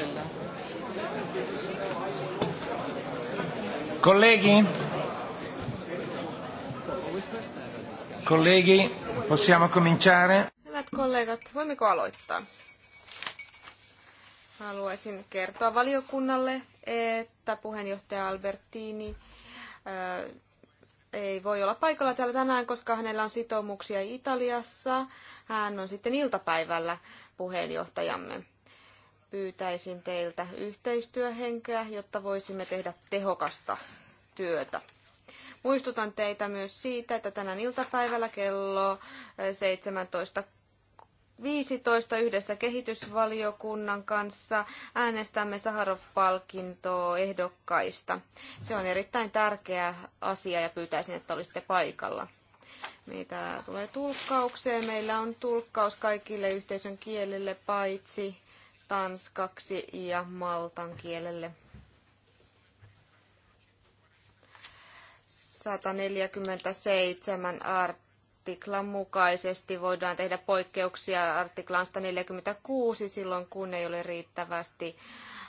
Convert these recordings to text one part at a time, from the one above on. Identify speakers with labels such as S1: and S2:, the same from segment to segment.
S1: Stella. Colleghi? Colleghi, possiamo cominciare?
S2: Hyvät kollegat, voimmeko aloittaa? Haluaisin kertoa valiokunnalle, että puheenjohtaja Albertini äh, ei voi olla paikalla täällä tänään, koska hänellä on sitoumuksia Italiassa. Hän on sitten iltapäivällä puheenjohtajamme pyytäisin teiltä yhteistyöhenkeä, jotta voisimme tehdä tehokasta työtä. Muistutan teitä myös siitä, että tänään iltapäivällä kello 17.15 yhdessä kehitysvaliokunnan kanssa äänestämme Saharov-palkintoa ehdokkaista. Se on erittäin tärkeä asia ja pyytäisin, että olisitte paikalla. Mitä tulee tulkkaukseen. Meillä on tulkkaus kaikille yhteisön kielille paitsi tanskaksi ja maltan kielelle. 147 artiklan mukaisesti voidaan tehdä poikkeuksia artiklaan 146 silloin, kun ei ole riittävästi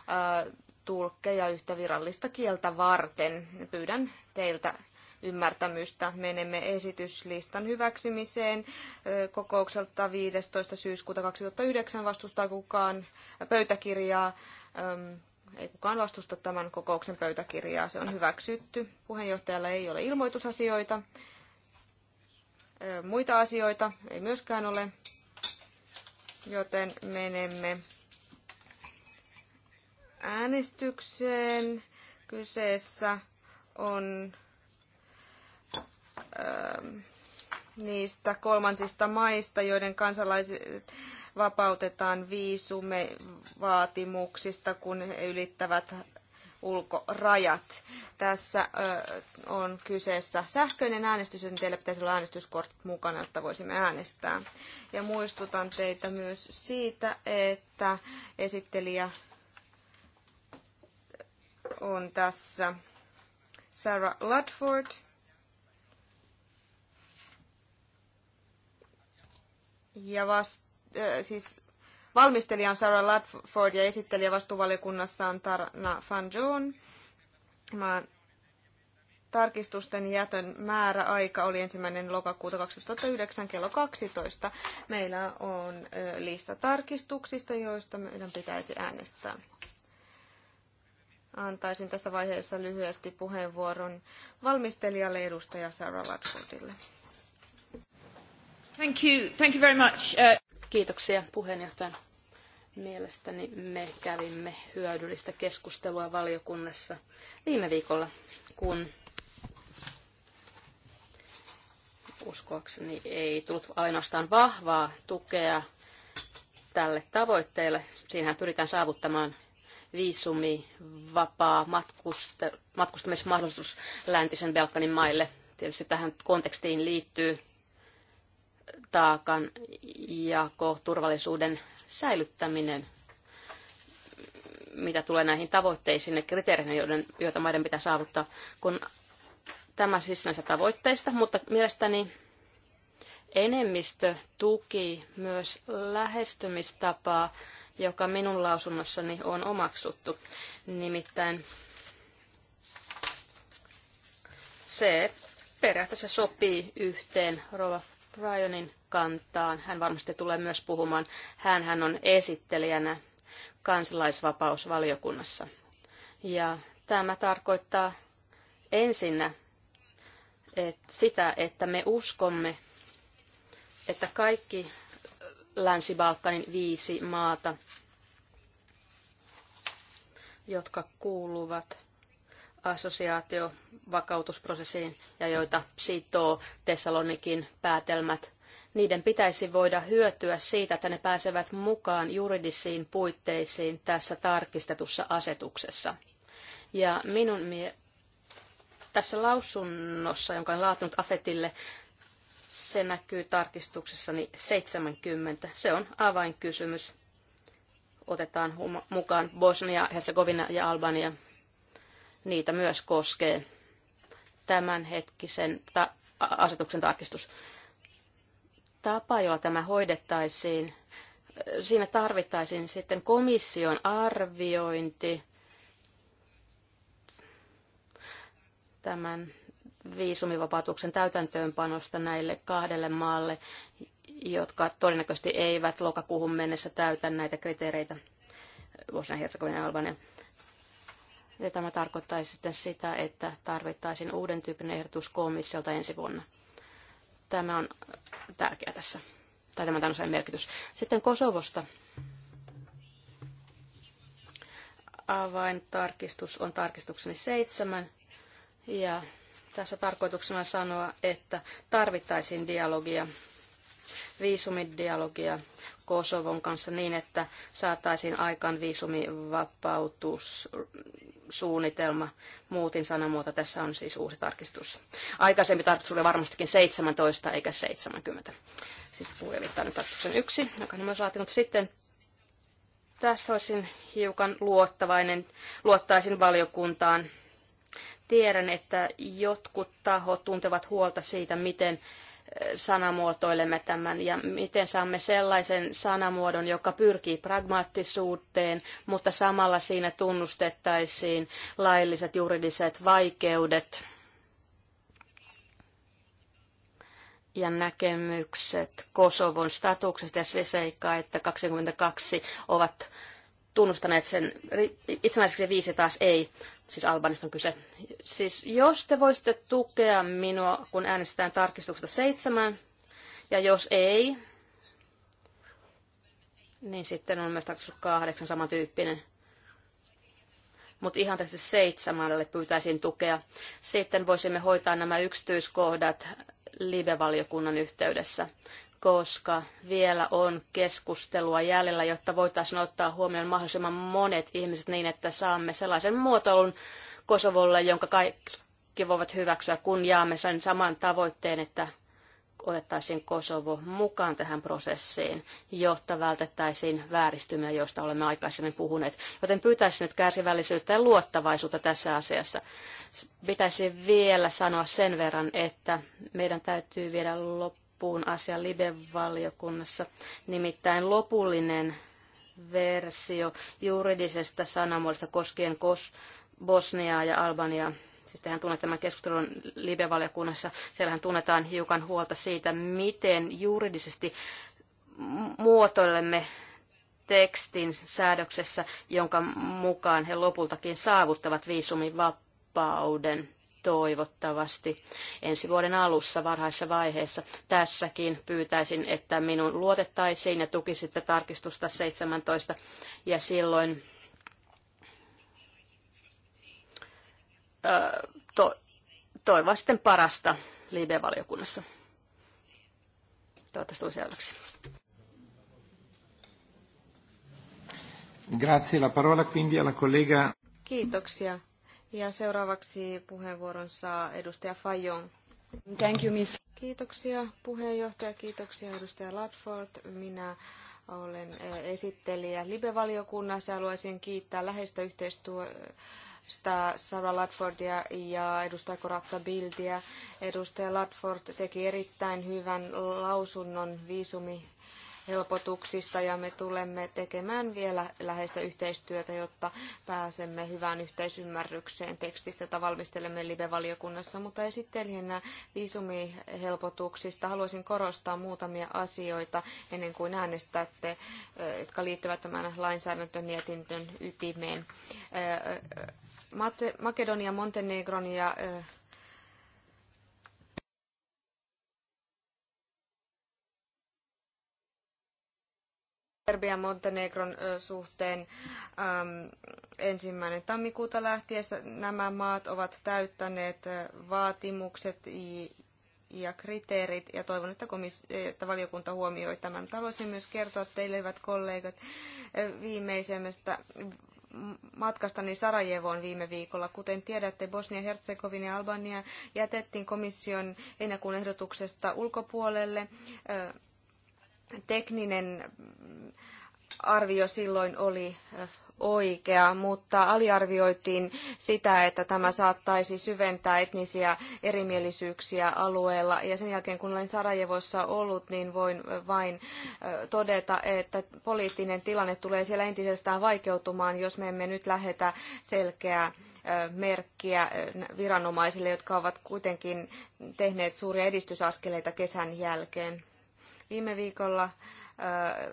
S2: äh, tulkkeja yhtä virallista kieltä varten. Pyydän teiltä ymmärtämystä. Menemme esityslistan hyväksymiseen kokoukselta 15. syyskuuta 2009. Vastustaa kukaan pöytäkirjaa? Ei kukaan vastusta tämän kokouksen pöytäkirjaa. Se on hyväksytty. Puheenjohtajalla ei ole ilmoitusasioita. Muita asioita ei myöskään ole, joten menemme äänestykseen. Kyseessä on Ähm, niistä kolmansista maista, joiden kansalaiset vapautetaan viisumevaatimuksista, kun he ylittävät ulkorajat. Tässä on kyseessä sähköinen äänestys, joten teillä pitäisi olla äänestyskortit mukana, jotta voisimme äänestää. Ja muistutan teitä myös siitä, että esittelijä on tässä Sarah Ludford – Ja vast, äh, siis valmistelija on Sarah Ladford ja esittelijä vastuuvaliokunnassa on Tarna Fanjoon. Mä Tarkistusten jätön määräaika oli ensimmäinen lokakuuta 2009 kello 12. Meillä on lista tarkistuksista, joista meidän pitäisi äänestää. Antaisin tässä vaiheessa lyhyesti puheenvuoron valmistelijalle edustaja Sarah Ladfordille.
S3: Thank you. Thank you very much. Uh, Kiitoksia puheenjohtajan. Mielestäni me kävimme hyödyllistä keskustelua valiokunnassa viime viikolla, kun uskoakseni ei tullut ainoastaan vahvaa tukea tälle tavoitteelle. Siinähän pyritään saavuttamaan viisumi, vapaa matkustamismahdollisuus läntisen Balkanin maille. Tietysti tähän kontekstiin liittyy taakan jako, turvallisuuden säilyttäminen, mitä tulee näihin tavoitteisiin ja kriteereihin, joiden, joita maiden pitää saavuttaa, kun tämä siis näistä tavoitteista, mutta mielestäni enemmistö tuki myös lähestymistapaa, joka minun lausunnossani on omaksuttu. Nimittäin se periaatteessa sopii yhteen rouva Bryanin kantaan. Hän varmasti tulee myös puhumaan. Hän, hän on esittelijänä kansalaisvapausvaliokunnassa. Ja tämä tarkoittaa ensinnä että sitä, että me uskomme, että kaikki Länsi-Balkanin viisi maata, jotka kuuluvat vakautusprosessiin ja joita sitoo Tessalonikin päätelmät. Niiden pitäisi voida hyötyä siitä, että ne pääsevät mukaan juridisiin puitteisiin tässä tarkistetussa asetuksessa. Ja minun mie- tässä lausunnossa, jonka olen laatinut Afetille, se näkyy tarkistuksessani 70. Se on avainkysymys. Otetaan mukaan Bosnia, Herzegovina ja Albania niitä myös koskee tämänhetkisen ta- asetuksen tarkistus. Tapa, jolla tämä hoidettaisiin, siinä tarvittaisiin sitten komission arviointi tämän viisumivapautuksen täytäntöönpanosta näille kahdelle maalle, jotka todennäköisesti eivät lokakuuhun mennessä täytä näitä kriteereitä Bosnia-Herzegovina ja Albania. Ja tämä tarkoittaisi sitten sitä, että tarvittaisiin uuden tyyppinen ehdotus komissiolta ensi vuonna. Tämä on tärkeä tässä, tai tämä on merkitys. Sitten Kosovosta. Avaintarkistus on tarkistukseni seitsemän. Ja tässä tarkoituksena sanoa, että tarvittaisiin dialogia viisumidialogia Kosovon kanssa niin, että saataisiin aikaan viisumivapautussuunnitelma. Muutin sanamuoto. Tässä on siis uusi tarkistus. Aikaisempi tarkistus oli varmastikin 17 eikä 70. Siis puhuja tarkistuksen yksi, joka on myös laatinut sitten tässä olisin hiukan luottavainen, luottaisin valiokuntaan. Tiedän, että jotkut tahot tuntevat huolta siitä, miten sanamuotoilemme tämän ja miten saamme sellaisen sanamuodon, joka pyrkii pragmaattisuuteen, mutta samalla siinä tunnustettaisiin lailliset juridiset vaikeudet ja näkemykset Kosovon statuksesta ja se seikka, että 22 ovat tunnustaneet sen itsenäiseksi viisi taas ei, siis Albanista on kyse. Siis jos te voisitte tukea minua, kun äänestetään tarkistuksesta seitsemän, ja jos ei, niin sitten on myös tarkistus kahdeksan samantyyppinen. Mutta ihan tästä seitsemälle pyytäisin tukea. Sitten voisimme hoitaa nämä yksityiskohdat live-valiokunnan yhteydessä koska vielä on keskustelua jäljellä, jotta voitaisiin ottaa huomioon mahdollisimman monet ihmiset niin, että saamme sellaisen muotoilun Kosovolle, jonka kaikki voivat hyväksyä, kun jaamme sen saman tavoitteen, että otettaisiin Kosovo mukaan tähän prosessiin, jotta vältettäisiin vääristymiä, joista olemme aikaisemmin puhuneet. Joten pyytäisin nyt kärsivällisyyttä ja luottavaisuutta tässä asiassa. Pitäisi vielä sanoa sen verran, että meidän täytyy viedä loppuun loppuun asia Libe-valiokunnassa, nimittäin lopullinen versio juridisesta sanamuodosta koskien kos- Bosniaa ja Albaniaa. Siis tehän tunnet tämän keskustelun libe valiokunnassa Siellähän tunnetaan hiukan huolta siitä, miten juridisesti muotoilemme tekstin säädöksessä, jonka mukaan he lopultakin saavuttavat viisumivapauden toivottavasti ensi vuoden alussa varhaisessa vaiheessa. Tässäkin pyytäisin, että minun luotettaisiin ja tukisitte tarkistusta 17 ja silloin to, toivoa sitten parasta libe valiokunnassa Toivottavasti tuli selväksi.
S1: Grazie, la parola quindi alla collega.
S2: Kiitoksia. Ja seuraavaksi puheenvuoron saa edustaja Fajon. Thank you, miss. Kiitoksia puheenjohtaja, kiitoksia edustaja Latford. Minä olen eh, esittelijä Libe-valiokunnassa ja haluaisin kiittää läheistä yhteistyöstä Sarah Latfordia ja edustaja Koratsa Bildia. Edustaja Latford teki erittäin hyvän lausunnon viisumi helpotuksista ja me tulemme tekemään vielä läheistä yhteistyötä, jotta pääsemme hyvään yhteisymmärrykseen tekstistä, jota valmistelemme live-valiokunnassa. Mutta esittelijänä viisumihelpotuksista haluaisin korostaa muutamia asioita ennen kuin äänestätte, jotka liittyvät tämän lainsäädäntömietintön ytimeen. Makedonia, Montenegron ja Serbian Montenegron suhteen ensimmäinen tammikuuta lähtien nämä maat ovat täyttäneet vaatimukset ja kriteerit, ja toivon, että, komis- että valiokunta huomioi tämän. Haluaisin myös kertoa teille, hyvät kollegat, viimeisemmästä matkastani Sarajevoon viime viikolla. Kuten tiedätte, Bosnia-Herzegovina ja Albania jätettiin komission heinäkuun ehdotuksesta ulkopuolelle tekninen mm, arvio silloin oli oikea, mutta aliarvioitiin sitä, että tämä saattaisi syventää etnisiä erimielisyyksiä alueella. Ja sen jälkeen, kun olen Sarajevossa ollut, niin voin vain todeta, että poliittinen tilanne tulee siellä entisestään vaikeutumaan, jos me emme nyt lähetä selkeää merkkiä viranomaisille, jotka ovat kuitenkin tehneet suuria edistysaskeleita kesän jälkeen. Viime viikolla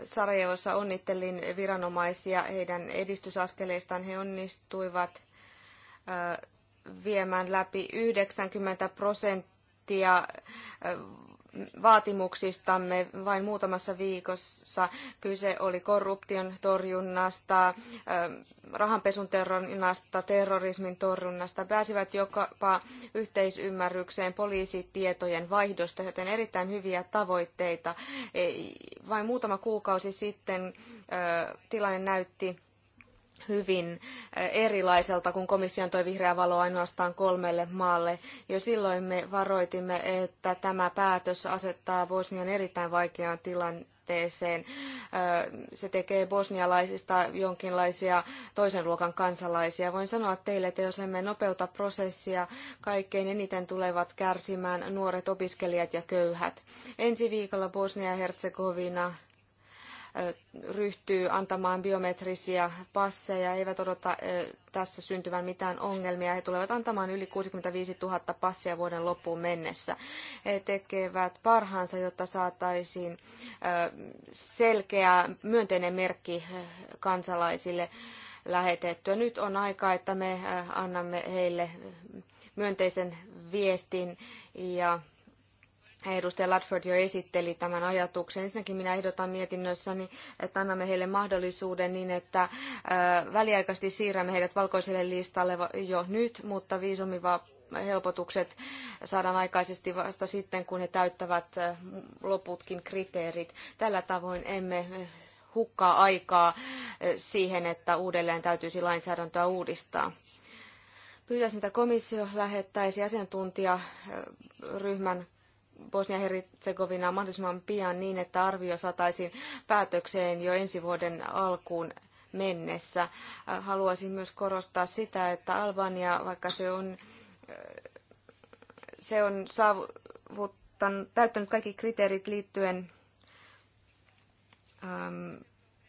S2: Sarajevossa onnittelin viranomaisia heidän edistysaskeleistaan. He onnistuivat viemään läpi 90 prosenttia vaatimuksistamme vain muutamassa viikossa. Kyse oli korruption torjunnasta, ähm, rahanpesun torjunnasta, terrorismin torjunnasta. Pääsivät jopa yhteisymmärrykseen poliisitietojen vaihdosta, joten erittäin hyviä tavoitteita. Vain muutama kuukausi sitten äh, tilanne näytti hyvin äh, erilaiselta, kun komissio antoi vihreää valoa ainoastaan kolmelle maalle. Jo silloin me varoitimme, että tämä päätös asettaa Bosnian erittäin vaikeaan tilanteeseen. Äh, se tekee bosnialaisista jonkinlaisia toisen luokan kansalaisia. Voin sanoa teille, että jos emme nopeuta prosessia, kaikkein eniten tulevat kärsimään nuoret opiskelijat ja köyhät. Ensi viikolla Bosnia-Herzegovina ryhtyy antamaan biometrisiä passeja, eivät odota tässä syntyvän mitään ongelmia. He tulevat antamaan yli 65 000 passia vuoden loppuun mennessä. He tekevät parhaansa, jotta saataisiin selkeä myönteinen merkki kansalaisille lähetettyä. Nyt on aika, että me annamme heille myönteisen viestin ja Edustaja Ladford jo esitteli tämän ajatuksen. Ensinnäkin minä ehdotan mietinnössäni, että annamme heille mahdollisuuden niin, että väliaikaisesti siirrämme heidät valkoiselle listalle jo nyt, mutta viisumihelpotukset saadaan aikaisesti vasta sitten, kun he täyttävät loputkin kriteerit. Tällä tavoin emme hukkaa aikaa siihen, että uudelleen täytyisi lainsäädäntöä uudistaa pyytäisin, että komissio lähettäisi asiantuntijaryhmän Bosnia-Herzegovinaa mahdollisimman pian niin, että arvio saataisiin päätökseen jo ensi vuoden alkuun mennessä. Haluaisin myös korostaa sitä, että Albania, vaikka se on, se on saavuttanut, täyttänyt kaikki kriteerit liittyen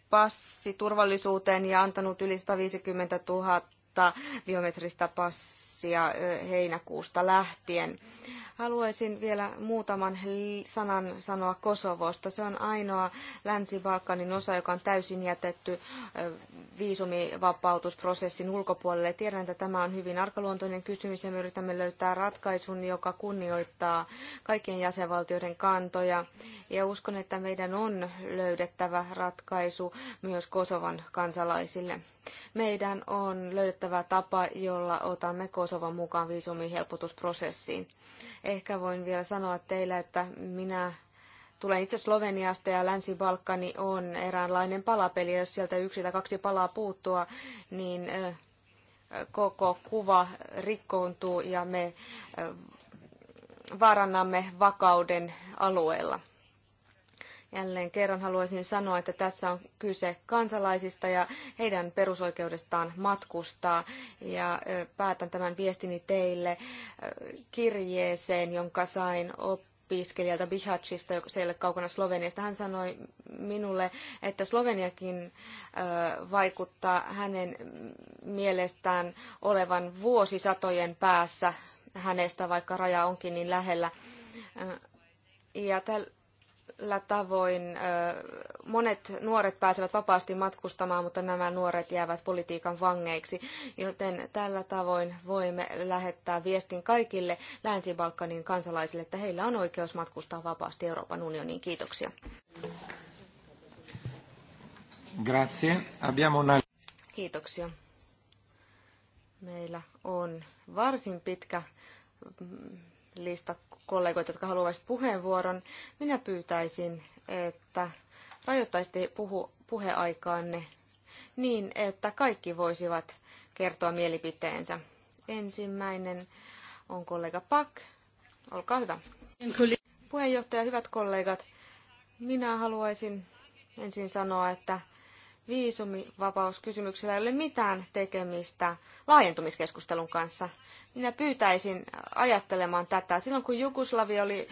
S2: passiturvallisuuteen ja antanut yli 150 000 uutta biometristä passia heinäkuusta lähtien. Haluaisin vielä muutaman sanan sanoa Kosovosta. Se on ainoa Länsi-Balkanin osa, joka on täysin jätetty viisumivapautusprosessin ulkopuolelle. Tiedän, että tämä on hyvin arkaluontoinen kysymys ja me yritämme löytää ratkaisun, joka kunnioittaa kaikkien jäsenvaltioiden kantoja. Ja uskon, että meidän on löydettävä ratkaisu myös Kosovan kansalaisille. Meidän on löydettävä tapa, jolla otamme Kosovan mukaan viisumiin helpotusprosessiin. Ehkä voin vielä sanoa teille, että minä tulen itse Sloveniasta ja Länsi-Balkani on eräänlainen palapeli. Jos sieltä yksi tai kaksi palaa puuttua, niin koko kuva rikkoontuu ja me vaarannamme vakauden alueella. Jälleen kerran haluaisin sanoa, että tässä on kyse kansalaisista ja heidän perusoikeudestaan matkustaa. Ja päätän tämän viestini teille kirjeeseen, jonka sain op opiskelijalta Bihacista, joka ei ole kaukana Sloveniasta. Hän sanoi minulle, että Sloveniakin vaikuttaa hänen mielestään olevan vuosisatojen päässä hänestä, vaikka raja onkin niin lähellä. Ja täl- Tällä tavoin monet nuoret pääsevät vapaasti matkustamaan, mutta nämä nuoret jäävät politiikan vangeiksi, joten tällä tavoin voimme lähettää viestin kaikille Länsi-Balkanin kansalaisille, että heillä on oikeus matkustaa vapaasti Euroopan unioniin. Kiitoksia.
S1: Grazie. Abbiamo una...
S2: Kiitoksia. Meillä on varsin pitkä mm, lista kollegoita, jotka haluaisivat puheenvuoron. Minä pyytäisin, että rajoittaisitte puhu, puheaikaanne niin, että kaikki voisivat kertoa mielipiteensä. Ensimmäinen on kollega Pak. Olkaa hyvä. Puheenjohtaja, hyvät kollegat, minä haluaisin ensin sanoa, että viisumivapauskysymyksellä ei ole mitään tekemistä laajentumiskeskustelun kanssa. Minä pyytäisin ajattelemaan tätä. Silloin kun Jugoslavia oli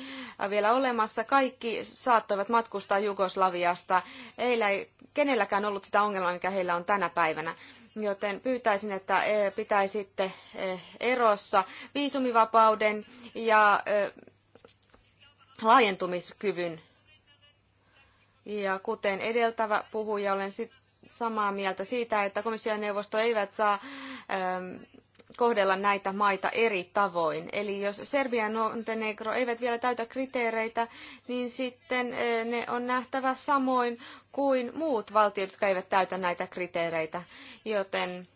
S2: vielä olemassa, kaikki saattoivat matkustaa Jugoslaviasta. Heillä ei kenelläkään ollut sitä ongelmaa, mikä heillä on tänä päivänä. Joten pyytäisin, että e, pitäisitte e, erossa viisumivapauden ja e, laajentumiskyvyn ja kuten edeltävä puhuja, olen samaa mieltä siitä, että komissio ja neuvosto eivät saa ähm, kohdella näitä maita eri tavoin. Eli jos Serbia ja Montenegro eivät vielä täytä kriteereitä, niin sitten äh, ne on nähtävä samoin kuin muut valtiot, jotka eivät täytä näitä kriteereitä. Joten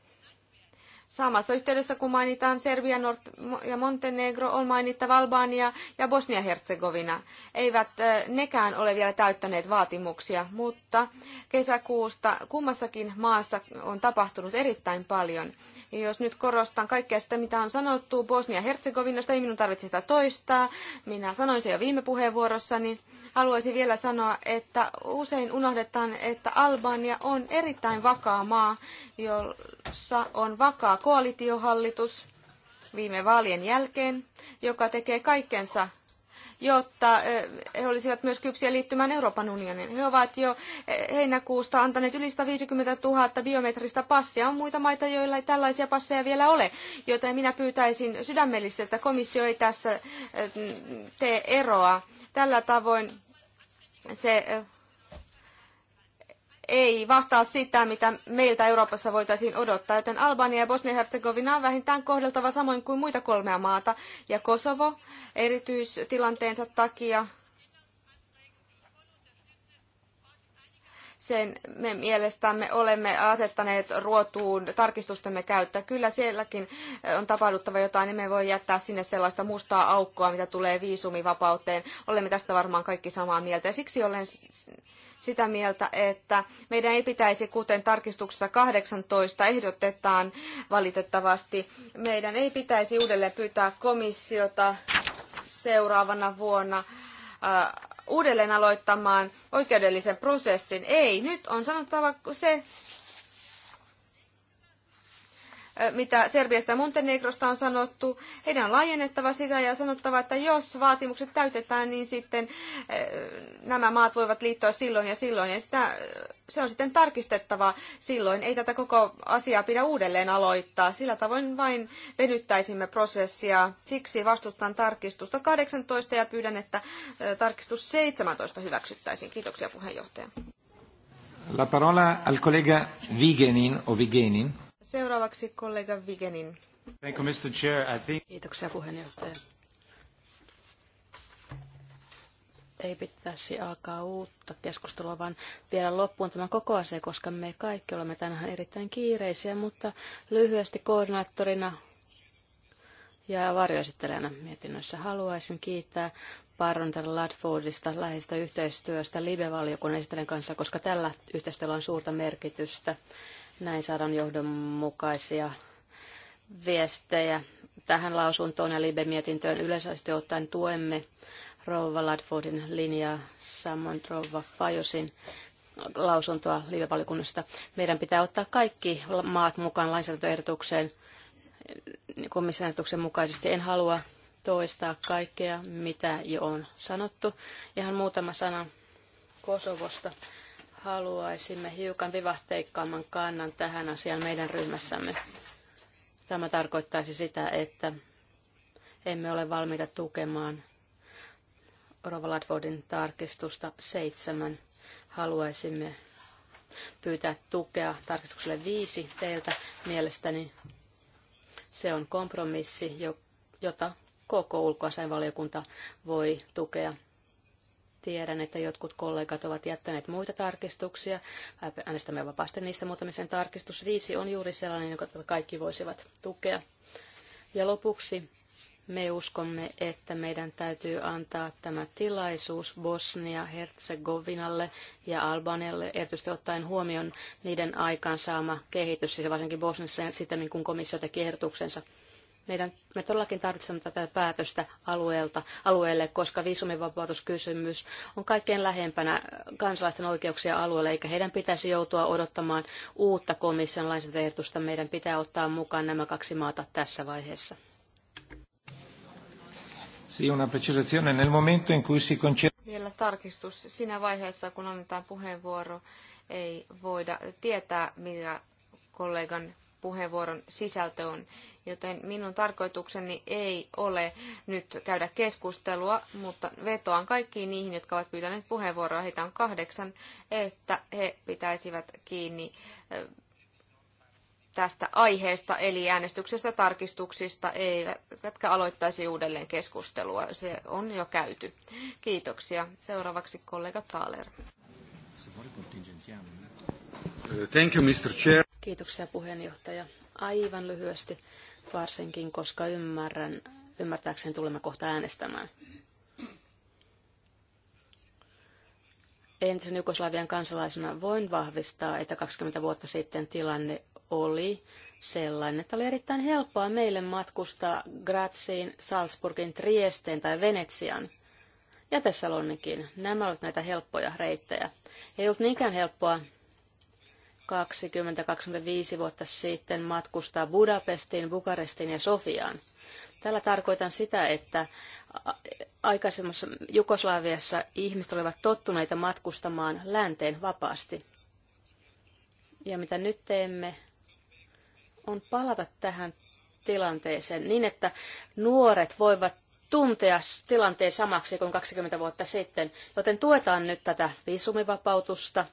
S2: Samassa yhteydessä, kun mainitaan Serbia Nord- ja Montenegro, on mainittava Albania ja Bosnia-Herzegovina. Eivät nekään ole vielä täyttäneet vaatimuksia, mutta kesäkuusta kummassakin maassa on tapahtunut erittäin paljon. Ja jos nyt korostan kaikkea sitä, mitä on sanottu Bosnia-Herzegovinasta, ei minun tarvitse sitä toistaa. Minä sanoin se jo viime puheenvuorossani. Haluaisin vielä sanoa, että usein unohdetaan, että Albania on erittäin vakaa maa, jossa on vakaa koalitiohallitus viime vaalien jälkeen, joka tekee kaikkensa jotta he olisivat myös kypsiä liittymään Euroopan unioniin. He ovat jo heinäkuusta antaneet yli 150 000 biometristä passia. On muita maita, joilla ei tällaisia passeja vielä ole, joten minä pyytäisin sydämellisesti, että komissio ei tässä tee eroa. Tällä tavoin se ei vastaa sitä, mitä meiltä Euroopassa voitaisiin odottaa, joten Albania ja Bosnia-Herzegovina on vähintään kohdeltava samoin kuin muita kolmea maata, ja Kosovo erityistilanteensa takia sen me mielestämme olemme asettaneet ruotuun tarkistustemme käyttöä. Kyllä sielläkin eh, on tapahduttava jotain, niin me voi jättää sinne sellaista mustaa aukkoa, mitä tulee viisumivapauteen. Olemme tästä varmaan kaikki samaa mieltä ja siksi olen sitä mieltä, että meidän ei pitäisi, kuten tarkistuksessa 18 ehdotetaan valitettavasti, meidän ei pitäisi uudelleen pyytää komissiota seuraavana vuonna eh, uudelleen aloittamaan oikeudellisen prosessin. Ei, nyt on sanottava se, mitä Serbiasta ja Montenegrosta on sanottu. Heidän on laajennettava sitä ja sanottava, että jos vaatimukset täytetään, niin sitten nämä maat voivat liittyä silloin ja silloin. Ja sitä, se on sitten tarkistettava silloin. Ei tätä koko asiaa pidä uudelleen aloittaa. Sillä tavoin vain venyttäisimme prosessia. Siksi vastustan tarkistusta 18 ja pyydän, että tarkistus 17 hyväksyttäisiin. Kiitoksia puheenjohtaja.
S1: La parola al collega Vigenin o Vigenin.
S2: Seuraavaksi kollega Vigenin. Thank you, Mr.
S1: Chair. I think...
S3: Kiitoksia puheenjohtaja. Ei pitäisi alkaa uutta keskustelua, vaan viedä loppuun tämä koko asia, koska me kaikki olemme tänään erittäin kiireisiä, mutta lyhyesti koordinaattorina ja varjoesittelijänä mietinnössä haluaisin kiittää Paronter Ladfordista läheisestä yhteistyöstä Live-valiokunnan esittelijän kanssa, koska tällä yhteistyöllä on suurta merkitystä näin saadaan johdonmukaisia viestejä tähän lausuntoon ja Libe-mietintöön yleisesti ottaen tuemme Rova Ladfordin linjaa, samoin Rova Fajosin lausuntoa liivevalikunnasta. Meidän pitää ottaa kaikki maat mukaan lainsäädäntöehdotukseen komission ehdotuksen mukaisesti. En halua toistaa kaikkea, mitä jo on sanottu. Ihan muutama sana Kosovosta haluaisimme hiukan vivahteikkaamman kannan tähän asiaan meidän ryhmässämme. Tämä tarkoittaisi sitä, että emme ole valmiita tukemaan Rova tarkistusta seitsemän. Haluaisimme pyytää tukea tarkistukselle viisi teiltä. Mielestäni se on kompromissi, jota koko ulkoasainvaliokunta voi tukea Tiedän, että jotkut kollegat ovat jättäneet muita tarkistuksia. Äänestämme vapaasti niistä muutamisen tarkistus. Viisi on juuri sellainen, jonka kaikki voisivat tukea. Ja lopuksi me uskomme, että meidän täytyy antaa tämä tilaisuus Bosnia-Herzegovinalle ja Albanialle, erityisesti ottaen huomioon niiden aikaansaama kehitys, siis varsinkin Bosniassa sitten, kun komissio teki ehdotuksensa meidän, me todellakin tarvitsemme tätä päätöstä alueelta, alueelle, koska viisumivapautuskysymys on kaikkein lähempänä kansalaisten oikeuksia alueelle, eikä heidän pitäisi joutua odottamaan uutta komission lainsäädäntöehdotusta. Meidän pitää ottaa mukaan nämä kaksi maata tässä vaiheessa.
S2: Vielä tarkistus. Siinä vaiheessa, kun annetaan puheenvuoro, ei voida tietää, mikä kollegan puheenvuoron sisältö on joten minun tarkoitukseni ei ole nyt käydä keskustelua, mutta vetoan kaikkiin niihin, jotka ovat pyytäneet puheenvuoroa, heitä on kahdeksan, että he pitäisivät kiinni tästä aiheesta, eli äänestyksestä tarkistuksista, eivätkä aloittaisi uudelleen keskustelua. Se on jo käyty.
S3: Kiitoksia. Seuraavaksi kollega Thaler.
S1: Thank you, Mr. Chair.
S3: Kiitoksia puheenjohtaja. Aivan lyhyesti varsinkin koska ymmärrän, ymmärtääkseni tulemme kohta äänestämään. Entisen Jugoslavian kansalaisena voin vahvistaa, että 20 vuotta sitten tilanne oli sellainen, että oli erittäin helppoa meille matkustaa Graziin, Salzburgin, Triesteen tai Venetsian ja Thessalonikin. Nämä olivat näitä helppoja reittejä. Ei ollut niinkään helppoa 20-25 vuotta sitten matkustaa Budapestiin, Bukarestiin ja Sofiaan. Tällä tarkoitan sitä, että aikaisemmassa Jugoslaviassa ihmiset olivat tottuneita matkustamaan länteen vapaasti. Ja mitä nyt teemme, on palata tähän tilanteeseen niin, että nuoret voivat tuntea tilanteen samaksi kuin 20 vuotta sitten, joten tuetaan nyt tätä viisumivapautusta –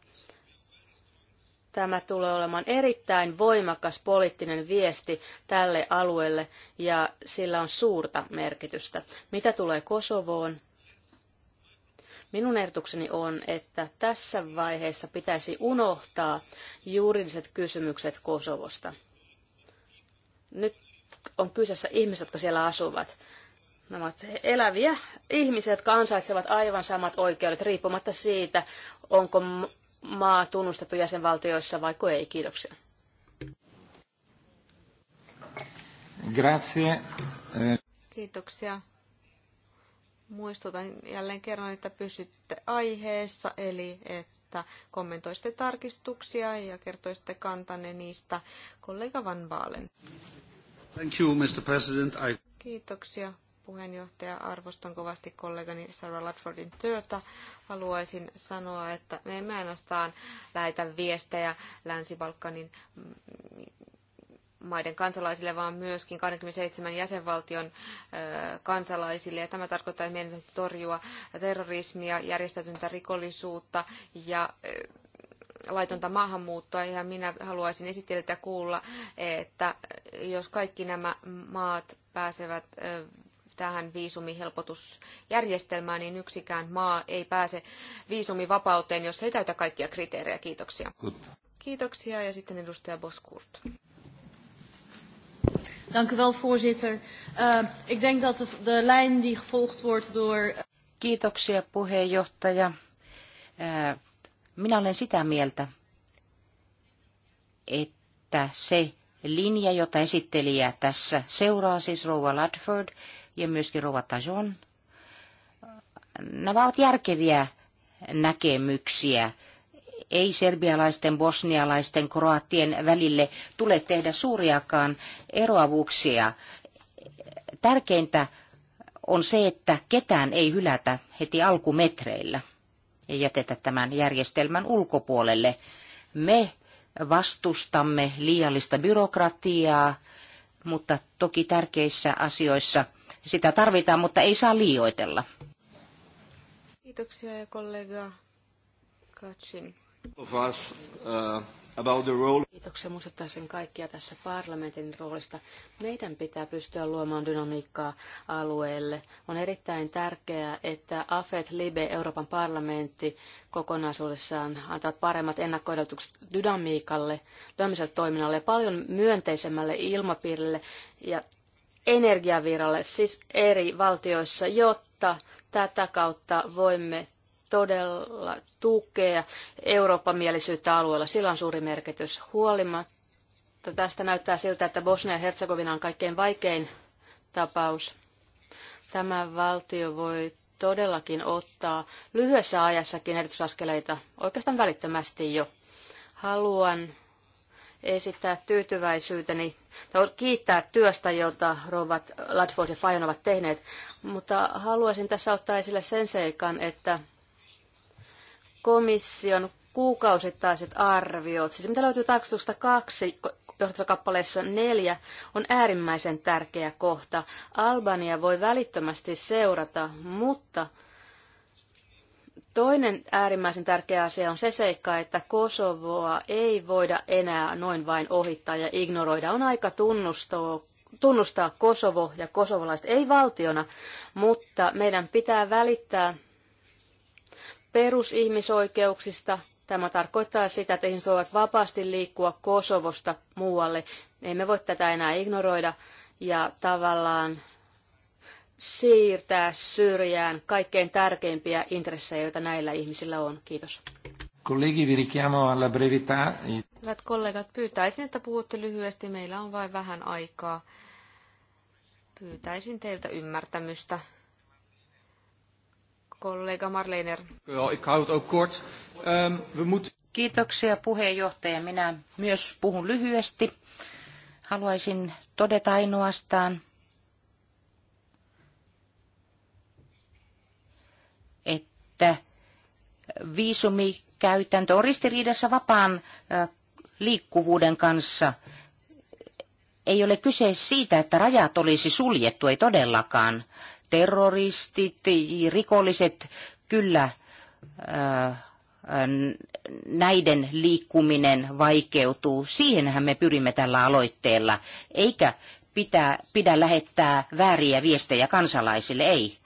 S3: Tämä tulee olemaan erittäin voimakas poliittinen viesti tälle alueelle ja sillä on suurta merkitystä. Mitä tulee Kosovoon? Minun ehdotukseni on, että tässä vaiheessa pitäisi unohtaa juridiset kysymykset Kosovosta. Nyt on kyseessä ihmiset, jotka siellä asuvat. Nämä ovat eläviä ihmisiä, jotka ansaitsevat aivan samat oikeudet riippumatta siitä, onko maa tunnustettu jäsenvaltioissa, vaikka ei? Kiitoksia.
S1: Grazie.
S2: Kiitoksia. Muistutan jälleen kerran, että pysytte aiheessa, eli että kommentoisitte tarkistuksia ja kertoisitte kantanne niistä kollega Van Baalen.
S3: Thank you, Mr.
S1: President. I...
S2: Kiitoksia puheenjohtaja. Arvostan kovasti kollegani Sarah Ladfordin työtä. Haluaisin sanoa, että me emme ainoastaan lähetä viestejä Länsi-Balkanin mm, maiden kansalaisille, vaan myöskin 27 jäsenvaltion kansalaisille. Ja tämä tarkoittaa, että meidän torjua terrorismia, järjestäytyntä rikollisuutta ja laitonta maahanmuuttoa ja minä haluaisin esittelijältä kuulla, että jos kaikki nämä maat pääsevät tähän viisumihelpotusjärjestelmään, niin yksikään maa ei pääse viisumivapauteen, jos ei täytä kaikkia kriteerejä. Kiitoksia. Kiitoksia ja sitten edustaja Boskurt. Dank u
S1: wel,
S4: voorzitter. Uh, ik denk dat de, de lijn die gevolgd wordt door... Kiitoksia, puheenjohtaja. Uh, minä olen sitä mieltä, että se linja, jota esittelijä tässä seuraa, siis Rouva Ladford, ja myöskin Rova Tajon. Nämä ovat järkeviä näkemyksiä. Ei serbialaisten, bosnialaisten, kroattien välille tule tehdä suuriakaan eroavuuksia. Tärkeintä on se, että ketään ei hylätä heti alkumetreillä ja jätetä tämän järjestelmän ulkopuolelle. Me vastustamme liiallista byrokratiaa, mutta toki tärkeissä asioissa – sitä tarvitaan, mutta ei saa liioitella.
S3: Kiitoksia kollega Katsin. Uh, Kiitoksia muistuttaisin kaikkia tässä parlamentin roolista. Meidän pitää pystyä luomaan dynamiikkaa alueelle. On erittäin tärkeää, että AFET, LIBE, Euroopan parlamentti kokonaisuudessaan antavat paremmat ennakkoedellytykset dynamiikalle, dynamiselle toiminnalle ja paljon myönteisemmälle ilmapiirille ja energiavirralle, siis eri valtioissa, jotta tätä kautta voimme todella tukea Euroopan mielisyyttä alueella. Sillä on suuri merkitys huolimatta. Tästä näyttää siltä, että Bosnia ja Herzegovina on kaikkein vaikein tapaus. Tämä valtio voi todellakin ottaa lyhyessä ajassakin edistysaskeleita, oikeastaan välittömästi jo. Haluan esittää tyytyväisyyteni tai kiittää työstä, jota Rovat Ladford ja Fajon ovat tehneet. Mutta haluaisin tässä ottaa esille sen seikan, että komission kuukausittaiset arviot, siis mitä löytyy tarkastuksesta kaksi, johtokappaleessa neljä, on äärimmäisen tärkeä kohta. Albania voi välittömästi seurata, mutta Toinen äärimmäisen tärkeä asia on se seikka, että Kosovoa ei voida enää noin vain ohittaa ja ignoroida. On aika tunnustaa, tunnustaa Kosovo ja kosovolaiset ei valtiona, mutta meidän pitää välittää perusihmisoikeuksista. Tämä tarkoittaa sitä, että ihmiset voivat vapaasti liikkua Kosovosta muualle. Emme voi tätä enää ignoroida ja tavallaan siirtää syrjään kaikkein tärkeimpiä intressejä, joita näillä ihmisillä on. Kiitos.
S1: Kollegi, vi richiamo alla brevità.
S2: Hyvät kollegat, pyytäisin, että puhutte lyhyesti. Meillä on vain vähän aikaa. Pyytäisin teiltä ymmärtämystä. Kollega
S4: Marleiner.
S1: Ehm,
S4: Kiitoksia puheenjohtaja. Minä myös puhun lyhyesti. Haluaisin todeta ainoastaan, että viisumikäytäntö on ristiriidassa vapaan liikkuvuuden kanssa. Ei ole kyse siitä, että rajat olisi suljettu, ei todellakaan. Terroristit, rikolliset, kyllä näiden liikkuminen vaikeutuu. Siihenhän me pyrimme tällä aloitteella, eikä pitää, pidä lähettää vääriä viestejä kansalaisille, ei.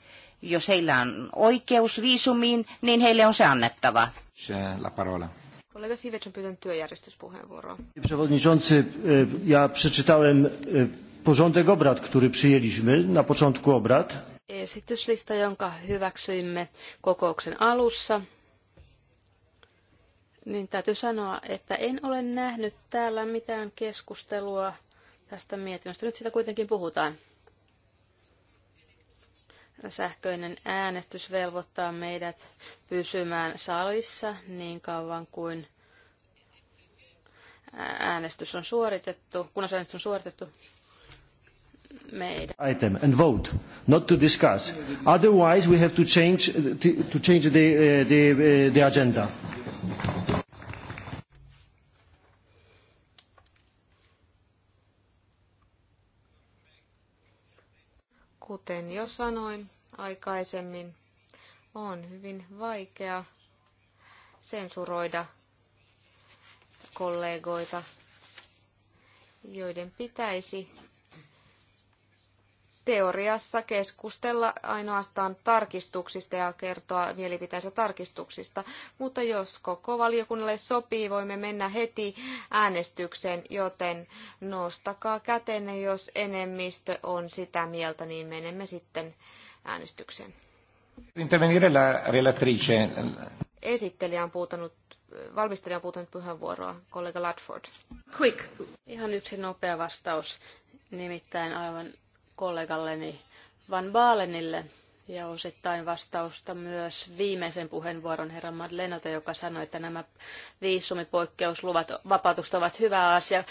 S4: Jos heillä on oikeus viisumiin, niin heille on se annettava. Se la parola.
S2: Kollega Sivic on pyytänyt työjärjestyspuheenvuoroa. Przewodniczący, e, ja przeczytałem e, porządek obrad,
S1: który przyjęliśmy na początku obrad.
S3: Esityslista, jonka hyväksyimme kokouksen alussa. Niin täytyy sanoa, että en ole nähnyt täällä mitään keskustelua tästä mietinnöstä. Nyt sitä kuitenkin puhutaan. Sähköinen äänestys velvoittaa meidät pysymään salissa niin kauan kuin äänestys on suoritettu, Kun äänestys on suoritettu
S2: meidän. Item and vote, not to discuss. Otherwise we have to change, to,
S1: to change the, uh, the, uh, the agenda.
S2: Kuten jo sanoin aikaisemmin, on hyvin vaikea sensuroida kollegoita, joiden pitäisi teoriassa keskustella ainoastaan tarkistuksista ja kertoa mielipiteensä tarkistuksista. Mutta jos koko valiokunnalle sopii, voimme mennä heti äänestykseen, joten nostakaa kätenne, jos enemmistö on sitä mieltä, niin menemme sitten äänestykseen. Esittelijä on puutanut valmistelija on puutunut puheenvuoroa, kollega
S3: Ladford. Quick. Ihan yksi nopea vastaus. Nimittäin aivan kollegalleni Van Baalenille ja osittain vastausta myös viimeisen puheenvuoron herra Madlenalta, joka sanoi, että nämä viisumipoikkeusluvat, vapautukset ovat hyvä asia.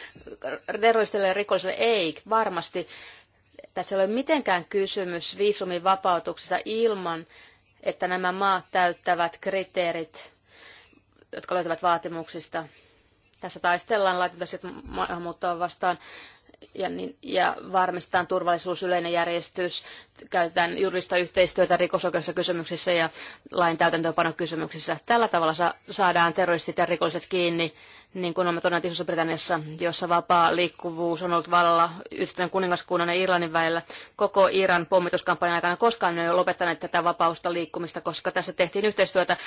S3: Terroristille ja rikollisille ei varmasti. Tässä ei ole mitenkään kysymys viisumin vapautuksesta ilman, että nämä maat täyttävät kriteerit, jotka löytyvät vaatimuksista. Tässä taistellaan laitonta maahanmuuttoa vastaan ja, niin, ja varmistetaan turvallisuus, yleinen järjestys, käytetään juridista yhteistyötä rikosoikeudellisissa kysymyksissä ja lain täytäntöönpanokysymyksissä. Tällä tavalla sa- saadaan terroristit ja rikolliset kiinni, niin kuin olemme todenneet Iso-Britanniassa, jossa vapaa liikkuvuus on ollut vallalla yhdistyneen kuningaskunnan ja Irlannin välillä koko Iran pommituskampanjan aikana. Koskaan ne ei ole lopettaneet tätä vapausta liikkumista, koska tässä tehtiin yhteistyötä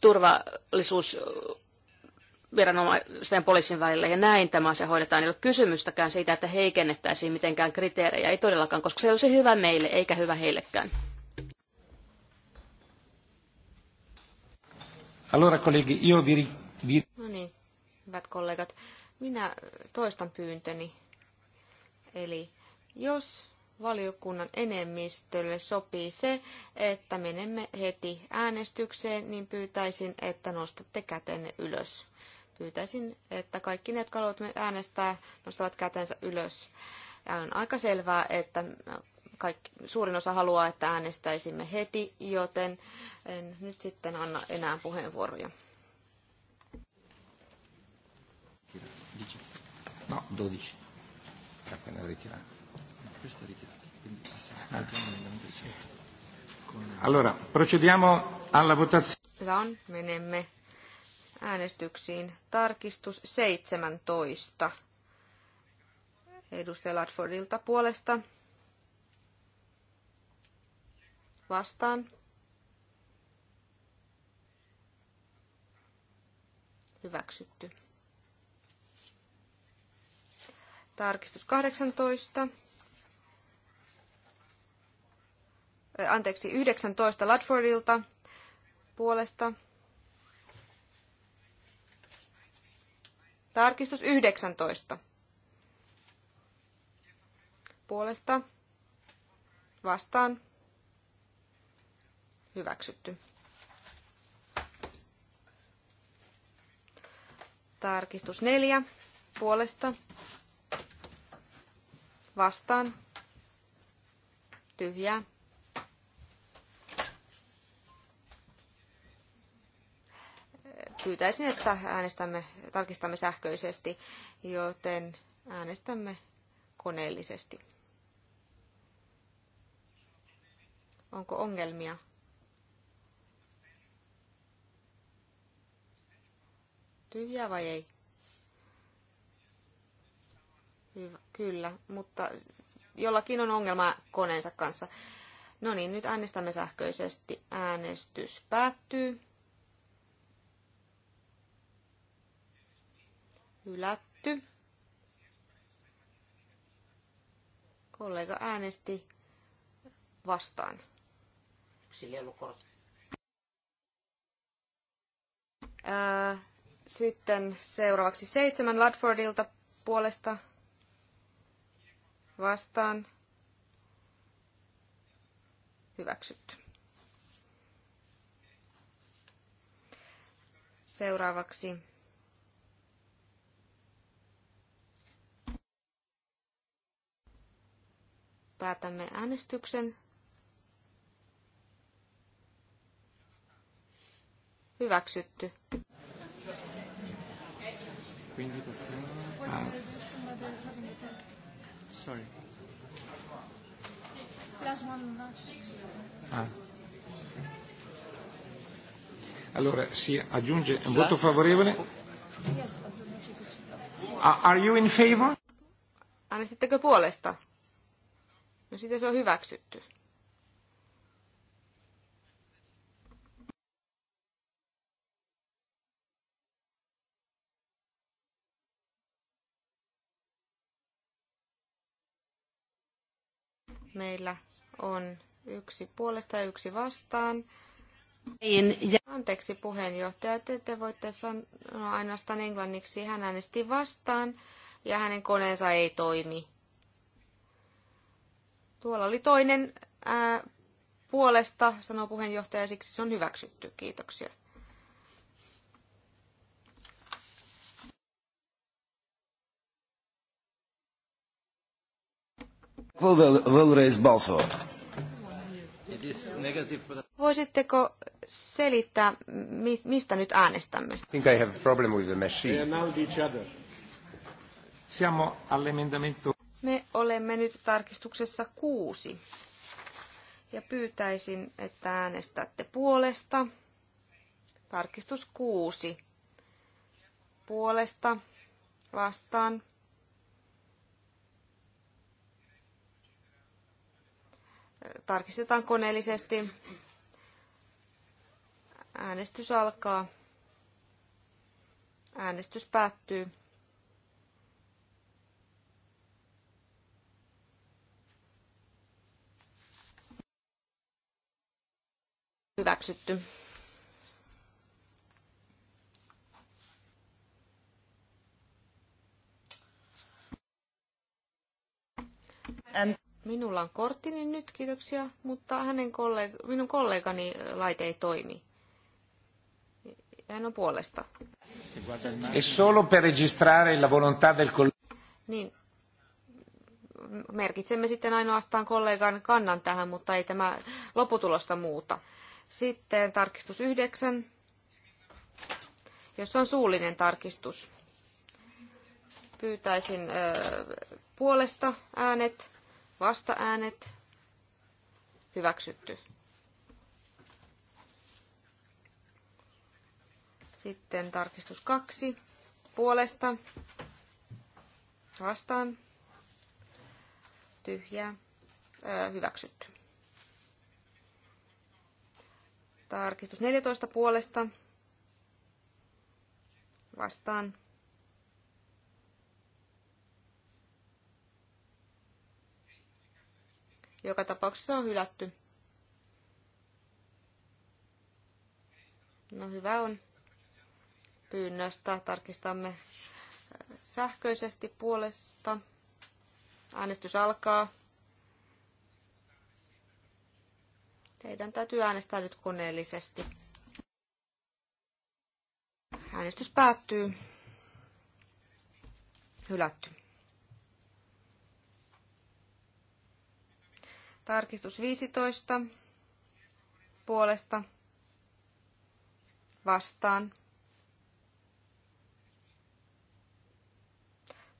S3: turvallisuus viranomaisten poliisin välillä ja näin tämä asia hoidetaan. Ei ole kysymystäkään siitä, että heikennettäisiin mitenkään kriteerejä, ei todellakaan, koska se olisi hyvä meille eikä hyvä heillekään.
S1: Allora, kollegi, io vi... vi...
S3: No niin, hyvät kollegat,
S2: minä toistan pyyntöni. Eli jos valiokunnan enemmistölle sopii se, että menemme heti äänestykseen, niin pyytäisin, että nostatte kätenne ylös. Pyytäisin, että kaikki ne, jotka haluavat äänestää, nostavat kätensä ylös. Ja on aika selvää, että kaikki, suurin osa haluaa, että äänestäisimme heti, joten en nyt sitten anna enää puheenvuoroja.
S1: No, 12. Allora, procediamo alla votazione.
S2: Hyvä menemme äänestyksiin. Tarkistus 17 edustaja Ladfordilta puolesta. Vastaan. Hyväksytty. Tarkistus 18. Äh, anteeksi, 19 Ladfordilta puolesta Tarkistus 19. Puolesta. Vastaan. Hyväksytty. Tarkistus 4. Puolesta. Vastaan. Tyhjää. pyytäisin, että äänestämme, tarkistamme sähköisesti, joten äänestämme koneellisesti. Onko ongelmia? Tyhjää vai ei? Hyvä, kyllä, mutta jollakin on ongelma koneensa kanssa. No niin, nyt äänestämme sähköisesti. Äänestys päättyy. Hylätty. Kollega äänesti vastaan.
S4: Sillä ei ollut
S2: Sitten seuraavaksi seitsemän Ladfordilta puolesta vastaan. Hyväksytty. Seuraavaksi päätämme äänestyksen. Hyväksytty. Ah.
S1: Ah. Allora si aggiunge un voto favorevole. Ah, are you in favor?
S2: Äänestittekö puolesta? No sitten se on hyväksytty. Meillä on yksi puolesta ja yksi vastaan. Niin, Anteeksi puheenjohtaja, te, te voitte sanoa ainoastaan englanniksi. Hän äänesti vastaan ja hänen koneensa ei toimi. Tuolla oli toinen ää, puolesta, sanoo puheenjohtaja, siksi se on hyväksytty. Kiitoksia. Voisitteko selittää, mistä nyt äänestämme? I
S1: think I have a problem with the machine. Siamo all'emendamento
S2: olemme nyt tarkistuksessa kuusi. Ja pyytäisin, että äänestätte puolesta. Tarkistus kuusi. Puolesta vastaan. Tarkistetaan koneellisesti. Äänestys alkaa. Äänestys päättyy. Hyväksytty. Minulla on korttini nyt, kiitoksia, mutta hänen kollega, minun kollegani laite ei toimi. Hän on puolesta.
S1: E solo per registrare la volontà del
S2: Niin, merkitsemme sitten ainoastaan kollegan kannan tähän, mutta ei tämä loputulosta muuta. Sitten tarkistus 9, jossa on suullinen tarkistus. Pyytäisin ö, puolesta äänet, vasta äänet, hyväksytty. Sitten tarkistus kaksi puolesta. Vastaan. Tyhjää. ö, hyväksytty. Tarkistus 14 puolesta. Vastaan. Joka tapauksessa on hylätty. No hyvä on. Pyynnöstä tarkistamme äh, sähköisesti puolesta. Äänestys alkaa. Teidän täytyy äänestää nyt koneellisesti. Äänestys päättyy. Hylätty. Tarkistus 15 puolesta vastaan.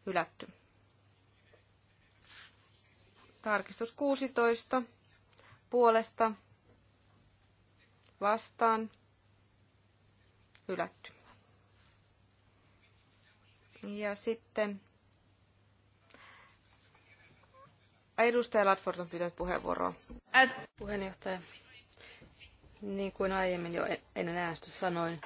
S2: Hylätty. Tarkistus 16 puolesta vastaan hylätty. Ja sitten edustaja Latford on pyytänyt puheenvuoroa.
S3: Puheenjohtaja, niin kuin aiemmin jo ennen äänestystä sanoin,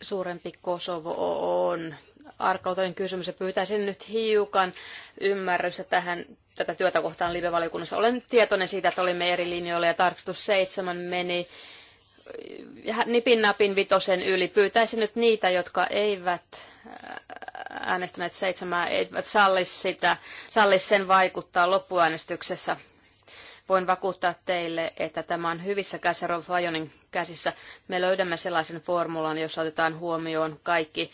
S3: suurempi Kosovo on arkaluontoinen kysymys ja pyytäisin nyt hiukan ymmärrystä tähän tätä työtä kohtaan live-valiokunnassa. Olen tietoinen siitä, että olimme eri linjoilla ja tarkistus seitsemän meni Äh, nipin napin vitosen yli. Pyytäisin nyt niitä, jotka eivät äh, äänestäneet seitsemää, eivät salli sitä, salli sen vaikuttaa loppuäänestyksessä. Voin vakuuttaa teille, että tämä on hyvissä käsissä Rolf Vajonin käsissä. Me löydämme sellaisen formulan, jossa otetaan huomioon kaikki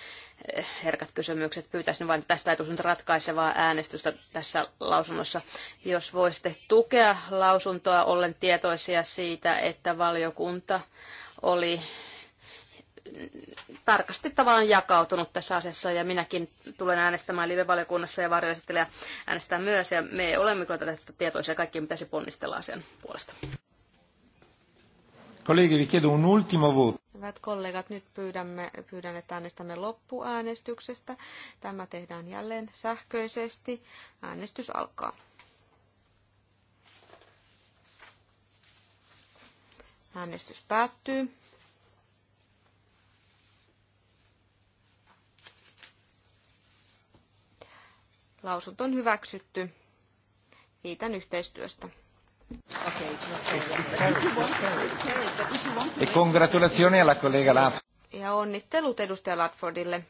S3: eh, herkät kysymykset. Pyytäisin vain, että tästä ei tulisi ratkaisevaa äänestystä tässä lausunnossa. Jos voisitte tukea lausuntoa, olen tietoisia siitä, että valiokunta oli tarkasti tavallaan jakautunut tässä asiassa ja minäkin tulen äänestämään live-valiokunnassa ja varjoesittelijä äänestää myös ja me olemme kyllä tästä tietoisia kaikki pitäisi ponnistella asian puolesta.
S1: Kollegi, vi chiedo un ultimo voto.
S2: Hyvät kollegat, nyt pyydämme, pyydän, että äänestämme loppuäänestyksestä. Tämä tehdään jälleen sähköisesti. Äänestys alkaa. Äänestys päättyy. Lausunto on hyväksytty. Kiitän yhteistyöstä.
S1: E congratulazioni alla collega Latford.
S2: Ja onnittelut edustaja Latfordille.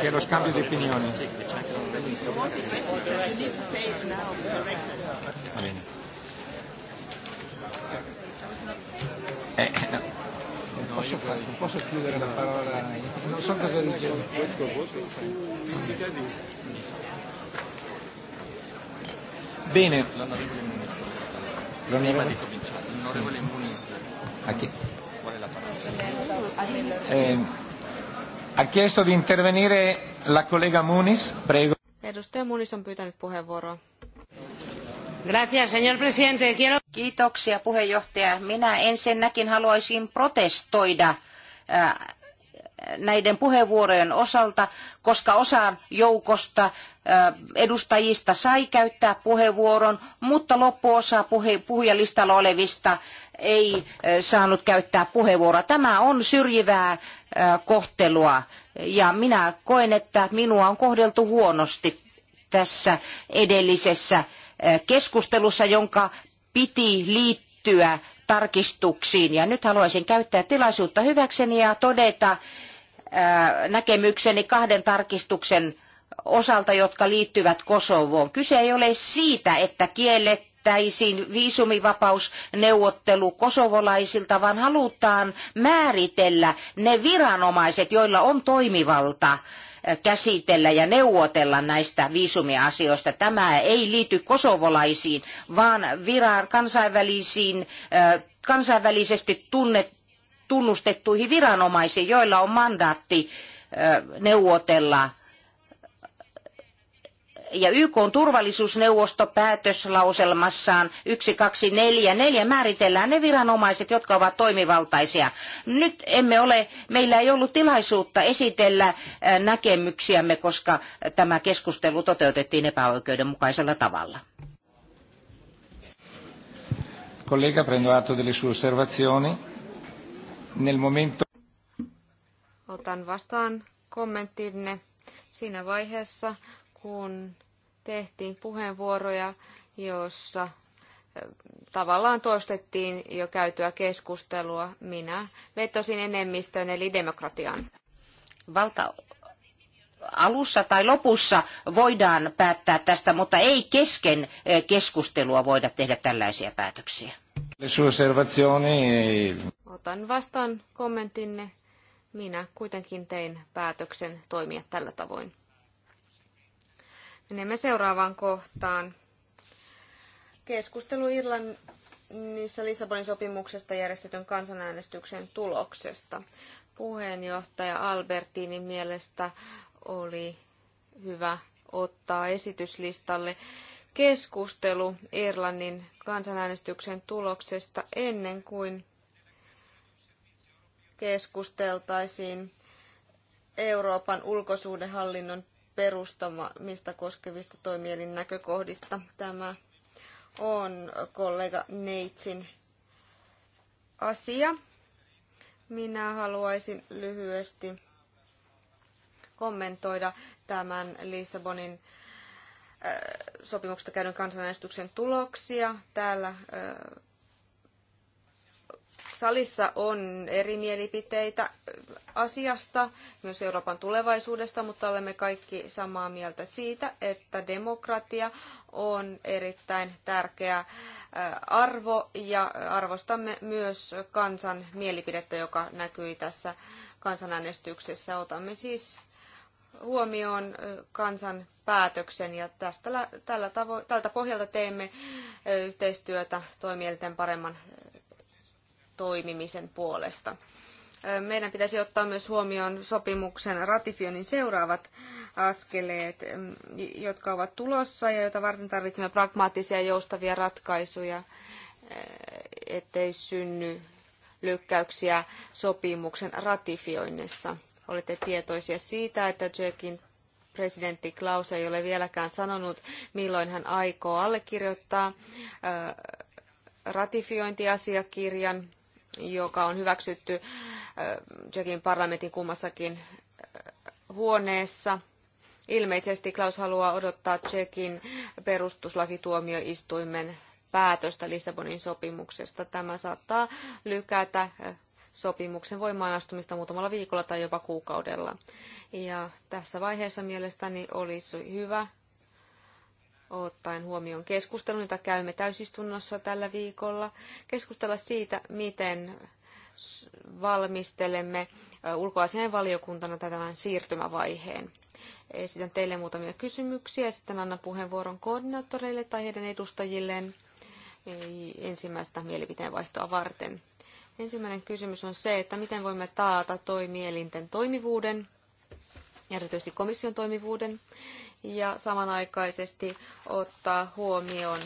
S4: Che lo scambio di opinioni. Va bene. Eh, eh no. non, posso fare, non posso chiudere la parola, non so cosa
S1: Bene. L'onorevole Muniz. l'onorevole Muniz. A chi? Qual è la
S3: parola?
S1: Ehm, ha chiesto di intervenire la collega Muniz, prego.
S2: Edustaja Muniz on pyytänyt puheenvuoroa.
S4: Gracias, señor presidente. Quiero... Kiitoksia puheenjohtaja. Minä ensinnäkin haluaisin protestoida äh, näiden puheenvuorojen osalta, koska osa joukosta edustajista sai käyttää puheenvuoron, mutta loppuosa puhe, puhujalistalla olevista ei saanut käyttää puheenvuoroa. Tämä on syrjivää kohtelua ja minä koen, että minua on kohdeltu huonosti tässä edellisessä keskustelussa, jonka piti liittyä tarkistuksiin. Ja nyt haluaisin käyttää tilaisuutta hyväkseni ja todeta, näkemykseni kahden tarkistuksen osalta, jotka liittyvät Kosovoon. Kyse ei ole siitä, että kiellettäisiin viisumivapausneuvottelu kosovolaisilta, vaan halutaan määritellä ne viranomaiset, joilla on toimivalta käsitellä ja neuvotella näistä viisumiasioista. Tämä ei liity kosovolaisiin, vaan viran kansainvälisiin, kansainvälisesti tunnettuihin tunnustettuihin viranomaisiin, joilla on mandaatti neuvotella ja YK on turvallisuusneuvosto päätöslauselmassaan 1244 määritellään ne viranomaiset, jotka ovat toimivaltaisia. Nyt emme ole, meillä ei ollut tilaisuutta esitellä näkemyksiämme, koska tämä keskustelu toteutettiin epäoikeudenmukaisella tavalla.
S1: Kollega, prendo atto delle sue osservazioni nel momento...
S2: Otan vastaan kommenttinne siinä vaiheessa, kun tehtiin puheenvuoroja, jossa eh, tavallaan toistettiin jo käytyä keskustelua. Minä vetosin enemmistöön eli demokratian. Valta
S4: alussa tai lopussa voidaan päättää tästä, mutta ei kesken eh, keskustelua voida tehdä tällaisia päätöksiä.
S2: Otan vastaan kommentinne. Minä kuitenkin tein päätöksen toimia tällä tavoin. Menemme seuraavaan kohtaan. Keskustelu Irlannissa Lissabonin sopimuksesta järjestetyn kansanäänestyksen tuloksesta. Puheenjohtaja Albertinin mielestä oli hyvä ottaa esityslistalle keskustelu Irlannin kansanäänestyksen tuloksesta ennen kuin keskusteltaisiin Euroopan ulkosuhdehallinnon perustamista koskevista toimielin näkökohdista. Tämä on kollega Neitsin asia. Minä haluaisin lyhyesti kommentoida tämän Lissabonin äh, sopimuksesta käydyn kansanäänestyksen tuloksia. Täällä äh, Salissa on eri mielipiteitä asiasta, myös Euroopan tulevaisuudesta, mutta olemme kaikki samaa mieltä siitä, että demokratia on erittäin tärkeä arvo ja arvostamme myös kansan mielipidettä, joka näkyi tässä kansanäänestyksessä. Otamme siis huomioon kansan päätöksen ja tästä, tällä tavo, tältä pohjalta teemme yhteistyötä toimielten paremman toimimisen puolesta. Meidän pitäisi ottaa myös huomioon sopimuksen ratifioinnin seuraavat askeleet, mm, jotka ovat tulossa ja joita varten tarvitsemme pragmaattisia ja joustavia ratkaisuja, ettei synny lykkäyksiä sopimuksen ratifioinnissa. Olette tietoisia siitä, että Tsekin presidentti Klaus ei ole vieläkään sanonut, milloin hän aikoo allekirjoittaa ratifiointiasiakirjan joka on hyväksytty äh, Tsekin parlamentin kummassakin äh, huoneessa. Ilmeisesti Klaus haluaa odottaa Tsekin perustuslakituomioistuimen päätöstä Lissabonin sopimuksesta. Tämä saattaa lykätä äh, sopimuksen voimaanastumista muutamalla viikolla tai jopa kuukaudella. Ja tässä vaiheessa mielestäni olisi hyvä, ottaen huomioon keskustelun, jota käymme täysistunnossa tällä viikolla, keskustella siitä, miten valmistelemme ulkoasian valiokuntana tämän siirtymävaiheen. Esitän teille muutamia kysymyksiä ja sitten annan puheenvuoron koordinaattoreille tai heidän edustajilleen e, ensimmäistä mielipiteenvaihtoa varten. Ensimmäinen kysymys on se, että miten voimme taata toimielinten toimivuuden, erityisesti komission toimivuuden, ja samanaikaisesti ottaa huomioon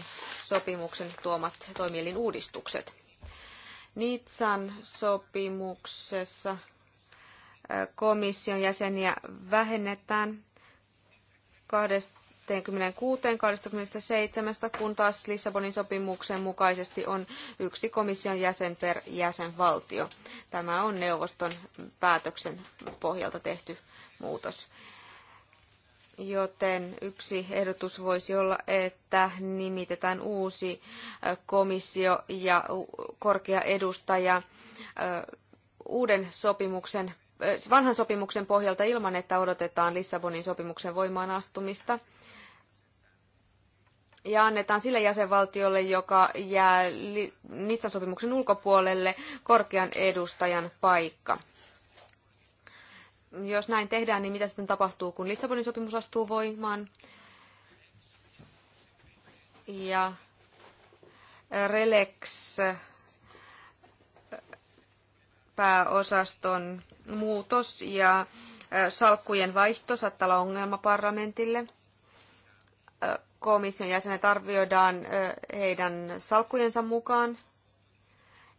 S2: sopimuksen tuomat toimielin uudistukset. Nitsan sopimuksessa komission jäseniä vähennetään 26-27, kun taas Lissabonin sopimuksen mukaisesti on yksi komission jäsen per jäsenvaltio. Tämä on neuvoston päätöksen pohjalta tehty muutos. Joten yksi ehdotus voisi olla, että nimitetään uusi komissio ja korkea edustaja uuden sopimuksen, vanhan sopimuksen pohjalta ilman, että odotetaan Lissabonin sopimuksen voimaan astumista. Ja annetaan sille jäsenvaltiolle, joka jää Nitsan sopimuksen ulkopuolelle, korkean edustajan paikka. Jos näin tehdään, niin mitä sitten tapahtuu, kun Lissabonin sopimus astuu voimaan? Ja Relex pääosaston muutos ja salkkujen vaihto saattaa olla ongelma parlamentille. Komission jäsenet arvioidaan heidän salkkujensa mukaan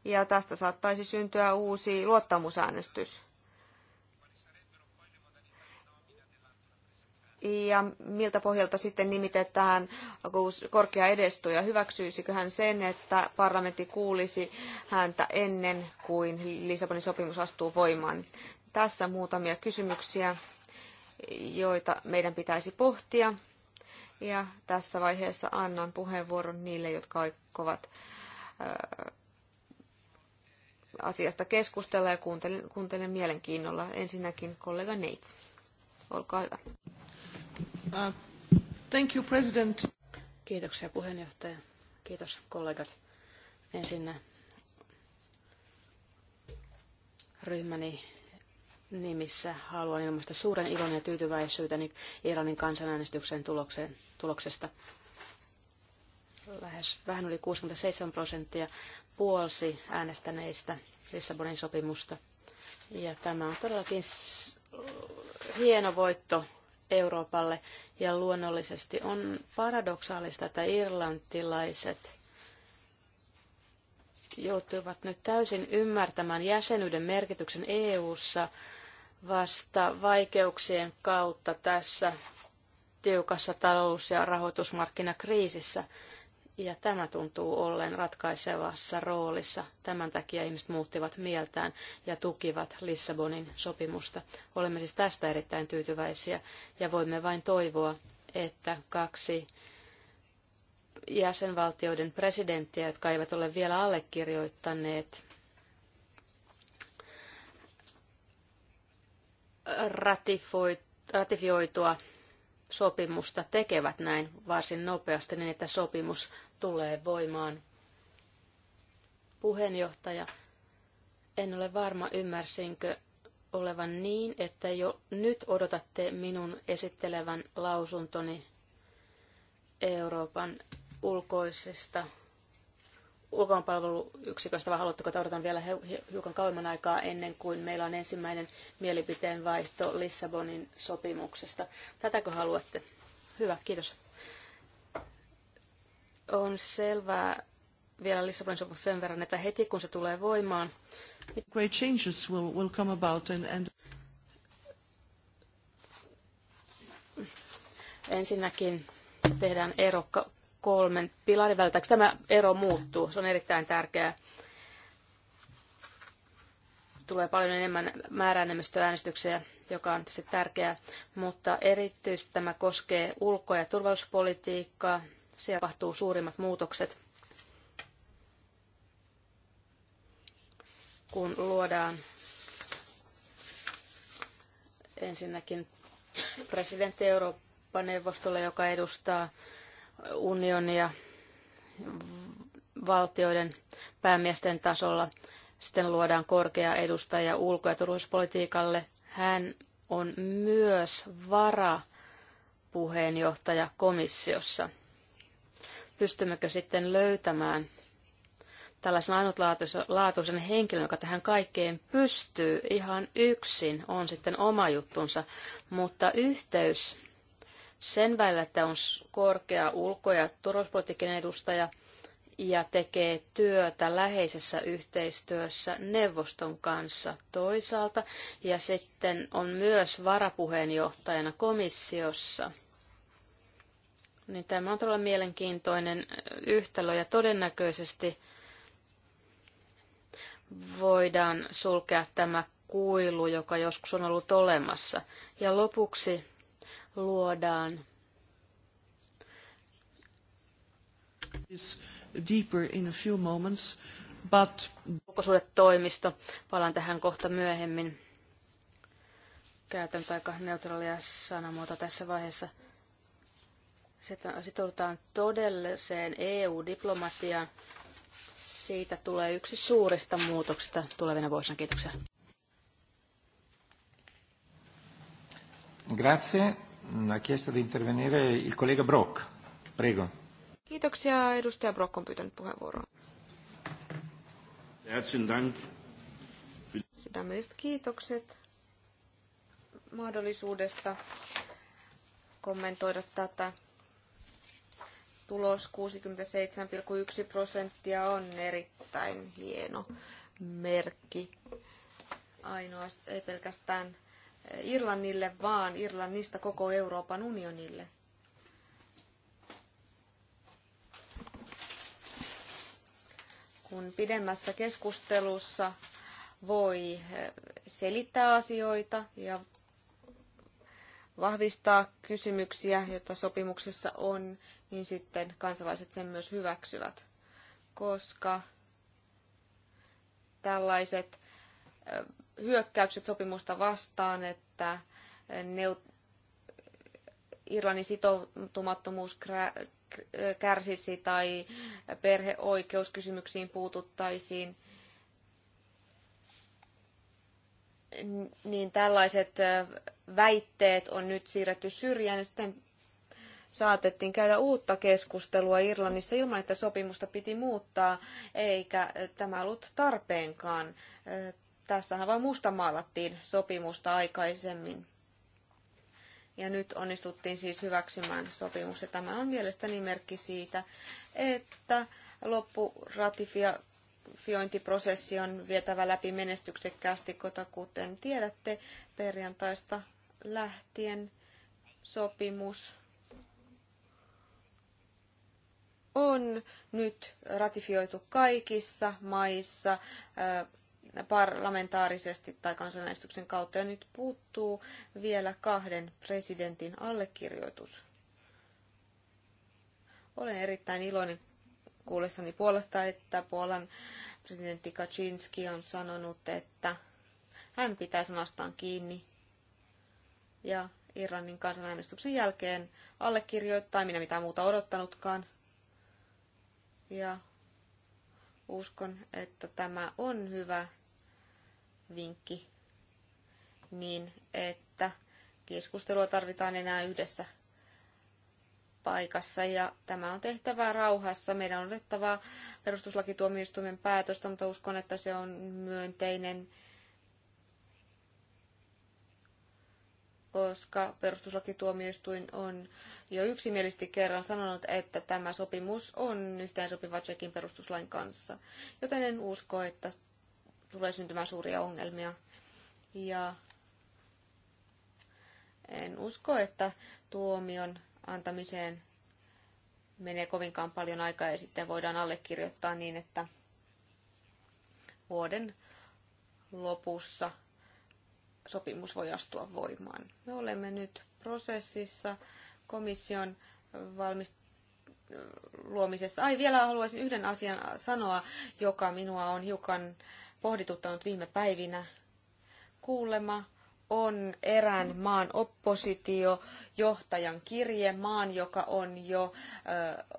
S2: ja tästä saattaisi syntyä uusi luottamusäänestys. ja miltä pohjalta sitten nimitetään korkea edestoja. Hyväksyisikö hän sen, että parlamentti kuulisi häntä ennen kuin Lissabonin sopimus astuu voimaan? Tässä muutamia kysymyksiä, joita meidän pitäisi pohtia. Ja tässä vaiheessa annan puheenvuoron niille, jotka aikovat äh, asiasta keskustella ja kuuntelen, kuuntelen mielenkiinnolla. Ensinnäkin kollega Neits.
S3: Olkaa hyvä. Uh, thank you, President. Kiitoksia puheenjohtaja. Kiitos kollegat. Ensinnä ryhmäni nimissä haluan ilmaista suuren ilon ja tyytyväisyyteni Iranin kansanäänestyksen tulokseen, tuloksesta. Lähes vähän yli 67 prosenttia puolsi äänestäneistä Lissabonin sopimusta. Ja tämä on todellakin hieno voitto Euroopalle. Ja luonnollisesti on paradoksaalista, että irlantilaiset joutuivat nyt täysin ymmärtämään jäsenyyden merkityksen EU:ssa vasta vaikeuksien kautta tässä tiukassa talous- ja rahoitusmarkkinakriisissä. Ja tämä tuntuu olleen ratkaisevassa roolissa. Tämän takia ihmiset muuttivat mieltään ja tukivat Lissabonin sopimusta. Olemme siis tästä erittäin tyytyväisiä ja voimme vain toivoa, että kaksi jäsenvaltioiden presidenttiä, jotka eivät ole vielä allekirjoittaneet ratifioitua sopimusta tekevät näin varsin nopeasti niin, että sopimus tulee voimaan. Puheenjohtaja, en ole varma ymmärsinkö olevan niin, että jo nyt odotatte minun esittelevän lausuntoni Euroopan ulkoisesta ulkomaanpalveluyksiköstä, vai haluatteko, että odotan vielä hiukan kauemman aikaa ennen kuin meillä on ensimmäinen mielipiteen vaihto Lissabonin sopimuksesta? Tätäkö haluatte? Hyvä, kiitos. On selvää vielä Lissabonin sopimus sen verran, että heti kun se tulee voimaan, niin- Great changes will, will come about and, and... Ensinnäkin tehdään ero kolmen pilarin välillä. Tämä ero muuttuu, se on erittäin tärkeää. Tulee paljon enemmän määräenemmistöäänestyksiä, joka on tietysti tärkeää, mutta erityisesti tämä koskee ulko- ja turvallisuuspolitiikkaa. Siellä tapahtuu suurimmat muutokset, kun luodaan ensinnäkin presidentti Eurooppa-neuvostolle, joka edustaa unionia valtioiden päämiesten tasolla. Sitten luodaan korkea edustaja ulko- ja turvallisuuspolitiikalle. Hän on myös varapuheenjohtaja komissiossa. Pystymmekö sitten löytämään tällaisen ainutlaatuisen henkilön, joka tähän kaikkeen pystyy ihan yksin, on sitten oma juttunsa, mutta yhteys sen välillä, että on korkea ulko- ja turvallisuuspoliittinen edustaja ja tekee työtä läheisessä yhteistyössä neuvoston kanssa toisaalta, ja sitten on myös varapuheenjohtajana komissiossa. Niin tämä on todella mielenkiintoinen yhtälö, ja todennäköisesti voidaan sulkea tämä kuilu, joka joskus on ollut olemassa. Ja lopuksi luodaan. Deeper in a few moments, but... toimisto. Palaan tähän kohta myöhemmin. Käytän aika neutraalia sanamuotoa tässä vaiheessa. sitoudutaan todelliseen EU-diplomatiaan. Siitä tulee yksi suurista muutoksista tulevina vuosina. Kiitoksia.
S1: Grazie. Mm, ha chiesto di intervenire il collega Brock. Prego.
S3: Kiitoksia.
S2: Edustaja Brock on pyytänyt puheenvuoroa. Sydämelliset kiitokset mahdollisuudesta kommentoida tätä. Tulos 67,1 prosenttia on erittäin hieno merkki. Ainoastaan, ei pelkästään Irlannille, vaan Irlannista koko Euroopan unionille. Kun pidemmässä keskustelussa voi eh, selittää asioita ja vahvistaa kysymyksiä, joita sopimuksessa on, niin sitten kansalaiset sen myös hyväksyvät, koska tällaiset eh, hyökkäykset sopimusta vastaan, että neut- Irlannin sitoutumattomuus kärsisi tai perheoikeuskysymyksiin puututtaisiin, niin tällaiset väitteet on nyt siirretty syrjään ja sitten saatettiin käydä uutta keskustelua Irlannissa ilman, että sopimusta piti muuttaa, eikä tämä ollut tarpeenkaan tässähän vain musta maalattiin sopimusta aikaisemmin. Ja nyt onnistuttiin siis hyväksymään sopimus. Ja tämä on mielestäni merkki siitä, että loppuratifiointiprosessi on vietävä läpi menestyksekkäästi, kota kuten tiedätte, perjantaista lähtien sopimus on nyt ratifioitu kaikissa maissa parlamentaarisesti tai kansanäänestyksen kautta. Ja nyt puuttuu vielä kahden presidentin allekirjoitus. Olen erittäin iloinen kuullessani Puolasta, että Puolan presidentti Kaczynski on sanonut, että hän pitää sanastaan kiinni. Ja Irlannin kansanäänestyksen jälkeen allekirjoittaa, minä mitään muuta odottanutkaan. Ja uskon, että tämä on hyvä vinkki, niin että keskustelua tarvitaan enää yhdessä paikassa ja tämä on tehtävä rauhassa. Meidän on otettava perustuslakituomioistuimen päätöstä, mutta uskon, että se on myönteinen, koska perustuslakituomioistuin on jo yksimielisesti kerran sanonut, että tämä sopimus on yhteensopiva Tsekin perustuslain kanssa. Joten en usko, että tulee syntymään suuria ongelmia. Ja en usko, että tuomion antamiseen menee kovinkaan paljon aikaa ja sitten voidaan allekirjoittaa niin, että vuoden lopussa sopimus voi astua voimaan. Me olemme nyt prosessissa komission valmist- luomisessa. Ai vielä haluaisin yhden asian sanoa, joka minua on hiukan pohdituttanut viime päivinä. Kuulema on erään maan oppositiojohtajan kirje, maan, joka on jo ö,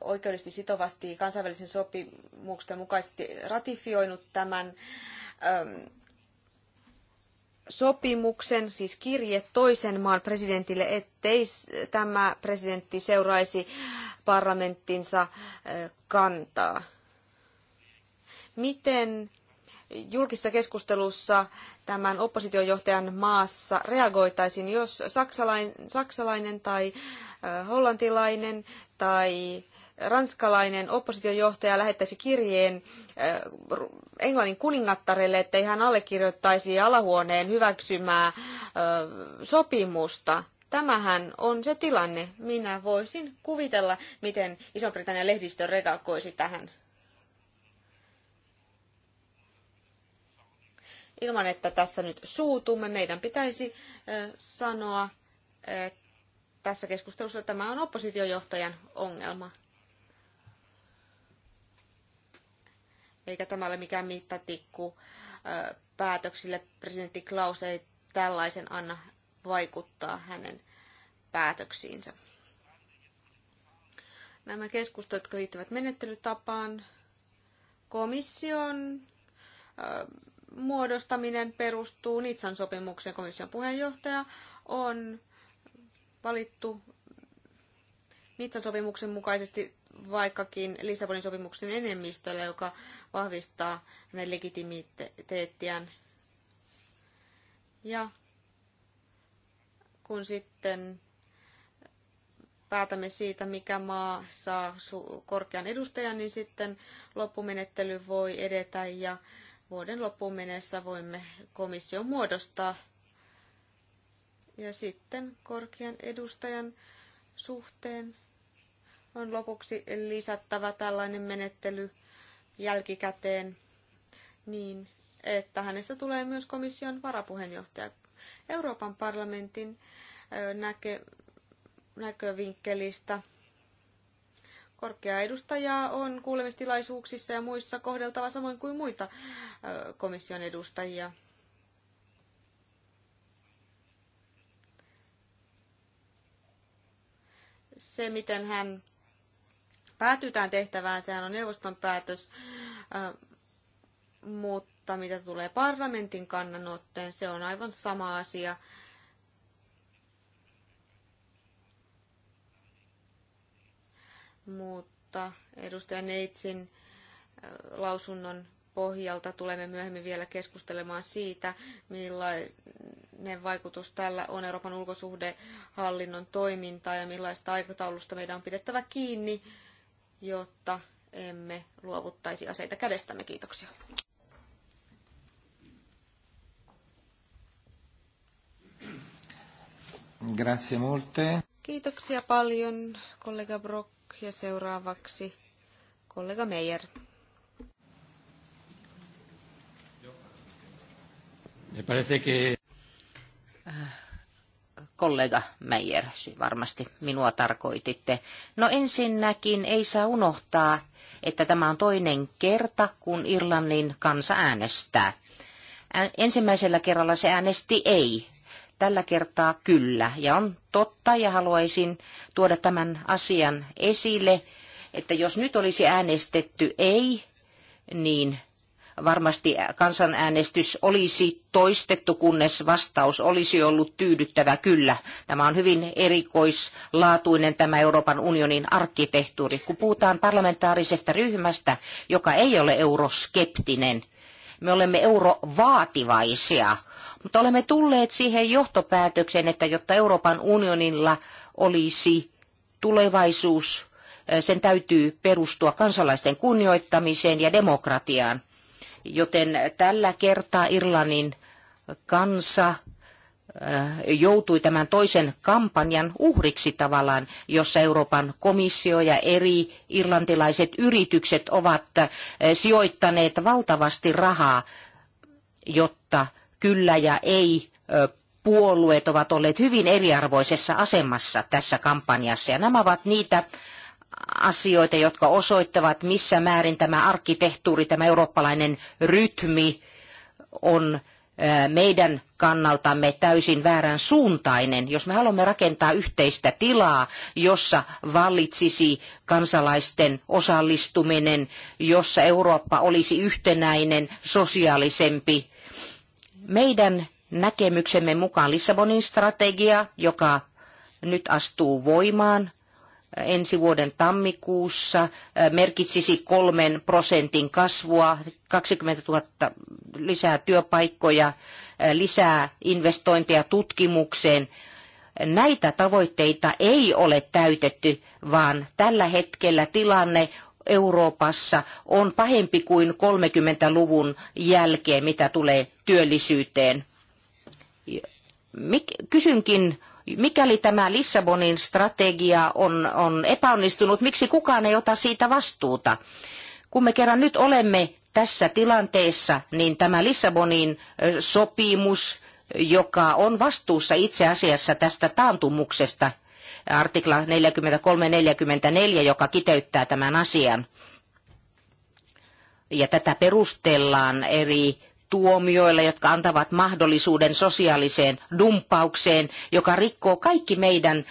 S2: oikeudellisesti sitovasti kansainvälisen sopimuksen mukaisesti ratifioinut tämän ö, sopimuksen, siis kirje toisen maan presidentille, ettei tämä presidentti seuraisi parlamenttinsa kantaa. Miten julkisessa keskustelussa tämän oppositiojohtajan maassa reagoitaisiin, jos saksalainen, saksalainen tai hollantilainen tai ranskalainen oppositiojohtaja lähettäisi kirjeen Englannin kuningattarelle, ettei hän allekirjoittaisi alahuoneen hyväksymää sopimusta. Tämähän on se tilanne. Minä voisin kuvitella, miten Iso-Britannian lehdistö reagoisi tähän. Ilman, että tässä nyt suutumme, meidän pitäisi sanoa tässä keskustelussa, että tämä on oppositiojohtajan ongelma. Eikä tämä ole mikään mittatikku päätöksille. Presidentti Klaus ei tällaisen anna vaikuttaa hänen päätöksiinsä. Nämä keskustelut, jotka liittyvät menettelytapaan, komission muodostaminen perustuu Nitsan sopimukseen. Komission puheenjohtaja on valittu Nitsan sopimuksen mukaisesti vaikkakin Lissabonin sopimuksen enemmistöllä, joka vahvistaa hänen legitimiteettiään. Ja kun sitten päätämme siitä, mikä maa saa korkean edustajan, niin sitten loppumenettely voi edetä ja vuoden loppuun mennessä voimme komission muodostaa. Ja sitten korkean edustajan suhteen on lopuksi lisättävä tällainen menettely jälkikäteen niin, että hänestä tulee myös komission varapuheenjohtaja. Euroopan parlamentin näke, näkövinkkelistä korkeaa edustajaa on kuulemistilaisuuksissa ja muissa kohdeltava samoin kuin muita komission edustajia. Se, miten hän päätyy tähän tehtävään, sehän on neuvoston päätös, mutta mitä tulee parlamentin kannanotteen, se on aivan sama asia. mutta edustaja Neitsin äh, lausunnon pohjalta tulemme myöhemmin vielä keskustelemaan siitä, millainen vaikutus tällä on Euroopan ulkosuhdehallinnon toimintaan ja millaista aikataulusta meidän on pidettävä kiinni, jotta emme luovuttaisi aseita kädestämme. Kiitoksia.
S1: Grazie molte.
S2: Kiitoksia paljon, kollega Brock. Brock ja seuraavaksi kollega Meijer.
S4: Me parece que... Äh, kollega Meijer, varmasti minua tarkoititte. No ensinnäkin ei saa unohtaa, että tämä on toinen kerta, kun Irlannin kansa äänestää. Ensimmäisellä kerralla se äänesti ei Tällä kertaa kyllä. Ja on totta ja haluaisin tuoda tämän asian esille, että jos nyt olisi äänestetty ei, niin varmasti kansanäänestys olisi toistettu, kunnes vastaus olisi ollut tyydyttävä kyllä. Tämä on hyvin erikoislaatuinen tämä Euroopan unionin arkkitehtuuri. Kun puhutaan parlamentaarisesta ryhmästä, joka ei ole euroskeptinen, me olemme eurovaativaisia mutta olemme tulleet siihen johtopäätökseen, että jotta Euroopan unionilla olisi tulevaisuus, sen täytyy perustua kansalaisten kunnioittamiseen ja demokratiaan. Joten tällä kertaa Irlannin kansa joutui tämän toisen kampanjan uhriksi tavallaan, jossa Euroopan komissio ja eri irlantilaiset yritykset ovat sijoittaneet valtavasti rahaa, jotta kyllä ja ei puolueet ovat olleet hyvin eriarvoisessa asemassa tässä kampanjassa. Ja nämä ovat niitä asioita, jotka osoittavat, missä määrin tämä arkkitehtuuri, tämä eurooppalainen rytmi on meidän kannaltamme täysin väärän suuntainen, jos me haluamme rakentaa yhteistä tilaa, jossa vallitsisi kansalaisten osallistuminen, jossa Eurooppa olisi yhtenäinen, sosiaalisempi, meidän näkemyksemme mukaan Lissabonin strategia, joka nyt astuu voimaan äh, ensi vuoden tammikuussa, äh, merkitsisi kolmen prosentin kasvua, 20 000 lisää työpaikkoja, äh, lisää investointeja tutkimukseen. Näitä tavoitteita ei ole täytetty, vaan tällä hetkellä tilanne Euroopassa on pahempi kuin 30-luvun jälkeen, mitä tulee työllisyyteen. Mik, kysynkin, mikäli tämä Lissabonin strategia on, on epäonnistunut, miksi kukaan ei ota siitä vastuuta? Kun me kerran nyt olemme tässä tilanteessa, niin tämä Lissabonin sopimus, joka on vastuussa itse asiassa tästä taantumuksesta, artikla 43-44, joka kiteyttää tämän asian. Ja tätä perustellaan eri tuomioilla, jotka antavat mahdollisuuden sosiaaliseen dumppaukseen, joka rikkoo kaikki meidän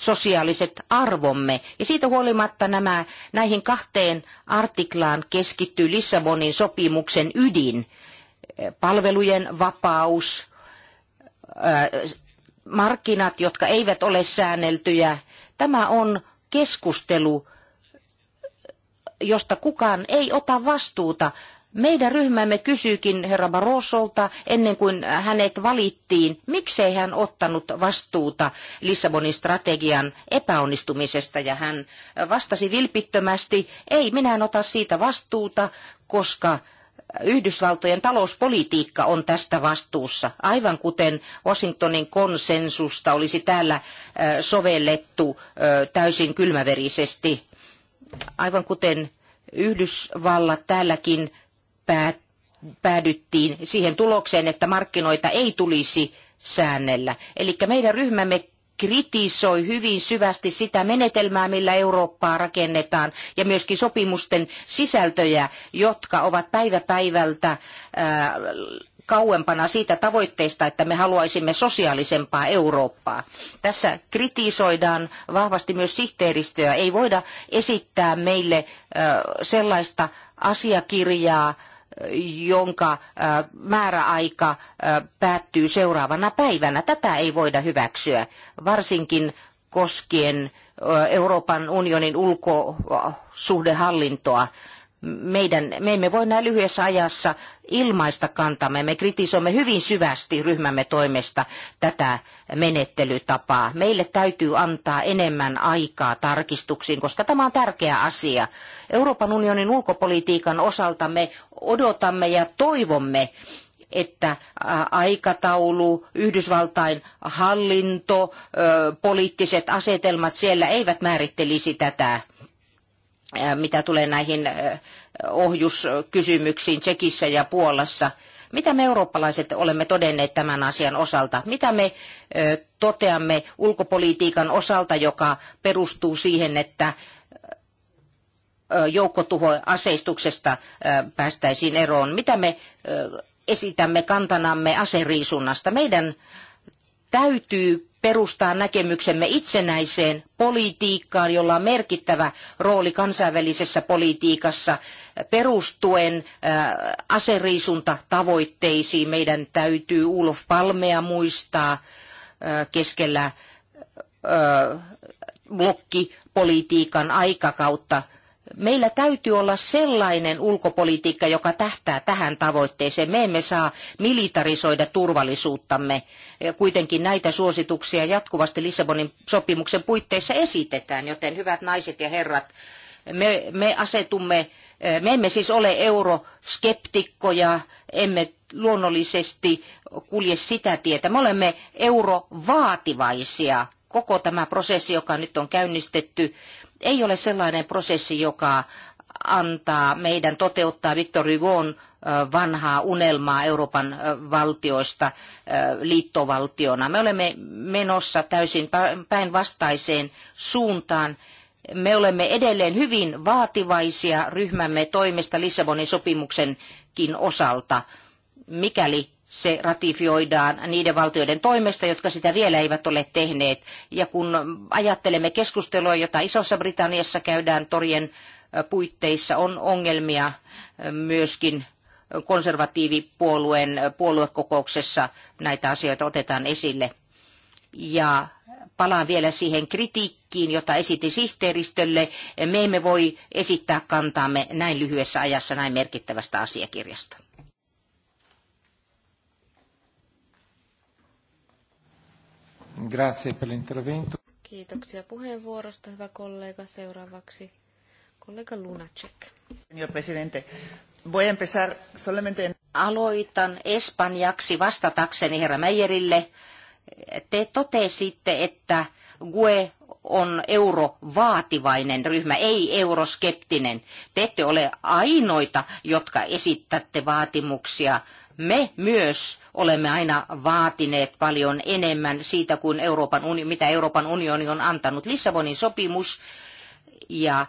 S4: sosiaaliset arvomme. Ja siitä huolimatta nämä, näihin kahteen artiklaan keskittyy Lissabonin sopimuksen ydin, palvelujen vapaus, markkinat, jotka eivät ole säänneltyjä. Tämä on keskustelu, josta kukaan ei ota vastuuta. Meidän ryhmämme kysyykin herra Barrosolta ennen kuin hänet valittiin, miksei hän ottanut vastuuta Lissabonin strategian epäonnistumisesta ja hän vastasi vilpittömästi, ei minä en ota siitä vastuuta, koska Yhdysvaltojen talouspolitiikka on tästä vastuussa, aivan kuten Washingtonin konsensusta olisi täällä sovellettu täysin kylmäverisesti. Aivan kuten Yhdysvallat täälläkin päädyttiin siihen tulokseen, että markkinoita ei tulisi säännellä. Eli meidän ryhmämme kritisoi hyvin syvästi sitä menetelmää, millä Eurooppaa rakennetaan ja myöskin sopimusten sisältöjä, jotka ovat päivä päivältä kauempana siitä tavoitteesta, että me haluaisimme sosiaalisempaa Eurooppaa. Tässä kritisoidaan vahvasti myös sihteeristöä. Ei voida esittää meille sellaista asiakirjaa, jonka äh, määräaika äh, päättyy seuraavana päivänä. Tätä ei voida hyväksyä, varsinkin koskien Euroopan unionin ulkosuhdehallintoa meidän, me emme voi näin lyhyessä ajassa ilmaista kantamme. Me kritisoimme hyvin syvästi ryhmämme toimesta tätä menettelytapaa. Meille täytyy antaa enemmän aikaa tarkistuksiin, koska tämä on tärkeä asia. Euroopan unionin ulkopolitiikan osalta me odotamme ja toivomme, että aikataulu, Yhdysvaltain hallinto, poliittiset asetelmat siellä eivät määrittelisi tätä mitä tulee näihin ohjuskysymyksiin Tsekissä ja Puolassa. Mitä me eurooppalaiset olemme todenneet tämän asian osalta? Mitä me toteamme ulkopolitiikan osalta, joka perustuu siihen, että joukkotuhoaseistuksesta päästäisiin eroon? Mitä me esitämme kantanamme aseriisunnasta? Meidän täytyy perustaa näkemyksemme itsenäiseen politiikkaan, jolla on merkittävä rooli kansainvälisessä politiikassa perustuen äh, aseriisunta tavoitteisiin. Meidän täytyy ulof Palmea muistaa äh, keskellä äh, blokkipolitiikan aikakautta Meillä täytyy olla sellainen ulkopolitiikka, joka tähtää tähän tavoitteeseen. Me emme saa militarisoida turvallisuuttamme. Kuitenkin näitä suosituksia jatkuvasti Lissabonin sopimuksen puitteissa esitetään, joten hyvät naiset ja herrat, me, me asetumme, eh, me emme siis ole euroskeptikkoja, emme luonnollisesti kulje sitä tietä. Me olemme eurovaativaisia. Koko tämä prosessi, joka nyt on käynnistetty, ei ole sellainen prosessi, joka antaa meidän toteuttaa Victor Hugon vanhaa unelmaa Euroopan valtioista liittovaltiona. Me olemme menossa täysin päinvastaiseen suuntaan. Me olemme edelleen hyvin vaativaisia ryhmämme toimesta Lissabonin sopimuksenkin osalta, mikäli se ratifioidaan niiden valtioiden toimesta, jotka sitä vielä eivät ole tehneet. Ja kun ajattelemme keskustelua, jota Isossa Britanniassa käydään torien puitteissa, on ongelmia myöskin konservatiivipuolueen puoluekokouksessa näitä asioita otetaan esille. Ja palaan vielä siihen kritiikkiin, jota esitin sihteeristölle. Me emme voi esittää kantaamme näin lyhyessä ajassa näin merkittävästä asiakirjasta.
S1: Grazie per l'intervento.
S2: Kiitoksia puheenvuorosta, hyvä kollega. Seuraavaksi kollega Lunacek.
S4: Señor presidente, voy empezar solamente Aloitan espanjaksi vastatakseni herra Meijerille. Te totesitte, että GUE on eurovaativainen ryhmä, ei euroskeptinen. Te ette ole ainoita, jotka esittätte vaatimuksia me myös olemme aina vaatineet paljon enemmän siitä, kuin Euroopan unioni, mitä Euroopan unioni on antanut. Lissabonin sopimus ja äh,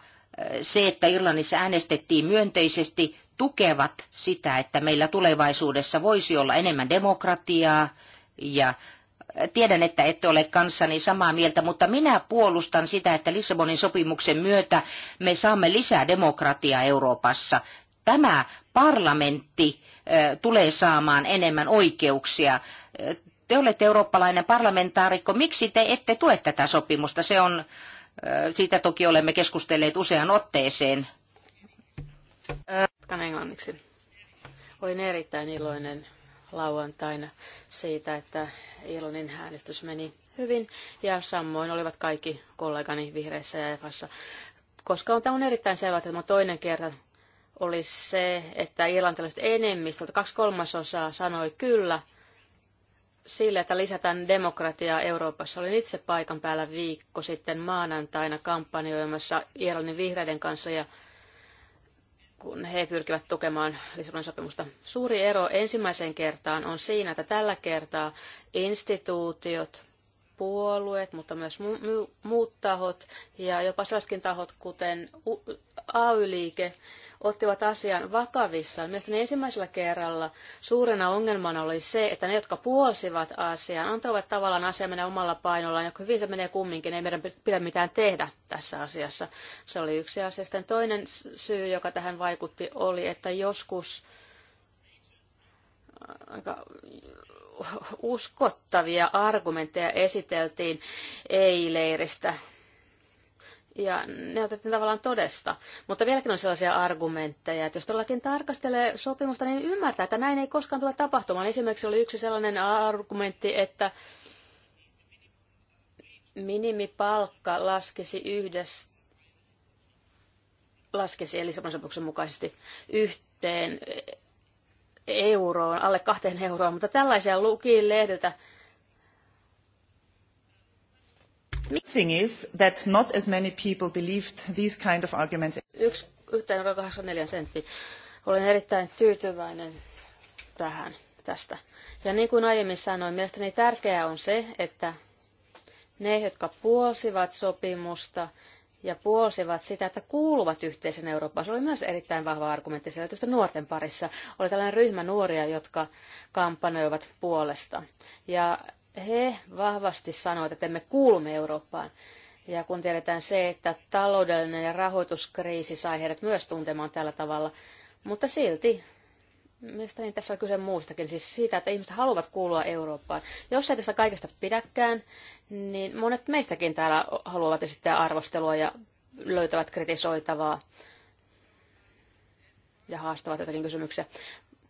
S4: se, että Irlannissa äänestettiin myönteisesti, tukevat sitä, että meillä tulevaisuudessa voisi olla enemmän demokratiaa ja äh, Tiedän, että ette ole kanssani samaa mieltä, mutta minä puolustan sitä, että Lissabonin sopimuksen myötä me saamme lisää demokratiaa Euroopassa. Tämä parlamentti tulee saamaan enemmän oikeuksia. Te olette eurooppalainen parlamentaarikko. Miksi te ette tue tätä sopimusta? Se on, siitä toki olemme keskustelleet usean otteeseen.
S3: Jatkan englanniksi. Olin erittäin iloinen lauantaina siitä, että Ilonin äänestys meni hyvin ja samoin olivat kaikki kollegani vihreissä ja EFassa. Koska on, tämä on erittäin selvä, että tämä on toinen kerta oli se, että irlantilaiset enemmistöltä, kaksi kolmasosaa sanoi kyllä sille, että lisätään demokratiaa Euroopassa. Olin itse paikan päällä viikko sitten maanantaina kampanjoimassa Irlannin vihreiden kanssa ja kun he pyrkivät tukemaan Lissabonin sopimusta. Suuri ero ensimmäiseen kertaan on siinä, että tällä kertaa instituutiot, puolueet, mutta myös muut tahot ja jopa sellaisetkin tahot, kuten AY-liike, ottivat asian vakavissaan. Mielestäni ensimmäisellä kerralla suurena ongelmana oli se, että ne, jotka puolsivat asian, antoivat tavallaan asian mennä omalla painollaan, ja hyvin se menee kumminkin, ei meidän pidä mitään tehdä tässä asiassa. Se oli yksi asia. Sitten toinen syy, joka tähän vaikutti, oli, että joskus äh, aika uskottavia argumentteja esiteltiin ei-leiristä ja ne otettiin tavallaan todesta. Mutta vieläkin on sellaisia argumentteja, että jos todellakin tarkastelee sopimusta, niin ymmärtää, että näin ei koskaan tule tapahtumaan. Esimerkiksi oli yksi sellainen argumentti, että minimipalkka laskisi yhdestä laskisi, eli sopimuksen mukaisesti yhteen euroon, alle kahteen euroon, mutta tällaisia luki lehdiltä
S1: Thing is that not as many people believed these kind of arguments.
S3: Olen erittäin tyytyväinen tähän tästä. Ja niin kuin aiemmin sanoin, mielestäni tärkeää on se, että ne, jotka puolsivat sopimusta ja puolsivat sitä, että kuuluvat yhteisen Eurooppaan. Se oli myös erittäin vahva argumentti siellä selitystä nuorten parissa. Oli tällainen ryhmä nuoria, jotka kampanjoivat puolesta. Ja he vahvasti sanoivat, että me kuulumme Eurooppaan. Ja kun tiedetään se, että taloudellinen ja rahoituskriisi sai heidät myös tuntemaan tällä tavalla, mutta silti mielestäni tässä on kyse muustakin, siis siitä, että ihmiset haluavat kuulua Eurooppaan. Jos ei tästä kaikesta pidäkään, niin monet meistäkin täällä haluavat esittää arvostelua ja löytävät kritisoitavaa ja haastavat jotakin kysymyksiä.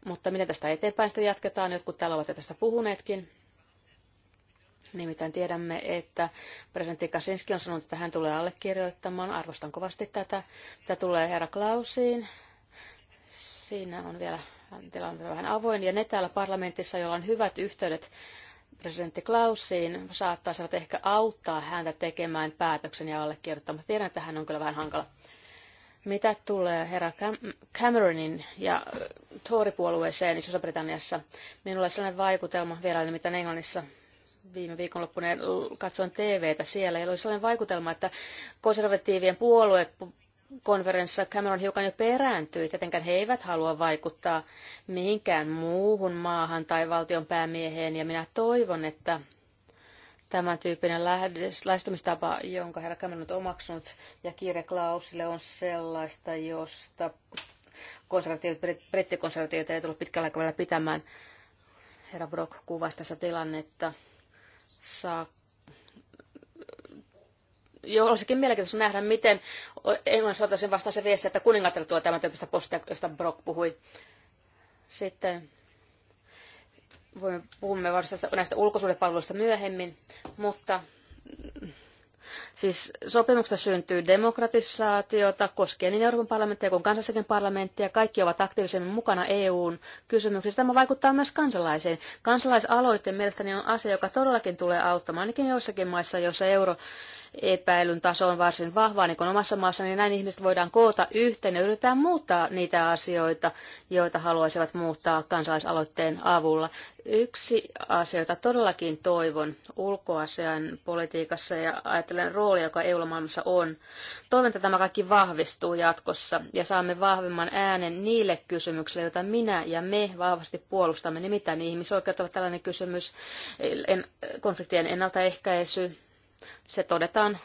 S3: Mutta miten tästä eteenpäin sitten jatketaan, jotkut täällä ovat jo tästä puhuneetkin. Nimittäin tiedämme, että presidentti Kaczynski on sanonut, että hän tulee allekirjoittamaan. Arvostan kovasti tätä. Tämä tulee herra Klausiin. Siinä on vielä tilanne vähän avoin. Ja ne täällä parlamentissa, joilla on hyvät yhteydet presidentti Klausiin, saattaisivat ehkä auttaa häntä tekemään päätöksen ja allekirjoittamaan. Tiedän, että hän on kyllä vähän hankala. Mitä tulee herra Cam- Cameronin ja äh, Tory-puolueeseen Iso-Britanniassa, minulla on sellainen vaikutelma vielä nimittäin Englannissa – viime viikonloppuna katsoin TVtä siellä ja oli sellainen vaikutelma, että konservatiivien puolue konferenssissa Cameron hiukan jo perääntyi. Tietenkään he eivät halua vaikuttaa mihinkään muuhun maahan tai valtion päämieheen, ja minä toivon, että tämän tyyppinen lähestymistapa, jonka herra Cameron on omaksunut, ja kiire Klausille on sellaista, josta konservatiivit, brittikonservatiivit ei tullut pitkällä aikavälillä pitämään. Herra Brock kuvasi tässä tilannetta saa Joo, olisikin mielenkiintoista nähdä, miten Englannissa saataisiin vastaan se viesti, että kuningatar tuo tämän tyyppistä postia, josta Brock puhui. Sitten voimme, puhumme varmasti näistä ulkosuudepalveluista myöhemmin, mutta Siis sopimuksesta syntyy demokratisaatiota, koskee niin Euroopan parlamenttia kuin kansallisen parlamenttia. Kaikki ovat aktiivisemmin mukana EUn kysymyksissä. Tämä vaikuttaa myös kansalaisiin. Kansalaisaloitteen mielestäni on asia, joka todellakin tulee auttamaan, ainakin joissakin maissa, joissa euro epäilyn taso on varsin vahva, niin kuin omassa maassa, niin näin ihmiset voidaan koota yhteen ja yritetään muuttaa niitä asioita, joita haluaisivat muuttaa kansalaisaloitteen avulla. Yksi asia, jota todellakin toivon ulkoasian politiikassa ja ajattelen roolia, joka EU-maailmassa on, toivon, että tämä kaikki vahvistuu jatkossa ja saamme vahvemman äänen niille kysymyksille, joita minä ja me vahvasti puolustamme, nimittäin ihmisoikeudet ovat tällainen kysymys, konfliktien ennaltaehkäisy, se todetaan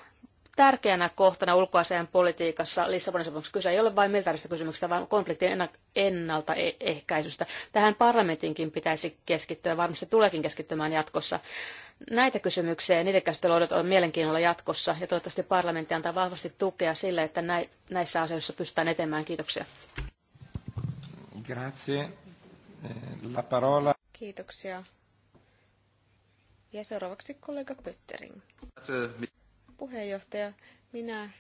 S3: tärkeänä kohtana ulkoasian politiikassa Lissabonin sopimuksessa kyse ei ole vain militaarista kysymyksestä, vaan konfliktien ennaltaehkäisystä. E- Tähän parlamentinkin pitäisi keskittyä ja varmasti tuleekin keskittymään jatkossa. Näitä kysymyksiä ja niiden käsittelyä on mielenkiinnolla jatkossa ja toivottavasti parlamentti antaa vahvasti tukea sille, että näissä asioissa pystytään etemään. Kiitoksia.
S1: Grazie. Eh, la parola.
S3: Kiitoksia.
S2: Ja seuraavaksi kollega Pöttering. Puheenjohtaja, minä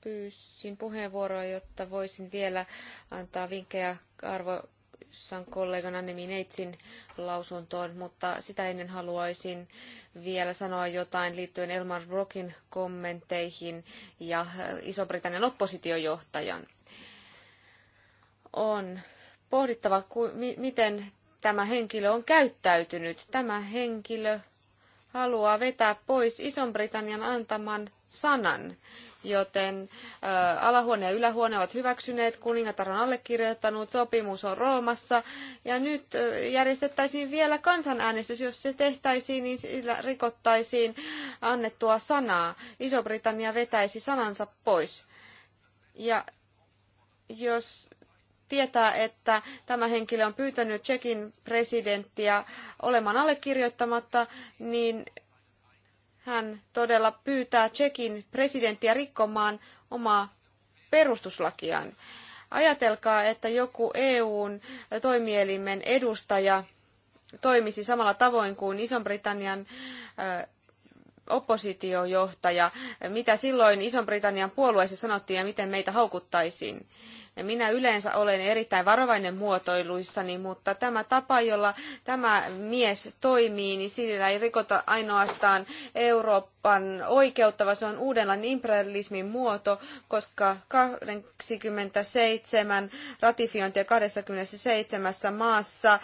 S2: pyysin puheenvuoroa, jotta voisin vielä antaa vinkkejä arvoissan kollegan Annemi Neitsin lausuntoon, mutta sitä ennen haluaisin vielä sanoa jotain liittyen Elmar Brokin kommentteihin ja Iso-Britannian oppositiojohtajan. On pohdittava, miten tämä henkilö on käyttäytynyt. Tämä henkilö haluaa vetää pois Ison-Britannian antaman sanan, joten alahuone ja ylähuone ovat hyväksyneet, kuningatar on allekirjoittanut, sopimus on Roomassa, ja nyt järjestettäisiin vielä kansanäänestys. Jos se tehtäisiin, niin sillä rikottaisiin annettua sanaa. Iso-Britannia vetäisi sanansa pois. Ja jos tietää, että tämä henkilö on pyytänyt Tsekin presidenttiä olemaan allekirjoittamatta, niin hän todella pyytää Tsekin presidenttiä rikkomaan omaa perustuslakiaan. Ajatelkaa, että joku EUn toimielimen edustaja toimisi samalla tavoin kuin Ison-Britannian oppositiojohtaja. Mitä silloin Ison-Britannian puolueessa sanottiin ja miten meitä haukuttaisiin? Minä yleensä olen erittäin varovainen muotoiluissani, mutta tämä tapa, jolla tämä mies toimii, niin sillä ei rikota ainoastaan Euroopan oikeutta, vaan se on uudenlainen imperialismin muoto, koska 27 ratifiointia 27 maassa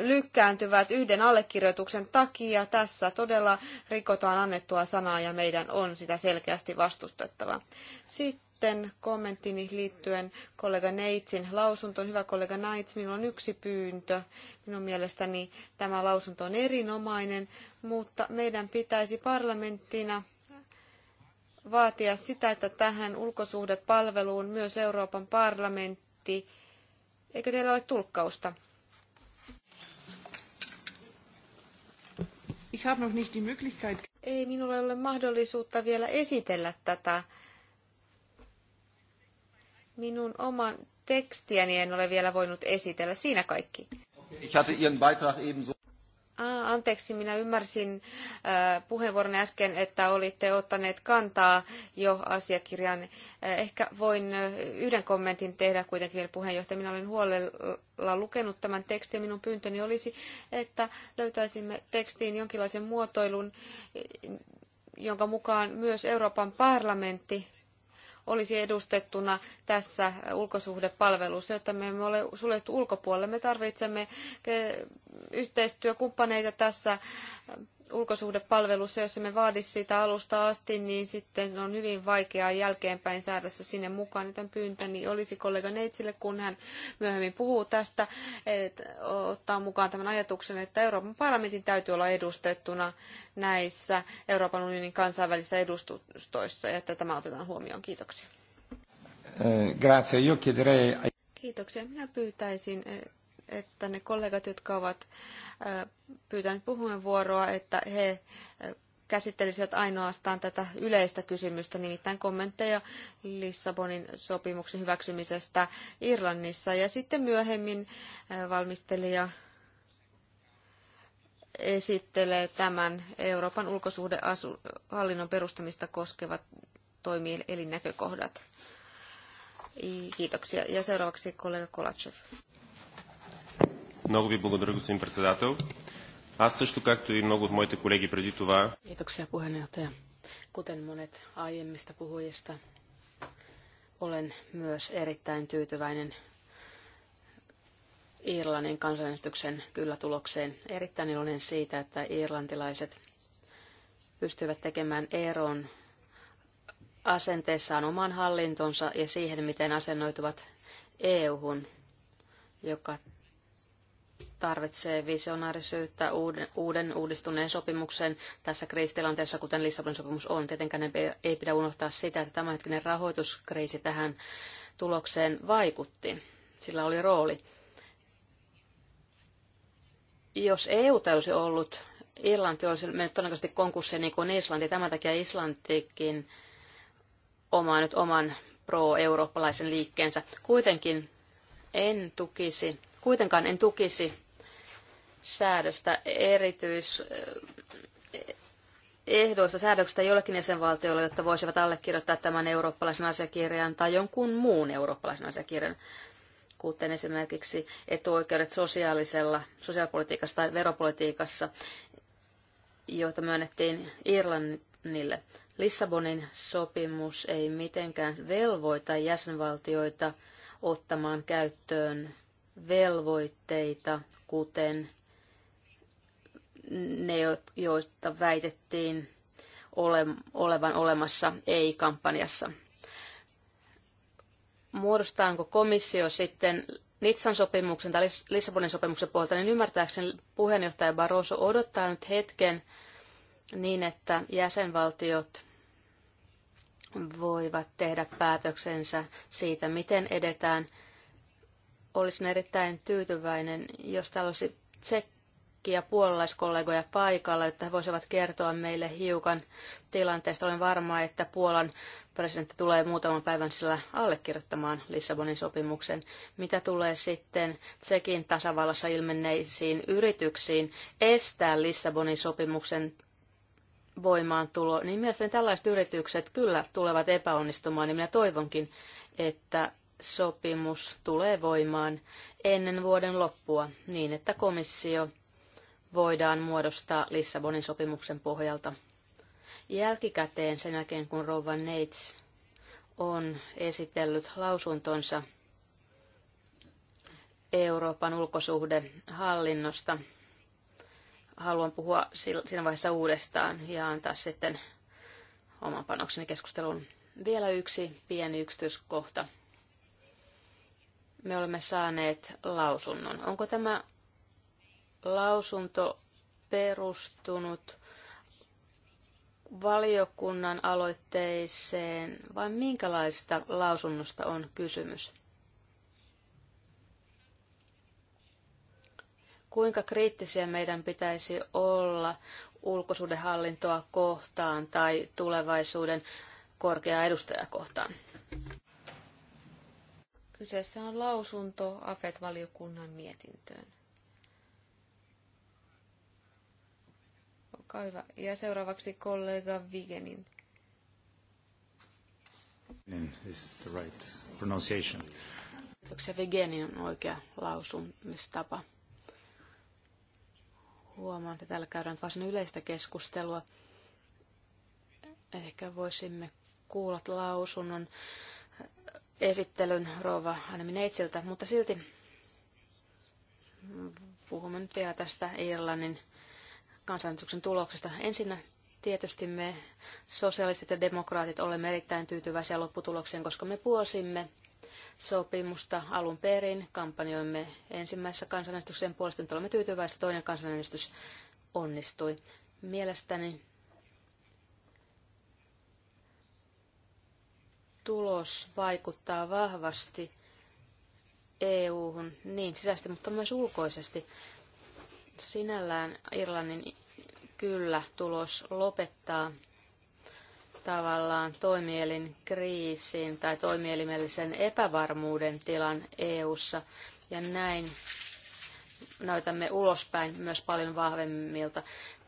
S2: lykkääntyvät yhden allekirjoituksen takia. Tässä todella rikotaan annettua sanaa ja meidän on sitä selkeästi vastustettava. Sitten sitten kommenttini liittyen kollega Neitsin lausuntoon. Hyvä kollega Neits, minulla on yksi pyyntö. Minun mielestäni tämä lausunto on erinomainen, mutta meidän pitäisi parlamenttina vaatia sitä, että tähän ulkosuhdepalveluun myös Euroopan parlamentti. Eikö teillä ole tulkkausta? Ei minulla ole mahdollisuutta vielä esitellä tätä Minun oman tekstiäni en ole vielä voinut esitellä. Siinä kaikki. Ich hatte Ihren Beitrag ebenso. Ah, anteeksi, minä ymmärsin äh, puheenvuoron äsken, että olitte ottaneet kantaa jo asiakirjan. Äh, ehkä voin äh, yhden kommentin tehdä kuitenkin vielä puheenjohtaja. Minä olen huolella lukenut tämän tekstin. Minun pyyntöni olisi, että löytäisimme tekstiin jonkinlaisen muotoilun, äh, jonka mukaan myös Euroopan parlamentti olisi edustettuna tässä ulkosuhdepalvelussa, jotta me emme ole suljettu ulkopuolelle. Me tarvitsemme eh, yhteistyökumppaneita tässä ulkosuhdepalvelussa, jos emme vaadi sitä alusta asti, niin sitten on hyvin vaikeaa jälkeenpäin saada se sinne mukaan. Joten pyyntäni olisi kollega Neitsille, kun hän myöhemmin puhuu tästä, että ottaa mukaan tämän ajatuksen, että Euroopan parlamentin täytyy olla edustettuna näissä Euroopan unionin kansainvälisissä edustustoissa, ja että tämä otetaan huomioon. Kiitoksia.
S1: Eh, grazie. Io chiederei...
S2: Kiitoksia. Minä pyytäisin eh, että ne kollegat, jotka ovat pyytäneet puheenvuoroa, että he käsittelisivät ainoastaan tätä yleistä kysymystä, nimittäin kommentteja Lissabonin sopimuksen hyväksymisestä Irlannissa. Ja sitten myöhemmin valmistelija esittelee tämän Euroopan ulkosuhdehallinnon perustamista koskevat näkökohdat. Kiitoksia.
S3: Ja seuraavaksi kollega Kolachev.
S1: Много ви благодаря, господин председател. Аз също, както и много от моите колеги преди това.
S3: Kiitoksia puheenjohtaja. Kuten monet aiemmista puhujista, olen myös erittäin tyytyväinen Irlannin kansanäänestyksen kyllä-tulokseen. Erittäin iloinen siitä, että irlantilaiset pystyvät tekemään eron asenteessaan oman hallintonsa ja siihen, miten asennoituvat EU-hun, joka tarvitsee visionaarisyyttä uuden, uuden uudistuneen sopimuksen tässä kriisitilanteessa, kuten Lissabonin sopimus on. Tietenkään ei pidä unohtaa sitä, että tämänhetkinen rahoituskriisi tähän tulokseen vaikutti. Sillä oli rooli. Jos EU olisi ollut, Irlanti olisi mennyt todennäköisesti konkurssiin niin kuin Islanti. Tämän takia Islantikin omaa nyt oman pro-eurooppalaisen liikkeensä. Kuitenkin en tukisi, kuitenkaan en tukisi säädöstä erityis eh, ehdoista säädöksistä jollekin jäsenvaltiolle, jotta voisivat allekirjoittaa tämän eurooppalaisen asiakirjan tai jonkun muun eurooppalaisen asiakirjan, kuten esimerkiksi etuoikeudet sosiaalisella, sosiaalipolitiikassa tai veropolitiikassa, joita myönnettiin Irlannille. Lissabonin sopimus ei mitenkään velvoita jäsenvaltioita ottamaan käyttöön velvoitteita, kuten ne, joita väitettiin olevan olemassa ei-kampanjassa. Muodostaanko komissio sitten Nitsan sopimuksen tai Lissabonin sopimuksen puolta, niin ymmärtääkseni puheenjohtaja Barroso odottaa nyt hetken niin, että jäsenvaltiot voivat tehdä päätöksensä siitä, miten edetään. Olisin erittäin tyytyväinen, jos olisi tsek- ja puolalaiskollegoja paikalla, että he voisivat kertoa meille hiukan tilanteesta. Olen varma, että Puolan presidentti tulee muutaman päivän sillä allekirjoittamaan Lissabonin sopimuksen. Mitä tulee sitten Tsekin tasavallassa ilmenneisiin yrityksiin estää Lissabonin sopimuksen voimaantulo, niin mielestäni tällaiset yritykset kyllä tulevat epäonnistumaan, niin minä toivonkin, että sopimus tulee voimaan ennen vuoden loppua niin, että komissio voidaan muodostaa Lissabonin sopimuksen pohjalta. Jälkikäteen sen jälkeen, kun Rova Neits on esitellyt lausuntonsa Euroopan ulkosuhdehallinnosta, haluan puhua siinä vaiheessa uudestaan ja antaa sitten oman panokseni keskusteluun. Vielä yksi pieni yksityiskohta. Me olemme saaneet lausunnon. Onko tämä lausunto perustunut valiokunnan aloitteeseen vai minkälaista lausunnosta on kysymys? Kuinka kriittisiä meidän pitäisi olla ulkosuhdehallintoa kohtaan tai tulevaisuuden korkeaa edustajaa kohtaan? Kyseessä
S2: on lausunto AFET-valiokunnan mietintöön. Olkaa hyvä. Ja seuraavaksi kollega Vigenin.
S1: Is the right pronunciation.
S3: Kiitoksia. Vigenin on oikea lausumistapa. Huomaan, että täällä käydään varsin yleistä keskustelua. Ehkä voisimme kuulla lausunnon esittelyn Rova Neitsiltä, mutta silti puhumme nyt vielä tästä Irlannin kansanäänestyksen tuloksesta. Ensinnä tietysti me sosialistit ja demokraatit olemme erittäin tyytyväisiä lopputulokseen, koska me puosimme sopimusta alun perin. Kampanjoimme ensimmäisessä kansanäänestyksen puolesta, nyt olemme tyytyväisiä, toinen kansanäänestys onnistui. Mielestäni tulos vaikuttaa vahvasti EU-hun niin sisäisesti, mutta myös ulkoisesti. Sinällään Irlannin kyllä tulos lopettaa tavallaan toimielin kriisin tai toimielimellisen epävarmuuden tilan EU:ssa ja näin näytämme ulospäin myös paljon vahvemmilta.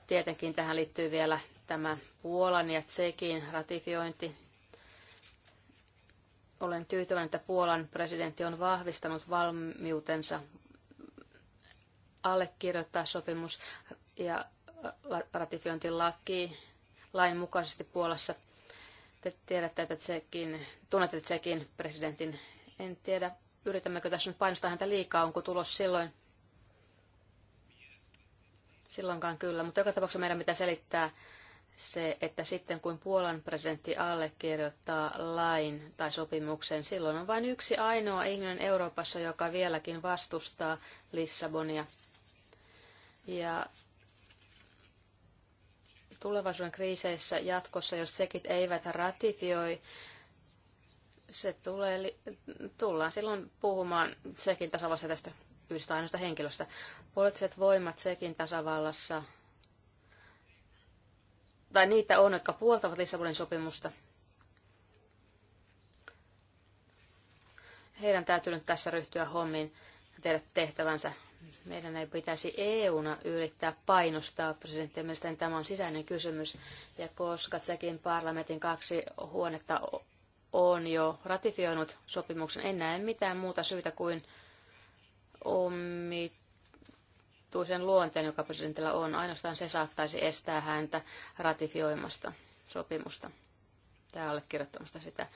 S3: Tietenkin tähän liittyy vielä tämä Puolan ja Tsekin ratifiointi. Olen tyytyväinen, että Puolan presidentti on vahvistanut valmiutensa allekirjoittaa sopimus ja ratifiointilaki lain mukaisesti Puolassa. Te tiedätte, että Tsekin, tunnette Tsekin presidentin. En tiedä, yritämmekö tässä nyt painostaa häntä liikaa, onko tulos silloin Silloinkaan kyllä, mutta joka tapauksessa meidän pitää selittää se, että sitten kun Puolan presidentti allekirjoittaa lain tai sopimuksen, silloin on vain yksi ainoa ihminen Euroopassa, joka vieläkin vastustaa Lissabonia. Ja tulevaisuuden kriiseissä jatkossa, jos sekit eivät ratifioi, se tulee, tullaan silloin puhumaan sekin tasavallassa tästä yhdestä ainoasta henkilöstä. Poliittiset voimat sekin tasavallassa, tai niitä on, jotka puoltavat Lissabonin sopimusta. Heidän täytyy nyt tässä ryhtyä hommiin ja tehdä tehtävänsä meidän ei pitäisi EUna yrittää painostaa presidenttiä. Mielestäni tämä on sisäinen kysymys. Ja koska sekin parlamentin kaksi huonetta on jo ratifioinut sopimuksen, en näe mitään muuta syytä kuin omituisen luonteen, joka presidentillä on. Ainoastaan se saattaisi estää häntä ratifioimasta sopimusta tai allekirjoittamasta sitä.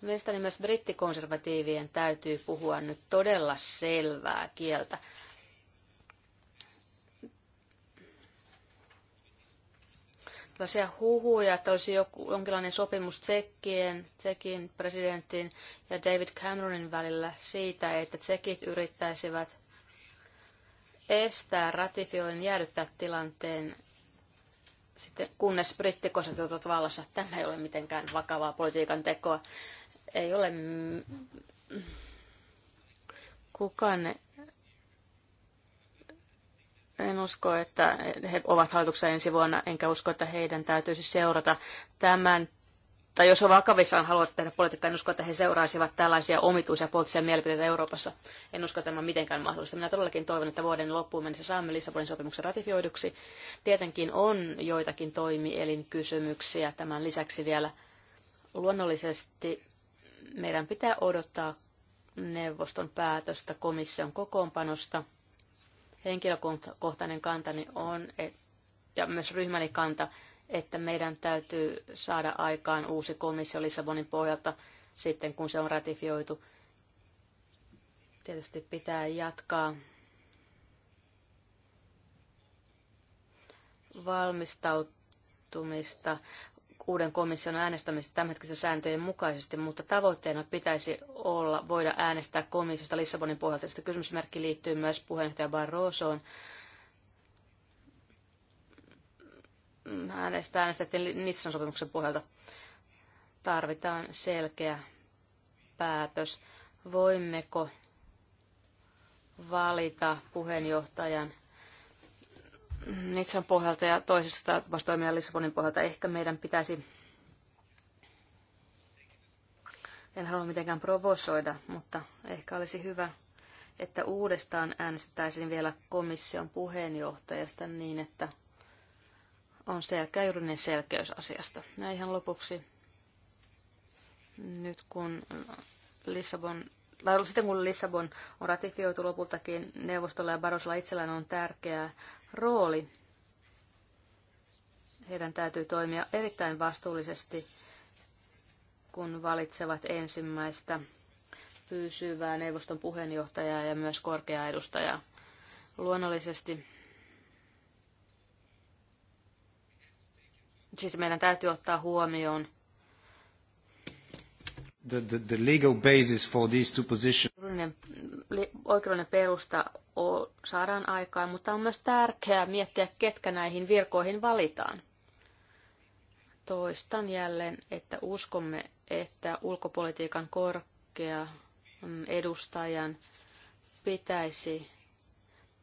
S3: Mielestäni myös brittikonservatiivien täytyy puhua nyt todella selvää kieltä. tällaisia huhuja, että olisi joku, jonkinlainen sopimus Tsekkien, Tsekin presidentin ja David Cameronin välillä siitä, että Tsekit yrittäisivät estää ratifioinnin jäädyttää tilanteen sitten, kunnes brittikoset ovat vallassa. Tämä ei ole mitenkään vakavaa politiikan tekoa. Ei ole kukaan en usko, että he ovat hallituksessa ensi vuonna, enkä usko, että heidän täytyisi seurata tämän tai jos on vakavissaan haluat tehdä politiikkaa, en usko, että he seuraisivat tällaisia omituisia poliittisia mielipiteitä Euroopassa. En usko, että tämä on mitenkään mahdollista. Minä todellakin toivon, että vuoden loppuun mennessä saamme Lissabonin sopimuksen ratifioiduksi. Tietenkin on joitakin toimielinkysymyksiä tämän lisäksi vielä. Luonnollisesti meidän pitää odottaa neuvoston päätöstä komission kokoonpanosta – Henkilökohtainen kantani on, ja myös ryhmäni kanta, että meidän täytyy saada aikaan uusi komissio Lissabonin pohjalta sitten, kun se on ratifioitu. Tietysti pitää jatkaa valmistautumista uuden komission äänestämistä tämänhetkisten sääntöjen mukaisesti, mutta tavoitteena pitäisi olla voida äänestää komissiosta Lissabonin pohjalta. Tästä kysymysmerkki liittyy myös puheenjohtaja Barrosoon. äänestä, äänestettiin Nitsan sopimuksen pohjalta. Tarvitaan selkeä päätös. Voimmeko valita puheenjohtajan – Mm, Nitsan pohjalta ja toisessa taas toimia Lissabonin pohjalta. Ehkä meidän pitäisi, en halua mitenkään provosoida, mutta ehkä olisi hyvä, että uudestaan äänestettäisiin vielä komission puheenjohtajasta niin, että on selkeä juridinen selkeys asiasta. Ja ihan lopuksi, nyt kun Lissabon sitten kun Lissabon on ratifioitu lopultakin neuvostolla ja Barosilla itsellään on tärkeää rooli. Heidän täytyy toimia erittäin vastuullisesti, kun valitsevat ensimmäistä pysyvää neuvoston puheenjohtajaa ja myös korkeaa edustajaa. Luonnollisesti siis meidän täytyy ottaa huomioon
S1: the, the, the legal basis for these two positions
S3: oikeudellinen, oikeudellinen perusta saadaan aikaan, mutta on myös tärkeää miettiä, ketkä näihin virkoihin valitaan. Toistan jälleen, että uskomme, että ulkopolitiikan korkea mm, edustajan pitäisi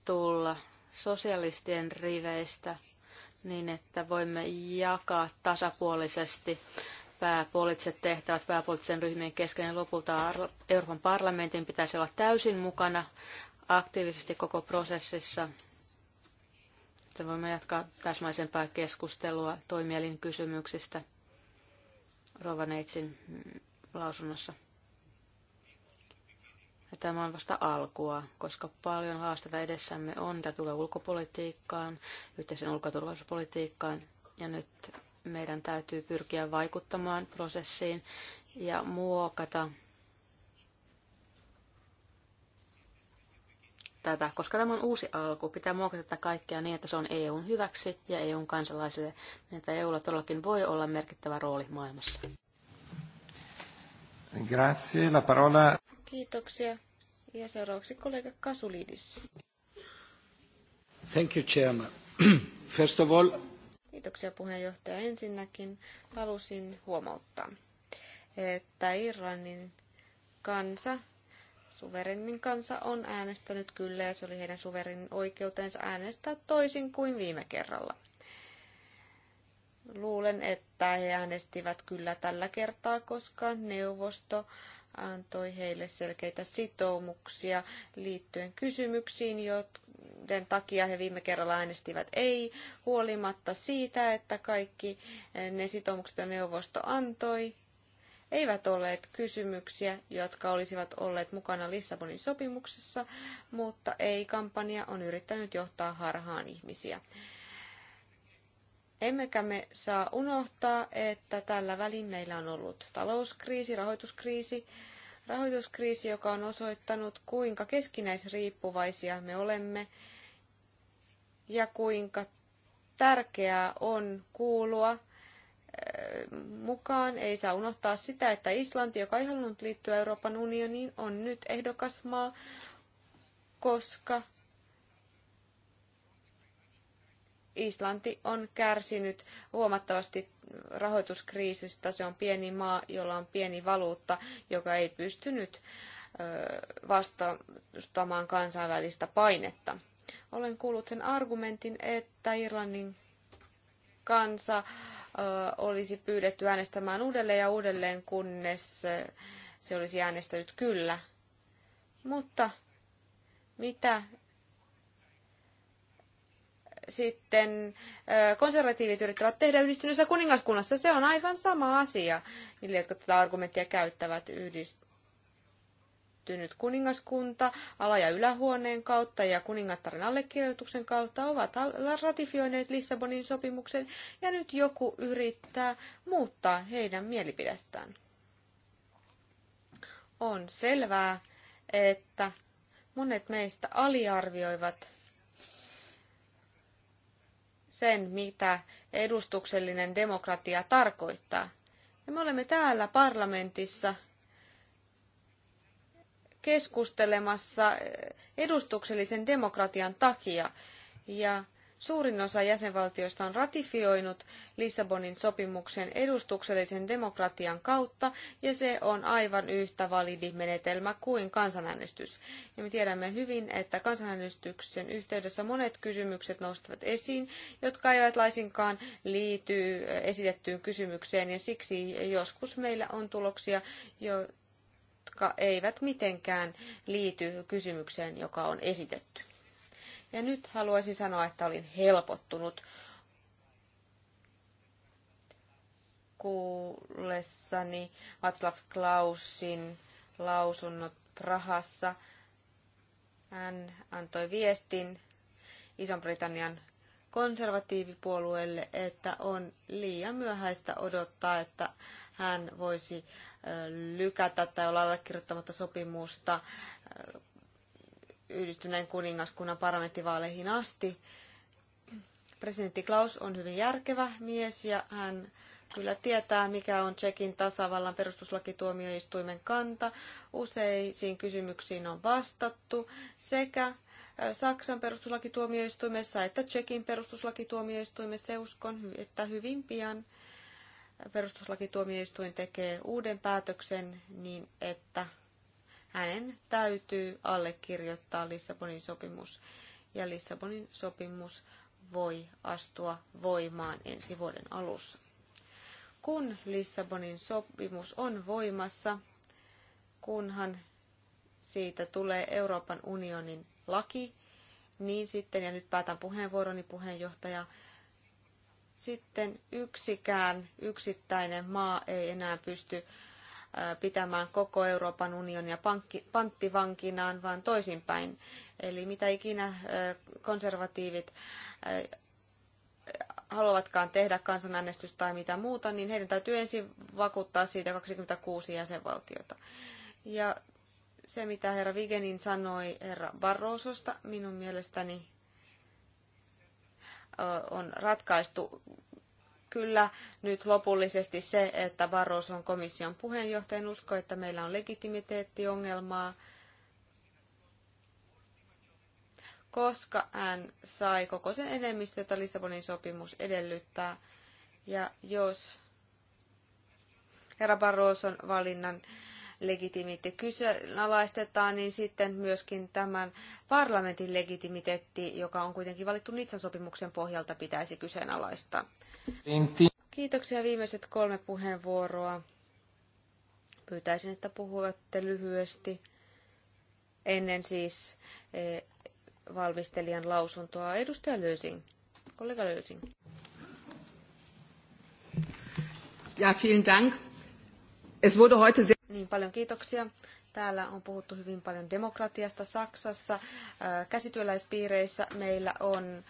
S3: tulla sosialistien riveistä niin, että voimme jakaa tasapuolisesti pääpoliittiset tehtävät pääpoliittisen ryhmien kesken ja lopulta Euroopan parlamentin pitäisi olla täysin mukana aktiivisesti koko prosessissa. Sitten voimme jatkaa täsmäisempää keskustelua toimielin kysymyksistä Rovaneitsin mm, lausunnossa. Ja tämä on vasta alkua, koska paljon haasteita edessämme on. Tämä tulee ulkopolitiikkaan, yhteisen ulkoturvallisuuspolitiikkaan ja nyt meidän täytyy pyrkiä vaikuttamaan prosessiin ja muokata tätä, koska tämä on uusi alku. Pitää muokata tätä kaikkea niin, että se on EUn hyväksi ja EUn kansalaisille, niin että EUlla todellakin voi olla merkittävä rooli maailmassa.
S1: Grazie, la parola.
S3: Kiitoksia.
S2: Ja seuraavaksi kollega Kasulidis.
S1: Thank you, Chairman. First of all,
S2: Kiitoksia puheenjohtaja. Ensinnäkin halusin huomauttaa, että Irlannin kansa, suverenin kansa, on äänestänyt kyllä ja se oli heidän suverenin oikeutensa äänestää toisin kuin viime kerralla. Luulen, että he äänestivät kyllä tällä kertaa, koska neuvosto antoi heille selkeitä sitoumuksia liittyen kysymyksiin, joiden takia he viime kerralla äänestivät ei, huolimatta siitä, että kaikki ne sitoumukset, joita neuvosto antoi, eivät olleet kysymyksiä, jotka olisivat olleet mukana Lissabonin sopimuksessa, mutta ei-kampanja on yrittänyt johtaa harhaan ihmisiä. Emmekä me saa unohtaa, että tällä välin meillä on ollut talouskriisi, rahoituskriisi, rahoituskriisi, joka on osoittanut, kuinka keskinäisriippuvaisia me olemme ja kuinka tärkeää on kuulua äh, mukaan. Ei saa unohtaa sitä, että Islanti, joka ei halunnut liittyä Euroopan unioniin, on nyt ehdokasmaa, koska Islanti on kärsinyt huomattavasti rahoituskriisistä. Se on pieni maa, jolla on pieni valuutta, joka ei pystynyt vastustamaan kansainvälistä painetta. Olen kuullut sen argumentin, että Irlannin kansa olisi pyydetty äänestämään uudelleen ja uudelleen, kunnes se olisi äänestänyt kyllä. Mutta mitä sitten konservatiivit yrittävät tehdä yhdistyneessä kuningaskunnassa. Se on aivan sama asia niille, jotka tätä argumenttia käyttävät yhdistynyt kuningaskunta ala- ja ylähuoneen kautta ja kuningattaren allekirjoituksen kautta ovat ratifioineet Lissabonin sopimuksen ja nyt joku yrittää muuttaa heidän mielipidettään. On selvää, että monet meistä aliarvioivat sen, mitä edustuksellinen demokratia tarkoittaa. Ja me olemme täällä parlamentissa keskustelemassa edustuksellisen demokratian takia. Ja Suurin osa jäsenvaltioista on ratifioinut Lissabonin sopimuksen edustuksellisen demokratian kautta, ja se on aivan yhtä validi menetelmä kuin kansanäänestys. Ja me tiedämme hyvin, että kansanäänestyksen yhteydessä monet kysymykset noustavat esiin, jotka eivät laisinkaan liity esitettyyn kysymykseen, ja siksi joskus meillä on tuloksia, jotka eivät mitenkään liity kysymykseen, joka on esitetty. Ja nyt haluaisin sanoa, että olin helpottunut kuullessani Václav Klausin lausunnot Prahassa. Hän antoi viestin Ison-Britannian konservatiivipuolueelle, että on liian myöhäistä odottaa, että hän voisi lykätä tai olla allekirjoittamatta sopimusta yhdistyneen kuningaskunnan parlamenttivaaleihin asti. Presidentti Klaus on hyvin järkevä mies ja hän kyllä tietää, mikä on Tsekin tasavallan perustuslakituomioistuimen kanta. Useisiin kysymyksiin on vastattu sekä Saksan perustuslakituomioistuimessa että Tsekin perustuslakituomioistuimessa. Uskon, että hyvin pian perustuslakituomioistuin tekee uuden päätöksen niin, että hänen täytyy allekirjoittaa Lissabonin sopimus. Ja Lissabonin sopimus voi astua voimaan ensi vuoden alussa. Kun Lissabonin sopimus on voimassa, kunhan siitä tulee Euroopan unionin laki, niin sitten, ja nyt päätän puheenvuoroni puheenjohtaja, sitten yksikään yksittäinen maa ei enää pysty pitämään koko Euroopan unionia pankki, panttivankinaan, vaan toisinpäin. Eli mitä ikinä konservatiivit haluavatkaan tehdä kansanäänestys tai mitä muuta, niin heidän täytyy ensin vakuuttaa siitä 26 jäsenvaltiota. Ja se, mitä herra Vigenin sanoi herra Barrososta, minun mielestäni on ratkaistu kyllä nyt lopullisesti se, että Barroso on komission puheenjohtajan usko, että meillä on legitimiteettiongelmaa, koska hän sai koko sen enemmistö, jota Lissabonin sopimus edellyttää. Ja jos herra Barroson valinnan legitimiteetti kyseenalaistetaan, niin sitten myöskin tämän parlamentin legitimiteetti, joka on kuitenkin valittu Nitsan sopimuksen pohjalta, pitäisi kyseenalaistaa. Kiitoksia viimeiset kolme puheenvuoroa. Pyytäisin, että puhuette lyhyesti ennen siis eh, valmistelijan lausuntoa. Edustaja Lösing, kollega Lösing. Ja, vielen Dank. Es wurde heute sehr niin paljon kiitoksia. Täällä on puhuttu hyvin paljon demokratiasta Saksassa. Käsityöläispiireissä meillä on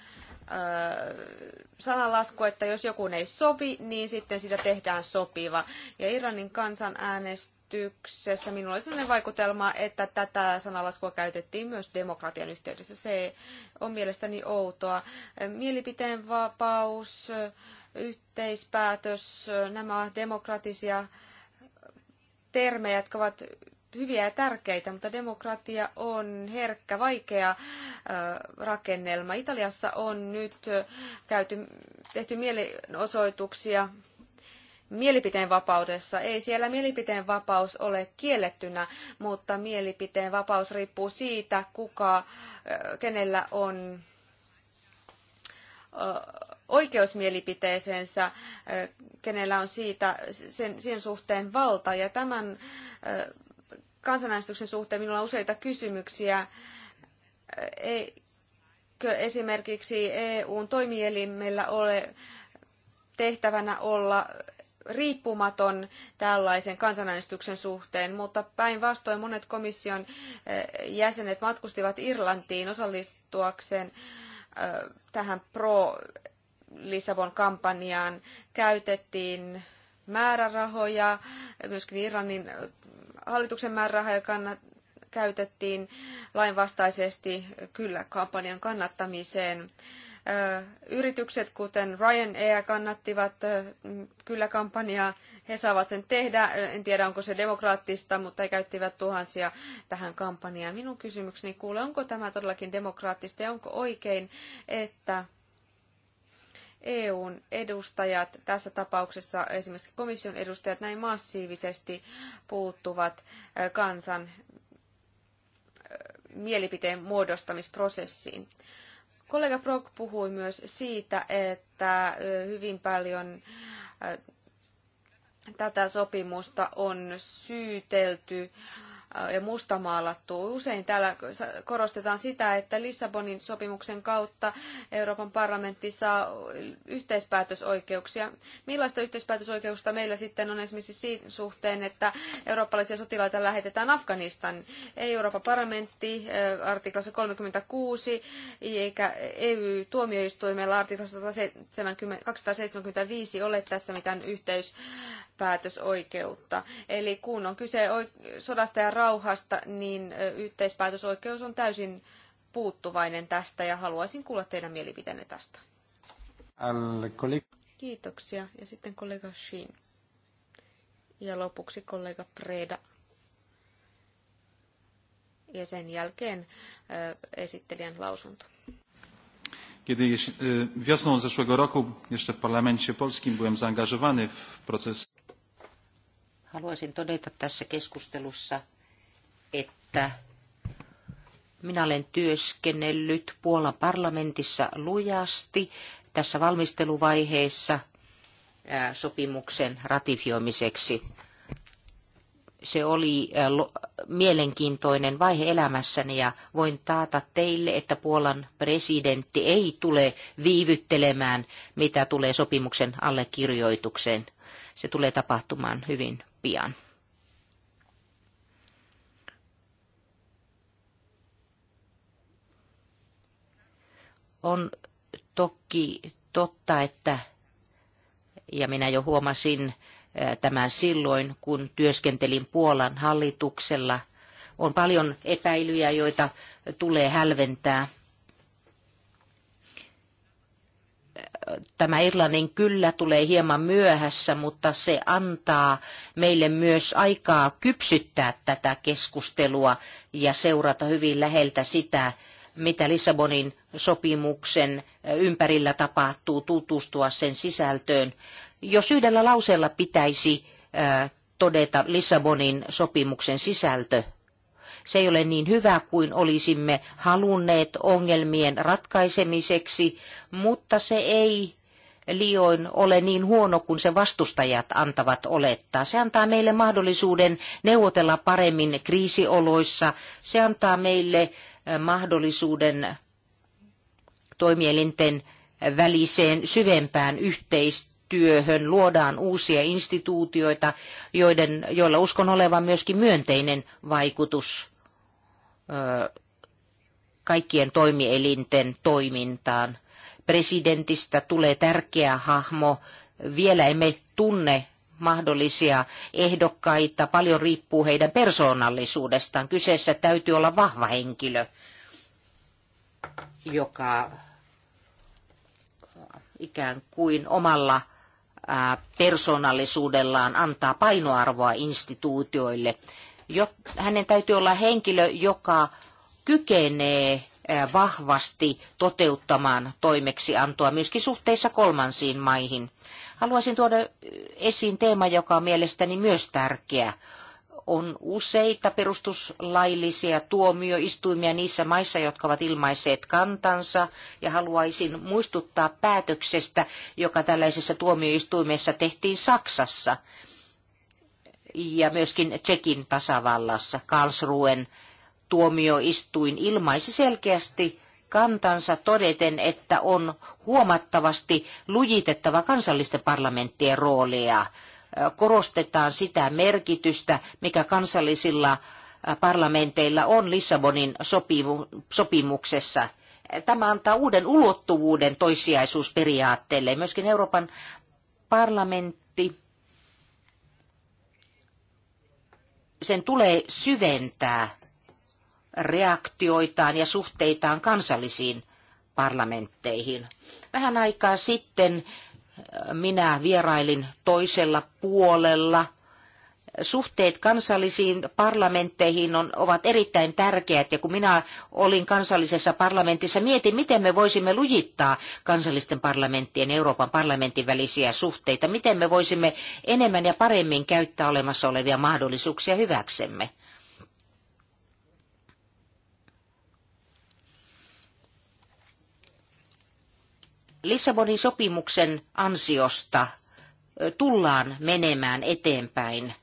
S2: sananlasku, että jos joku ei sovi, niin sitten sitä tehdään sopiva. Ja Iranin kansanäänestyksessä minulla oli sellainen vaikutelma, että tätä sanalaskua käytettiin myös demokratian yhteydessä. Se on mielestäni outoa. Mielipiteen vapaus, yhteispäätös, nämä ovat demokratisia termejä, jotka ovat hyviä ja tärkeitä, mutta demokratia on herkkä, vaikea rakennelma. Italiassa on nyt käyty, tehty mielenosoituksia mielipiteenvapaudessa. Ei siellä mielipiteenvapaus ole kiellettynä, mutta mielipiteenvapaus riippuu siitä, kuka, kenellä on oikeusmielipiteeseensä, kenellä on siitä sen, sen suhteen valta. Ja tämän kansanäänestyksen suhteen minulla on useita kysymyksiä. Eikö esimerkiksi EUn toimielimellä ole tehtävänä olla riippumaton tällaisen kansanäänestyksen suhteen, mutta päinvastoin monet komission jäsenet matkustivat Irlantiin osallistuakseen tähän pro Lissabon kampanjaan käytettiin määrärahoja, myöskin Irlannin hallituksen määrärahoja kannat, käytettiin lainvastaisesti kyllä kampanjan kannattamiseen. Yritykset, kuten Ryanair, kannattivat kyllä kampanjaa. He saavat sen tehdä. En tiedä, onko se demokraattista, mutta he käyttivät tuhansia tähän kampanjaan. Minun kysymykseni kuule, onko tämä todellakin demokraattista ja onko oikein, että EUn edustajat, tässä tapauksessa esimerkiksi komission edustajat, näin massiivisesti puuttuvat kansan mielipiteen muodostamisprosessiin. Kollega Brock puhui myös siitä, että hyvin paljon tätä sopimusta on syytelty ja mustamaalattu. Usein täällä korostetaan sitä, että Lissabonin sopimuksen kautta Euroopan parlamentti saa yhteispäätösoikeuksia. Millaista yhteispäätösoikeusta meillä sitten on esimerkiksi siinä suhteen, että eurooppalaisia sotilaita lähetetään Afganistan? Ei Euroopan parlamentti artiklassa 36 eikä EU-tuomioistuimella artiklassa 275 ole tässä mitään yhteys yhteispäätösoikeutta. Eli kun on kyse sodasta ja rauhasta, niin yhteispäätösoikeus on täysin puuttuvainen tästä ja haluaisin kuulla teidän mielipiteenne tästä. Kiitoksia. Ja sitten kollega Shin. Ja lopuksi kollega Preda. Ja sen jälkeen esittelijän lausunto.
S1: Kiedy wiosną zeszłego roku jeszcze w parlamencie polskim byłem zaangażowany w proces
S4: Haluaisin todeta tässä keskustelussa, että minä olen työskennellyt Puolan parlamentissa lujasti tässä valmisteluvaiheessa sopimuksen ratifioimiseksi. Se oli mielenkiintoinen vaihe elämässäni ja voin taata teille, että Puolan presidentti ei tule viivyttelemään, mitä tulee sopimuksen allekirjoitukseen. Se tulee tapahtumaan hyvin pian. On toki totta, että, ja minä jo huomasin äh, tämän silloin, kun työskentelin Puolan hallituksella, on paljon epäilyjä, joita tulee hälventää – tämä Irlannin kyllä tulee hieman myöhässä, mutta se antaa meille myös aikaa kypsyttää tätä keskustelua ja seurata hyvin läheltä sitä, mitä Lissabonin sopimuksen ympärillä tapahtuu, tutustua sen sisältöön. Jos yhdellä lauseella pitäisi todeta Lissabonin sopimuksen sisältö, se ei ole niin hyvä kuin olisimme halunneet ongelmien ratkaisemiseksi, mutta se ei liioin ole niin huono kuin se vastustajat antavat olettaa. Se antaa meille mahdollisuuden neuvotella paremmin kriisioloissa. Se antaa meille eh, mahdollisuuden toimielinten väliseen syvempään yhteistyöhön. Luodaan uusia instituutioita, joiden, joilla uskon olevan myöskin myönteinen vaikutus kaikkien toimielinten toimintaan. Presidentistä tulee tärkeä hahmo. Vielä emme tunne mahdollisia ehdokkaita. Paljon riippuu heidän persoonallisuudestaan. Kyseessä täytyy olla vahva henkilö, joka äh, ikään kuin omalla äh, persoonallisuudellaan antaa painoarvoa instituutioille jo, hänen täytyy olla henkilö, joka kykenee vahvasti toteuttamaan toimeksiantoa myöskin suhteissa kolmansiin maihin. Haluaisin tuoda esiin teema, joka on mielestäni myös tärkeä. On useita perustuslaillisia tuomioistuimia niissä maissa, jotka ovat ilmaiseet kantansa, ja haluaisin muistuttaa päätöksestä, joka tällaisessa tuomioistuimessa tehtiin Saksassa – ja myöskin Tsekin tasavallassa Karlsruen tuomioistuin ilmaisi selkeästi kantansa todeten, että on huomattavasti lujitettava kansallisten parlamenttien roolia. Korostetaan sitä merkitystä, mikä kansallisilla parlamenteilla on Lissabonin sopimuksessa. Tämä antaa uuden ulottuvuuden toissijaisuusperiaatteelle. Myöskin Euroopan parlamentti sen tulee syventää reaktioitaan ja suhteitaan kansallisiin parlamentteihin. Vähän aikaa sitten minä vierailin toisella puolella – suhteet kansallisiin parlamentteihin on, ovat erittäin tärkeät ja kun minä olin kansallisessa parlamentissa, mietin, miten me voisimme lujittaa kansallisten parlamenttien ja Euroopan parlamentin välisiä suhteita, miten me voisimme enemmän ja paremmin käyttää olemassa olevia mahdollisuuksia hyväksemme. Lissabonin sopimuksen ansiosta tullaan menemään eteenpäin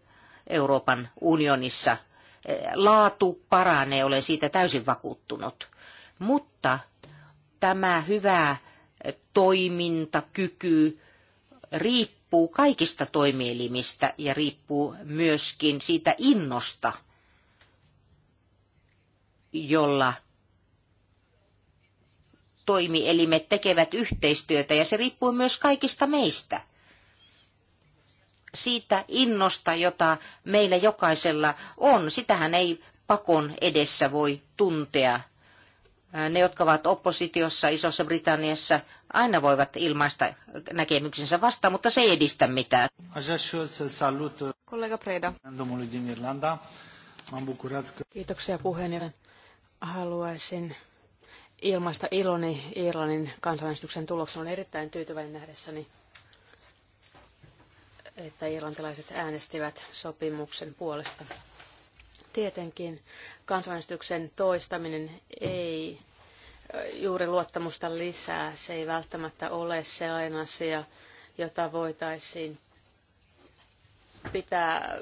S4: Euroopan unionissa. Eh, laatu paranee, olen siitä täysin vakuuttunut. Mutta tämä hyvä eh, toimintakyky riippuu kaikista toimielimistä ja riippuu myöskin siitä innosta, jolla toimielimet tekevät yhteistyötä ja se riippuu myös kaikista meistä siitä innosta, jota meillä jokaisella on. Sitähän ei pakon edessä voi tuntea. Ne, jotka ovat oppositiossa Isossa Britanniassa, aina voivat ilmaista näkemyksensä vastaan, mutta se ei edistä mitään. Kollega Preda. Kiitoksia puheenjohtaja.
S3: Haluaisin ilmaista iloni Irlannin kansanäänestyksen tuloksen. Olen erittäin tyytyväinen nähdessäni että irlantilaiset äänestivät sopimuksen puolesta. Tietenkin kansanäänestyksen toistaminen ei juuri luottamusta lisää. Se ei välttämättä ole sellainen asia, jota voitaisiin pitää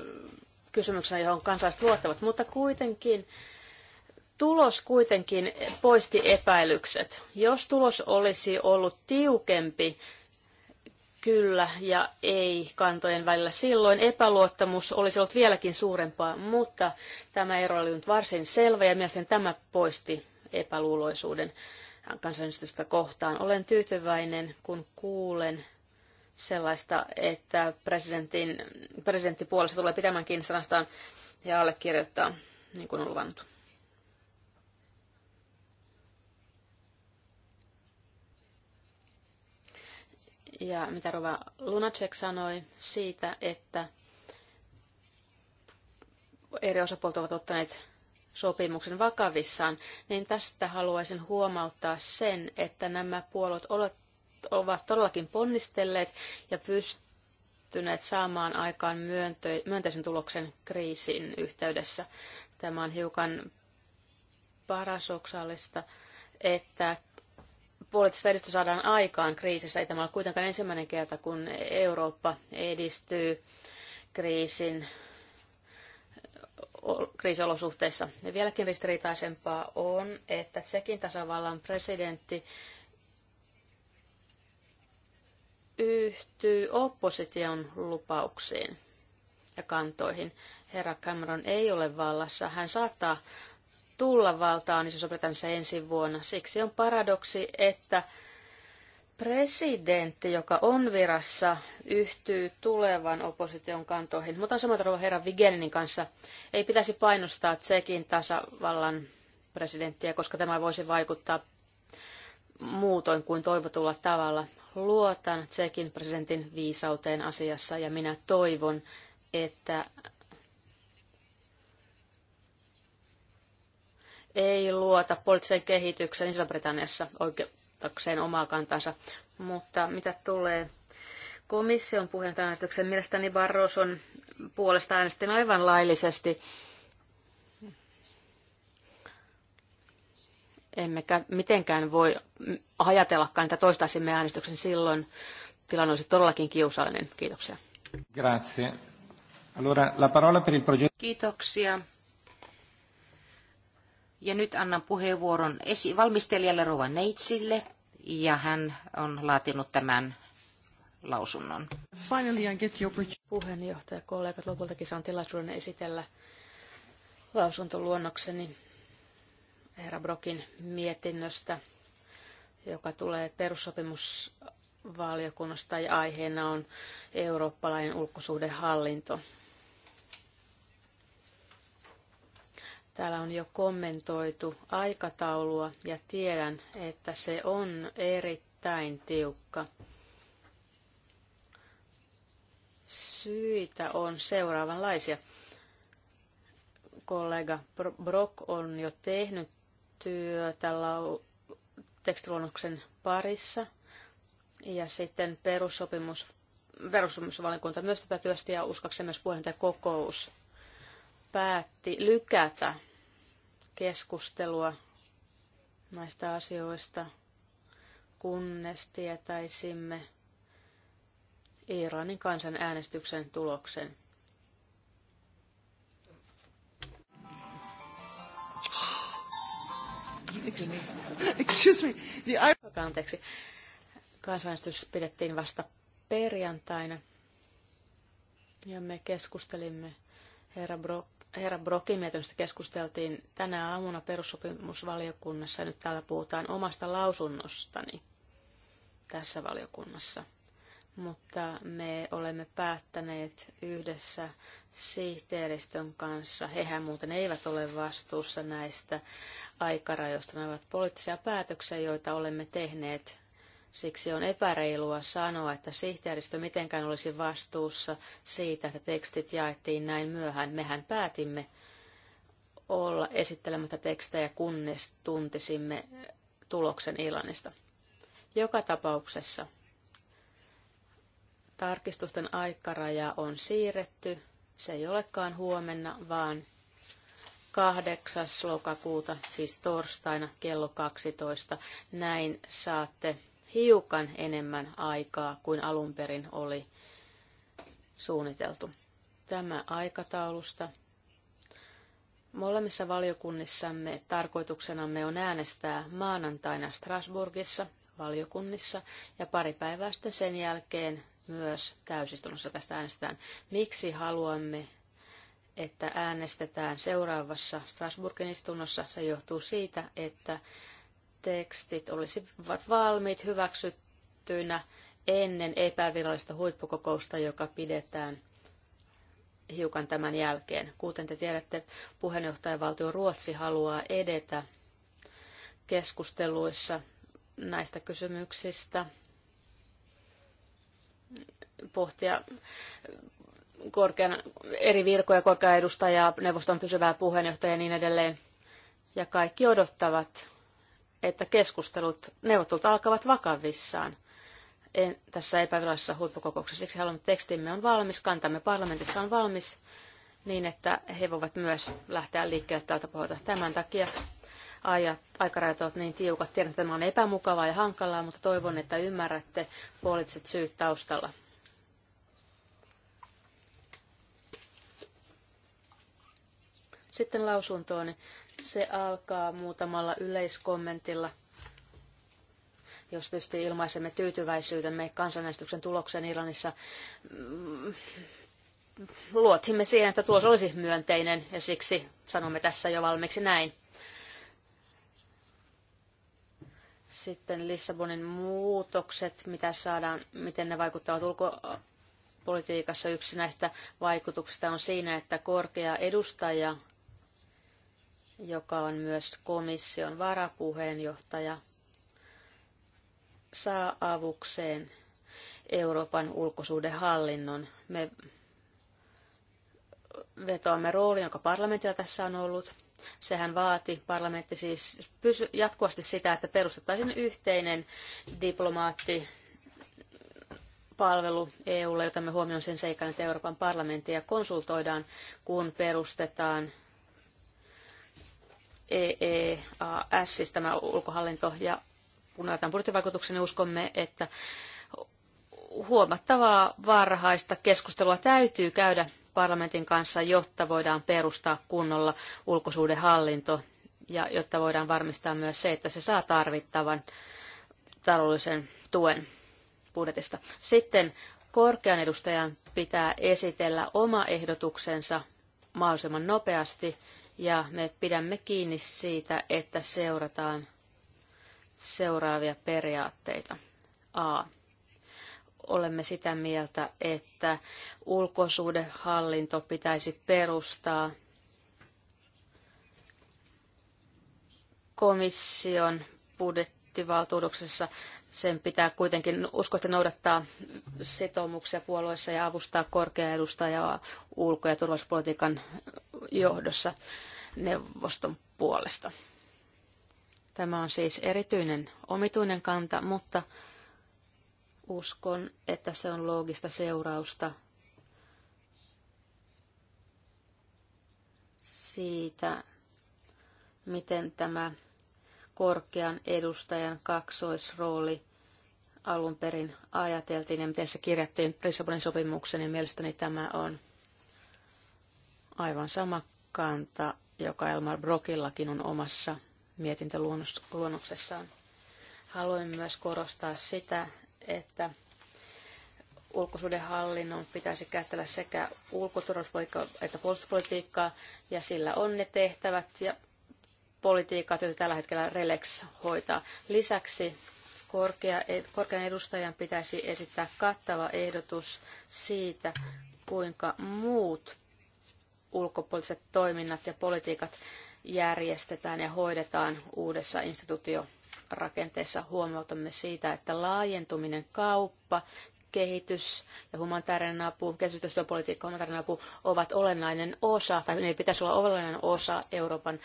S3: kysymyksenä, johon kansalaiset luottavat, mutta kuitenkin tulos kuitenkin poisti epäilykset. Jos tulos olisi ollut tiukempi, kyllä ja ei kantojen välillä. Silloin epäluottamus olisi ollut vieläkin suurempaa, mutta tämä ero oli nyt varsin selvä ja mielestäni tämä poisti epäluuloisuuden kansanedustusta kohtaan. Olen tyytyväinen, kun kuulen sellaista, että presidentin, presidentti puolesta tulee pitämään kiinni sanastaan ja allekirjoittaa, niin kuin on luvannut. ja mitä Rova Lunacek sanoi siitä, että eri osapuolet ovat ottaneet sopimuksen vakavissaan, niin tästä haluaisin huomauttaa sen, että nämä puolet ovat todellakin ponnistelleet ja pystyneet saamaan aikaan myönteisen tuloksen kriisin yhteydessä. Tämä on hiukan parasoksaalista, että poliittista edistystä saadaan aikaan kriisissä. Ei tämä ole kuitenkaan ensimmäinen kerta, kun Eurooppa edistyy kriisin kriisiolosuhteissa. Ja vieläkin ristiriitaisempaa on, että Tsekin tasavallan presidentti yhtyy opposition lupauksiin ja kantoihin. Herra Cameron ei ole vallassa. Hän saattaa tulla valtaan Iso-Britanniassa ensi vuonna. Siksi on paradoksi, että presidentti, joka on virassa, yhtyy tulevan opposition kantoihin. Mutta samat rouva herran Vigenin kanssa ei pitäisi painostaa Tsekin tasavallan presidenttiä, koska tämä voisi vaikuttaa muutoin kuin toivotulla tavalla. Luotan Tsekin presidentin viisauteen asiassa ja minä toivon, että ei luota poliittiseen kehitykseen Iso-Britanniassa oikeutakseen omaa kantansa. Mutta mitä tulee komission puheenjohtajan mielestäni Barroson puolesta äänestin aivan laillisesti. Emmekä mitenkään voi ajatellakaan, että toistaisimme äänestyksen silloin. Tilanne olisi todellakin kiusallinen. Kiitoksia.
S1: Grazie. Allora, la parola per il progetto.
S4: Kiitoksia. Ja nyt annan puheenvuoron esi- valmistelijalle Rova Neitsille, ja hän on laatinut tämän lausunnon.
S3: Finally I get the Puheenjohtaja, kollegat, lopultakin saan tilaisuuden esitellä lausuntoluonnokseni herra Brokin mietinnöstä, joka tulee perussopimusvaliokunnasta ja aiheena on eurooppalainen ulkosuhdehallinto. Täällä on jo kommentoitu aikataulua ja tiedän, että se on erittäin tiukka. Syitä on seuraavanlaisia. Kollega Brock on jo tehnyt työtä tekstiluonnoksen parissa ja sitten perussopimus, perussopimusvaliokunta myös tätä työstä ja uskakseni myös puheenjohtajakokous kokous päätti lykätä keskustelua näistä asioista, kunnes tietäisimme Iranin kansanäänestyksen tuloksen. Excuse me. The... Anteeksi. Kansanäänestys pidettiin vasta perjantaina ja me keskustelimme herra Brock herra Brokin mietinnöstä keskusteltiin tänä aamuna perussopimusvaliokunnassa. Nyt täällä puhutaan omasta lausunnostani tässä valiokunnassa. Mutta me olemme päättäneet yhdessä sihteeristön kanssa, hehän muuten eivät ole vastuussa näistä aikarajoista, ne ovat poliittisia päätöksiä, joita olemme tehneet Siksi on epäreilua sanoa, että sihteeristö mitenkään olisi vastuussa siitä, että tekstit jaettiin näin myöhään. Mehän päätimme olla esittelemättä tekstejä, kunnes tuntisimme tuloksen Irlannista. Joka tapauksessa tarkistusten aikaraja on siirretty. Se ei olekaan huomenna, vaan 8. lokakuuta, siis torstaina kello 12. Näin saatte hiukan enemmän aikaa kuin alun perin oli suunniteltu. Tämä aikataulusta. Molemmissa valiokunnissamme tarkoituksenamme on äänestää maanantaina Strasbourgissa valiokunnissa ja pari päivää sitten sen jälkeen myös täysistunnossa tästä äänestetään. Miksi haluamme, että äänestetään seuraavassa Strasbourgin istunnossa? Se johtuu siitä, että tekstit olisivat valmiit hyväksyttyinä ennen epävirallista huippukokousta, joka pidetään hiukan tämän jälkeen. Kuten te tiedätte, puheenjohtajavaltio Ruotsi haluaa edetä keskusteluissa näistä kysymyksistä, pohtia korkean, eri virkoja, korkea edustajaa, neuvoston pysyvää puheenjohtajaa ja niin edelleen. Ja kaikki odottavat että keskustelut, neuvottelut alkavat vakavissaan en, tässä epävirallisessa huippukokouksessa. Siksi haluan, että tekstimme on valmis, kantamme parlamentissa on valmis, niin että he voivat myös lähteä liikkeelle tältä pohjalta. Tämän takia ajat, aikarajat ovat niin tiukat. Tiedän, että tämä on epämukavaa ja hankalaa, mutta toivon, että ymmärrätte poliittiset syyt taustalla. Sitten lausuntoon. Se alkaa muutamalla yleiskommentilla jos tietysti ilmaisemme tyytyväisyytemme kansanäänestyksen tulokseen Irlannissa. Mm, luotimme siihen, että tulos olisi myönteinen ja siksi sanomme tässä jo valmiiksi näin. Sitten Lissabonin muutokset, mitä saadaan, miten ne vaikuttavat ulkopolitiikassa. Yksi näistä vaikutuksista on siinä, että korkea edustaja joka on myös komission varapuheenjohtaja, saa avukseen Euroopan ulkosuhdehallinnon. Me vetoamme roolin, joka parlamentilla tässä on ollut. Sehän vaati parlamentti siis pysy, jatkuvasti sitä, että perustettaisiin yhteinen diplomaatti palvelu EUlle, jota me huomioon sen seikan, että Euroopan parlamenttia konsultoidaan, kun perustetaan EEAS, siis tämä ulkohallinto, ja kun ajatellaan budjettivaikutuksia, niin uskomme, että huomattavaa varhaista keskustelua täytyy käydä parlamentin kanssa, jotta voidaan perustaa kunnolla ulkosuhdehallinto ja jotta voidaan varmistaa myös se, että se saa tarvittavan taloudellisen tuen budjetista. Sitten korkean edustajan pitää esitellä oma ehdotuksensa mahdollisimman nopeasti ja me pidämme kiinni siitä, että seurataan seuraavia periaatteita. A. Olemme sitä mieltä, että ulkosuhdehallinto pitäisi perustaa komission budjettivaltuuduksessa sen pitää kuitenkin uskoisesti noudattaa sitoumuksia puolueessa ja avustaa korkea edustajaa ulko- ja turvallisuuspolitiikan johdossa neuvoston puolesta. Tämä on siis erityinen omituinen kanta, mutta uskon, että se on loogista seurausta siitä, miten tämä korkean edustajan kaksoisrooli alun perin ajateltiin ja miten se kirjattiin Lissabonin sopimuksen, niin mielestäni tämä on aivan sama kanta, joka Elmar Brokillakin on omassa mietintöluonnoksessaan. Haluan myös korostaa sitä, että ulkosuudenhallinnon pitäisi käsitellä sekä ulkoturvallisuuspolitiikkaa että puolustuspolitiikkaa, ja sillä on ne tehtävät ja politiikat, joita tällä hetkellä Relex hoitaa. Lisäksi Korkea, korkean edustajan pitäisi esittää kattava ehdotus siitä, kuinka muut ulkopuoliset toiminnat ja politiikat järjestetään ja hoidetaan uudessa instituutiorakenteessa huomautamme siitä, että laajentuminen kauppa, kehitys ja humanitaarinen apu, kehitysyhteistyöpolitiikka ja humanitaarinen apu ovat olennainen osa, tai ne pitäisi olla olennainen osa Euroopan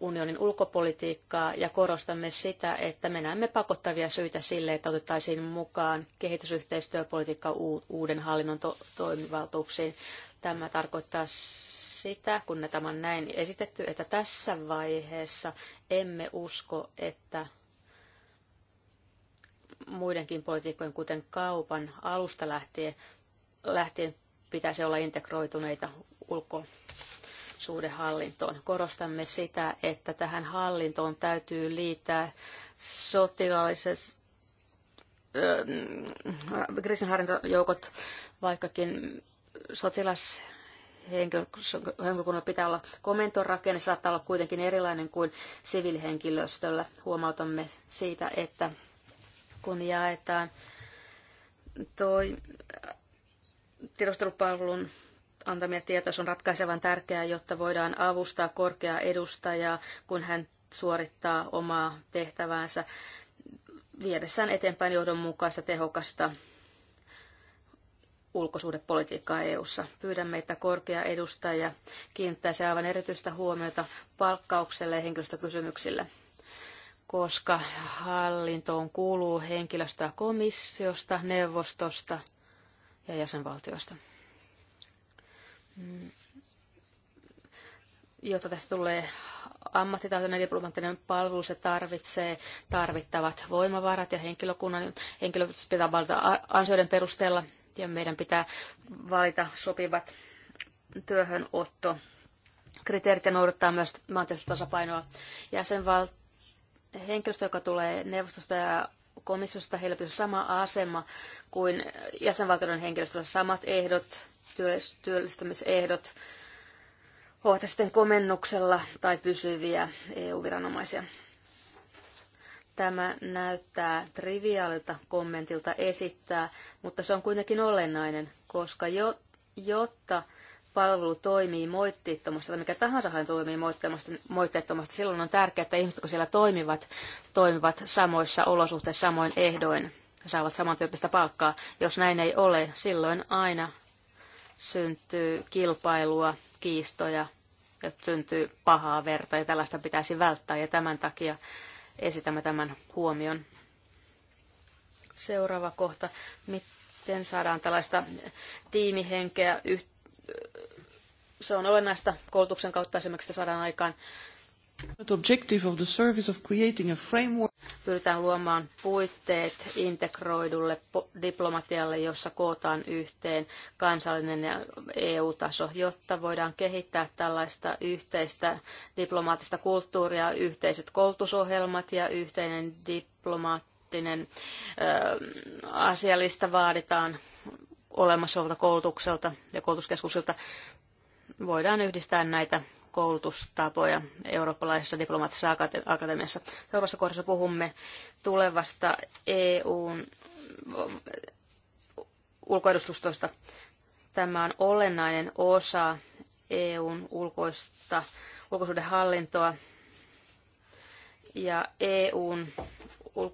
S3: unionin ulkopolitiikkaa ja korostamme sitä, että me näemme pakottavia syitä sille, että otettaisiin mukaan kehitysyhteistyöpolitiikka uuden hallinnon to- toimivaltuuksiin. Tämä tarkoittaa sitä, kun tämä on näin esitetty, että tässä vaiheessa emme usko, että muidenkin politiikkojen, kuten kaupan alusta lähtien, lähtien pitäisi olla integroituneita ulko- suhdehallintoon. Korostamme sitä, että tähän hallintoon täytyy liittää sotilaalliset mm, kriisinhallintajoukot, vaikkakin sotilas henkilökunnan pitää olla komentorakenne, saattaa olla kuitenkin erilainen kuin sivilihenkilöstöllä. Huomautamme siitä, että kun jaetaan toi tiedostelupalvelun antamia tietoja. Se on ratkaisevan tärkeää, jotta voidaan avustaa korkeaa edustajaa, kun hän suorittaa omaa tehtäväänsä viedessään eteenpäin johdonmukaista tehokasta ulkosuhdepolitiikkaa EU:ssa. Pyydämme, että korkea edustaja kiinnittäisi aivan erityistä huomiota palkkaukselle ja henkilöstökysymyksille, koska hallintoon kuuluu henkilöstöä komissiosta, neuvostosta ja jäsenvaltioista jotta tästä tulee ammattitaitoinen diplomaattinen palvelu, se tarvitsee tarvittavat voimavarat ja henkilökunnan, henkilöt pitää valita ansioiden perusteella ja meidän pitää valita sopivat työhönotto kriteerit ja noudattaa myös maantieteellistä tasapainoa. Jäsenval... Henkilöstö, joka tulee neuvostosta ja komissiosta, heillä pitäisi sama asema kuin jäsenvaltioiden henkilöstöllä samat ehdot työllistämisehdot ovat sitten komennuksella tai pysyviä EU-viranomaisia. Tämä näyttää triviaalilta kommentilta esittää, mutta se on kuitenkin olennainen, koska jo, jotta palvelu toimii moitteettomasti, tai mikä tahansa hän toimii moitteettomasti, silloin on tärkeää, että ihmiset, jotka siellä toimivat, toimivat samoissa olosuhteissa, samoin ehdoin, saavat samantyyppistä palkkaa. Jos näin ei ole, silloin aina syntyy kilpailua, kiistoja, ja syntyy pahaa verta ja tällaista pitäisi välttää ja tämän takia esitämme tämän huomion. Seuraava kohta. Miten saadaan tällaista tiimihenkeä? Se on olennaista koulutuksen kautta esimerkiksi, että saadaan aikaan Pyritään luomaan puitteet integroidulle diplomatialle, jossa kootaan yhteen kansallinen ja EU-taso, jotta voidaan kehittää tällaista yhteistä diplomaattista kulttuuria, yhteiset koulutusohjelmat ja yhteinen diplomaattinen äh, asialista vaaditaan olemassa olevalta koulutukselta ja koulutuskeskuksilta. Voidaan yhdistää näitä koulutustapoja eurooppalaisessa diplomaattisessa akatemiassa. Seuraavassa kohdassa puhumme tulevasta EUn ulkoedustustosta. Tämä on olennainen osa EUn ulkoista, ulkosuhdehallintoa ja EUn ul-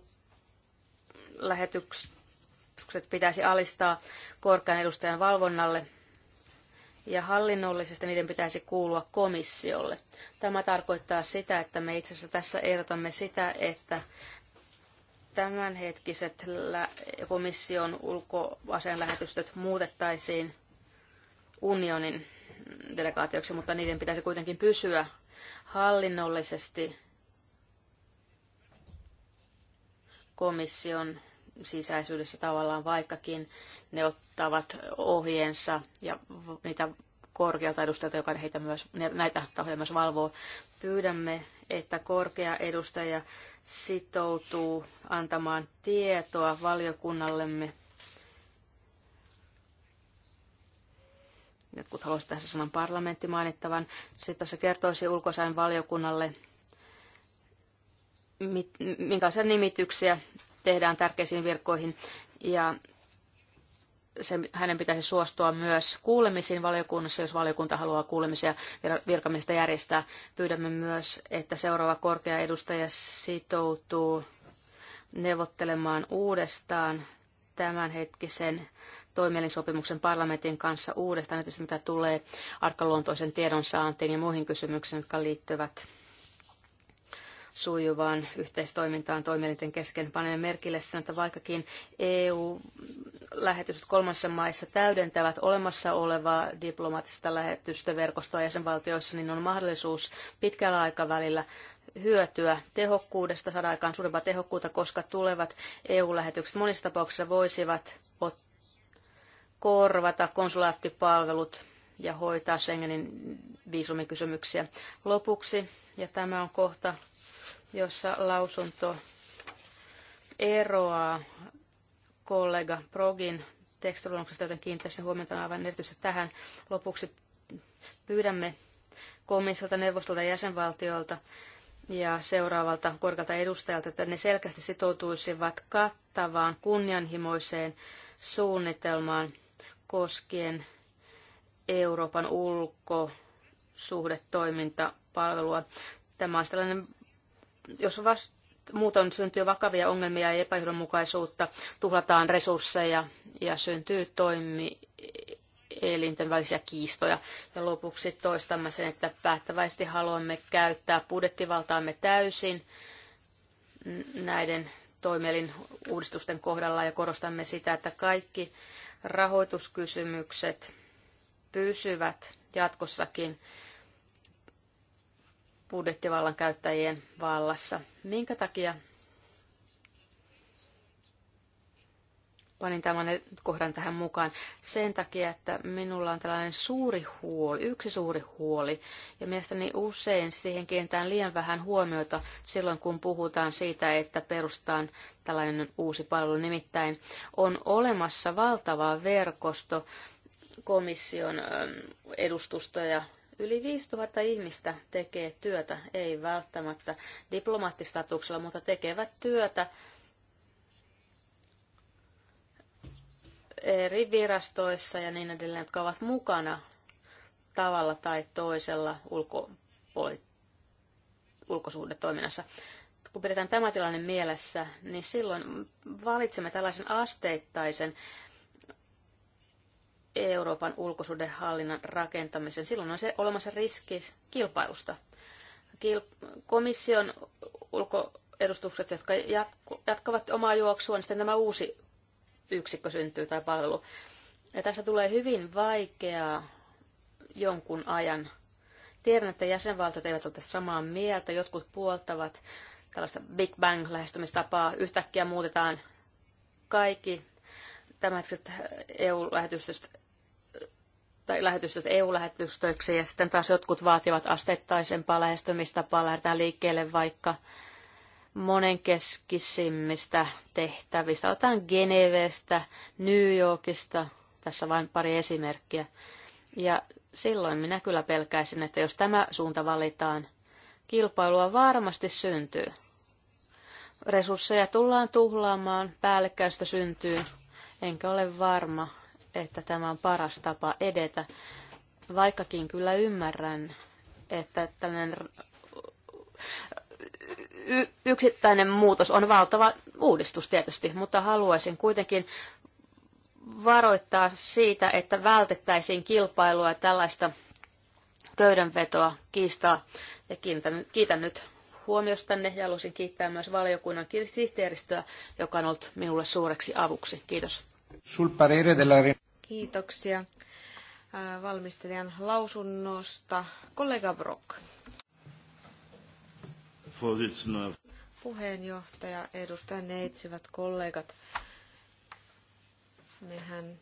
S3: lähetykset pitäisi alistaa korkean edustajan valvonnalle ja hallinnollisesti niiden pitäisi kuulua komissiolle. Tämä tarkoittaa sitä, että me itse asiassa tässä ehdotamme sitä, että tämänhetkiset komission lähetystöt muutettaisiin unionin delegaatioksi, mutta niiden pitäisi kuitenkin pysyä hallinnollisesti komission sisäisyydessä tavallaan, vaikkakin ne ottavat ohjeensa ja niitä korkealta edustajalta, joka heitä myös, näitä tahoja myös valvoo. Pyydämme, että korkea edustaja sitoutuu antamaan tietoa valiokunnallemme. Jotkut haluaisivat tässä sanan parlamentti mainittavan. Sitten se kertoisi ulkosain valiokunnalle, minkälaisia nimityksiä tehdään tärkeisiin virkoihin. Ja se, hänen pitäisi suostua myös kuulemisiin valiokunnassa, jos valiokunta haluaa kuulemisia virkamiestä järjestää. Pyydämme myös, että seuraava korkea edustaja sitoutuu neuvottelemaan uudestaan tämänhetkisen toimielinsopimuksen parlamentin kanssa uudestaan, että mitä tulee arkaluontoisen tiedon saantiin ja muihin kysymyksiin, jotka liittyvät sujuvaan yhteistoimintaan toimielinten kesken. Panemme merkille sen, että vaikkakin EU-lähetystöt kolmansissa maissa täydentävät olemassa olevaa diplomaattista lähetystöverkostoa jäsenvaltioissa, niin on mahdollisuus pitkällä aikavälillä hyötyä tehokkuudesta, saada aikaan suurempaa tehokkuutta, koska tulevat EU-lähetykset monissa tapauksissa voisivat korvata konsulaattipalvelut ja hoitaa Schengenin viisumikysymyksiä. Lopuksi, ja tämä on kohta jossa lausunto eroaa kollega Progin tekstiluonnoksesta, joten kiinnittäisin huomiota aivan erityisesti tähän. Lopuksi pyydämme komissiolta, neuvostolta ja jäsenvaltioilta ja seuraavalta korkealta edustajalta, että ne selkeästi sitoutuisivat kattavaan kunnianhimoiseen suunnitelmaan koskien Euroopan ulkosuhdetoimintapalvelua. Tämä on tällainen jos vast, muutoin syntyy vakavia ongelmia ja epäjohdonmukaisuutta, tuhlataan resursseja ja syntyy toimi elinten välisiä kiistoja. Ja lopuksi toistamme sen, että päättäväisesti haluamme käyttää budjettivaltaamme täysin näiden toimielin uudistusten kohdalla ja korostamme sitä, että kaikki rahoituskysymykset pysyvät jatkossakin budjettivallan käyttäjien vallassa. Minkä takia panin tämän kohdan tähän mukaan? Sen takia, että minulla on tällainen suuri huoli, yksi suuri huoli, ja mielestäni usein siihen kiinnitetään liian vähän huomiota silloin, kun puhutaan siitä, että perustaan tällainen uusi palvelu. Nimittäin on olemassa valtava verkosto komission edustustoja Yli 5000 ihmistä tekee työtä, ei välttämättä diplomaattistatuksella, mutta tekevät työtä eri virastoissa ja niin edelleen, jotka ovat mukana tavalla tai toisella ulkopoli- ulkosuhdetoiminnassa. Kun pidetään tämä tilanne mielessä, niin silloin valitsemme tällaisen asteittaisen Euroopan ulkosuhdehallinnan rakentamisen. Silloin on se olemassa riski kilpailusta. komission ulkoedustukset, jotka jatkavat omaa juoksua, niin sitten tämä uusi yksikkö syntyy tai palvelu. Ja tässä tulee hyvin vaikeaa jonkun ajan. Tiedän, että jäsenvaltiot eivät ole tästä samaa mieltä. Jotkut puoltavat tällaista Big Bang-lähestymistapaa. Yhtäkkiä muutetaan kaikki tämänhetkiset eu lähetystöstä tai lähetystöt EU-lähetystöiksi ja sitten taas jotkut vaativat asteittaisempaa lähestymistapaa, lähdetään liikkeelle vaikka monenkeskisimmistä tehtävistä. Otetaan Genevestä, New Yorkista, tässä vain pari esimerkkiä. Ja silloin minä kyllä pelkäisin, että jos tämä suunta valitaan, kilpailua varmasti syntyy. Resursseja tullaan tuhlaamaan, päällekkäystä syntyy, enkä ole varma, että tämä on paras tapa edetä, vaikkakin kyllä ymmärrän, että tällainen y- yksittäinen muutos on valtava uudistus tietysti, mutta haluaisin kuitenkin varoittaa siitä, että vältettäisiin kilpailua ja tällaista köydenvetoa, kiistaa. Ja kiitän, kiitän nyt huomiostanne ja haluaisin kiittää myös valiokunnan sihteeristöä, joka on ollut minulle suureksi avuksi. Kiitos. Kiitoksia valmistelijan
S2: lausunnosta. Kollega Brock. Puheenjohtaja, edustaja hyvät kollegat. Mehän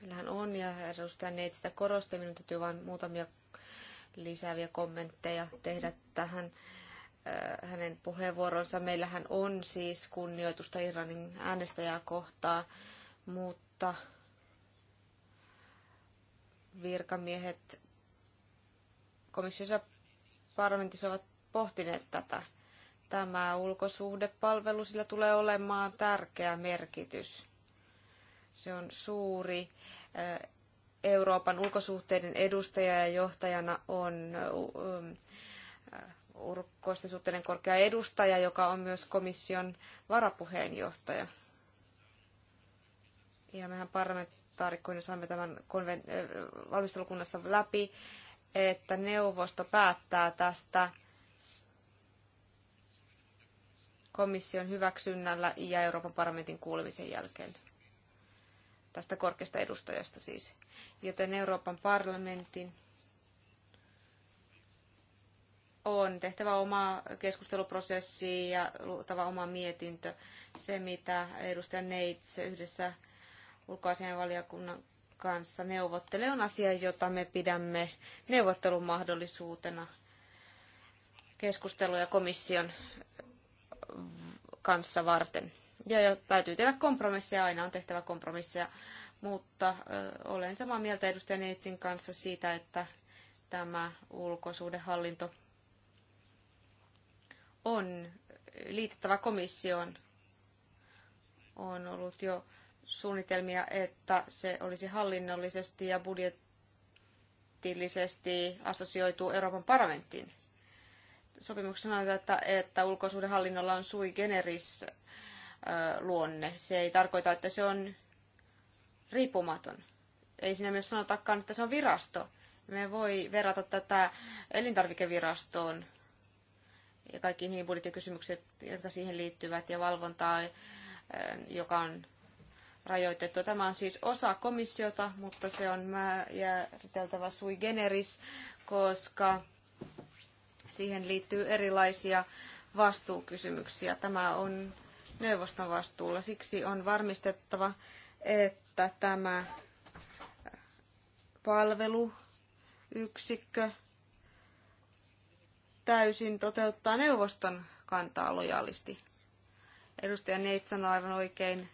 S2: meillähän on ja edustaja sitä korosti. Minun täytyy vain muutamia lisääviä kommentteja tehdä tähän hänen puheenvuoronsa. Meillähän on siis kunnioitusta Irlannin äänestäjää kohtaan, mutta virkamiehet komissiossa parlamentissa ovat pohtineet tätä. Tämä ulkosuhdepalvelu, sillä tulee olemaan tärkeä merkitys. Se on suuri. Euroopan ulkosuhteiden edustaja ja johtajana on ulkoisten korkea edustaja, joka on myös komission varapuheenjohtaja. Ja mehän parlamentti parlamentaarikkoina saimme tämän konven- valmistelukunnassa läpi, että neuvosto päättää tästä komission hyväksynnällä ja Euroopan parlamentin kuulemisen jälkeen. Tästä korkeasta edustajasta siis. Joten Euroopan parlamentin on tehtävä oma keskusteluprosessi ja luotava oma mietintö. Se, mitä edustaja Neits yhdessä ulkoasianvaliokunnan kanssa neuvottelee on asia, jota me pidämme neuvottelumahdollisuutena keskusteluja komission kanssa varten. Ja täytyy tehdä kompromisseja, aina on tehtävä kompromisseja, mutta olen samaa mieltä edustaja Neitsin kanssa siitä, että tämä ulkosuhdehallinto on liitettävä komissioon. On ollut jo suunnitelmia, että se olisi hallinnollisesti ja budjettillisesti assosioitu Euroopan parlamenttiin. Sopimuksessa sanotaan, että, että ulkosuhdehallinnolla on sui generis luonne. Se ei tarkoita, että se on riippumaton. Ei siinä myös sanotakaan, että se on virasto. Me voi verrata tätä elintarvikevirastoon ja kaikkiin niihin budjettikysymyksiin, jotka siihen liittyvät, ja valvontaa, joka on rajoitettua. Tämä on siis osa komissiota, mutta se on määriteltävä sui generis, koska siihen liittyy erilaisia vastuukysymyksiä. Tämä on neuvoston vastuulla. Siksi on varmistettava, että tämä palveluyksikkö täysin toteuttaa neuvoston kantaa lojaalisti. Edustaja Neit sanoi aivan oikein,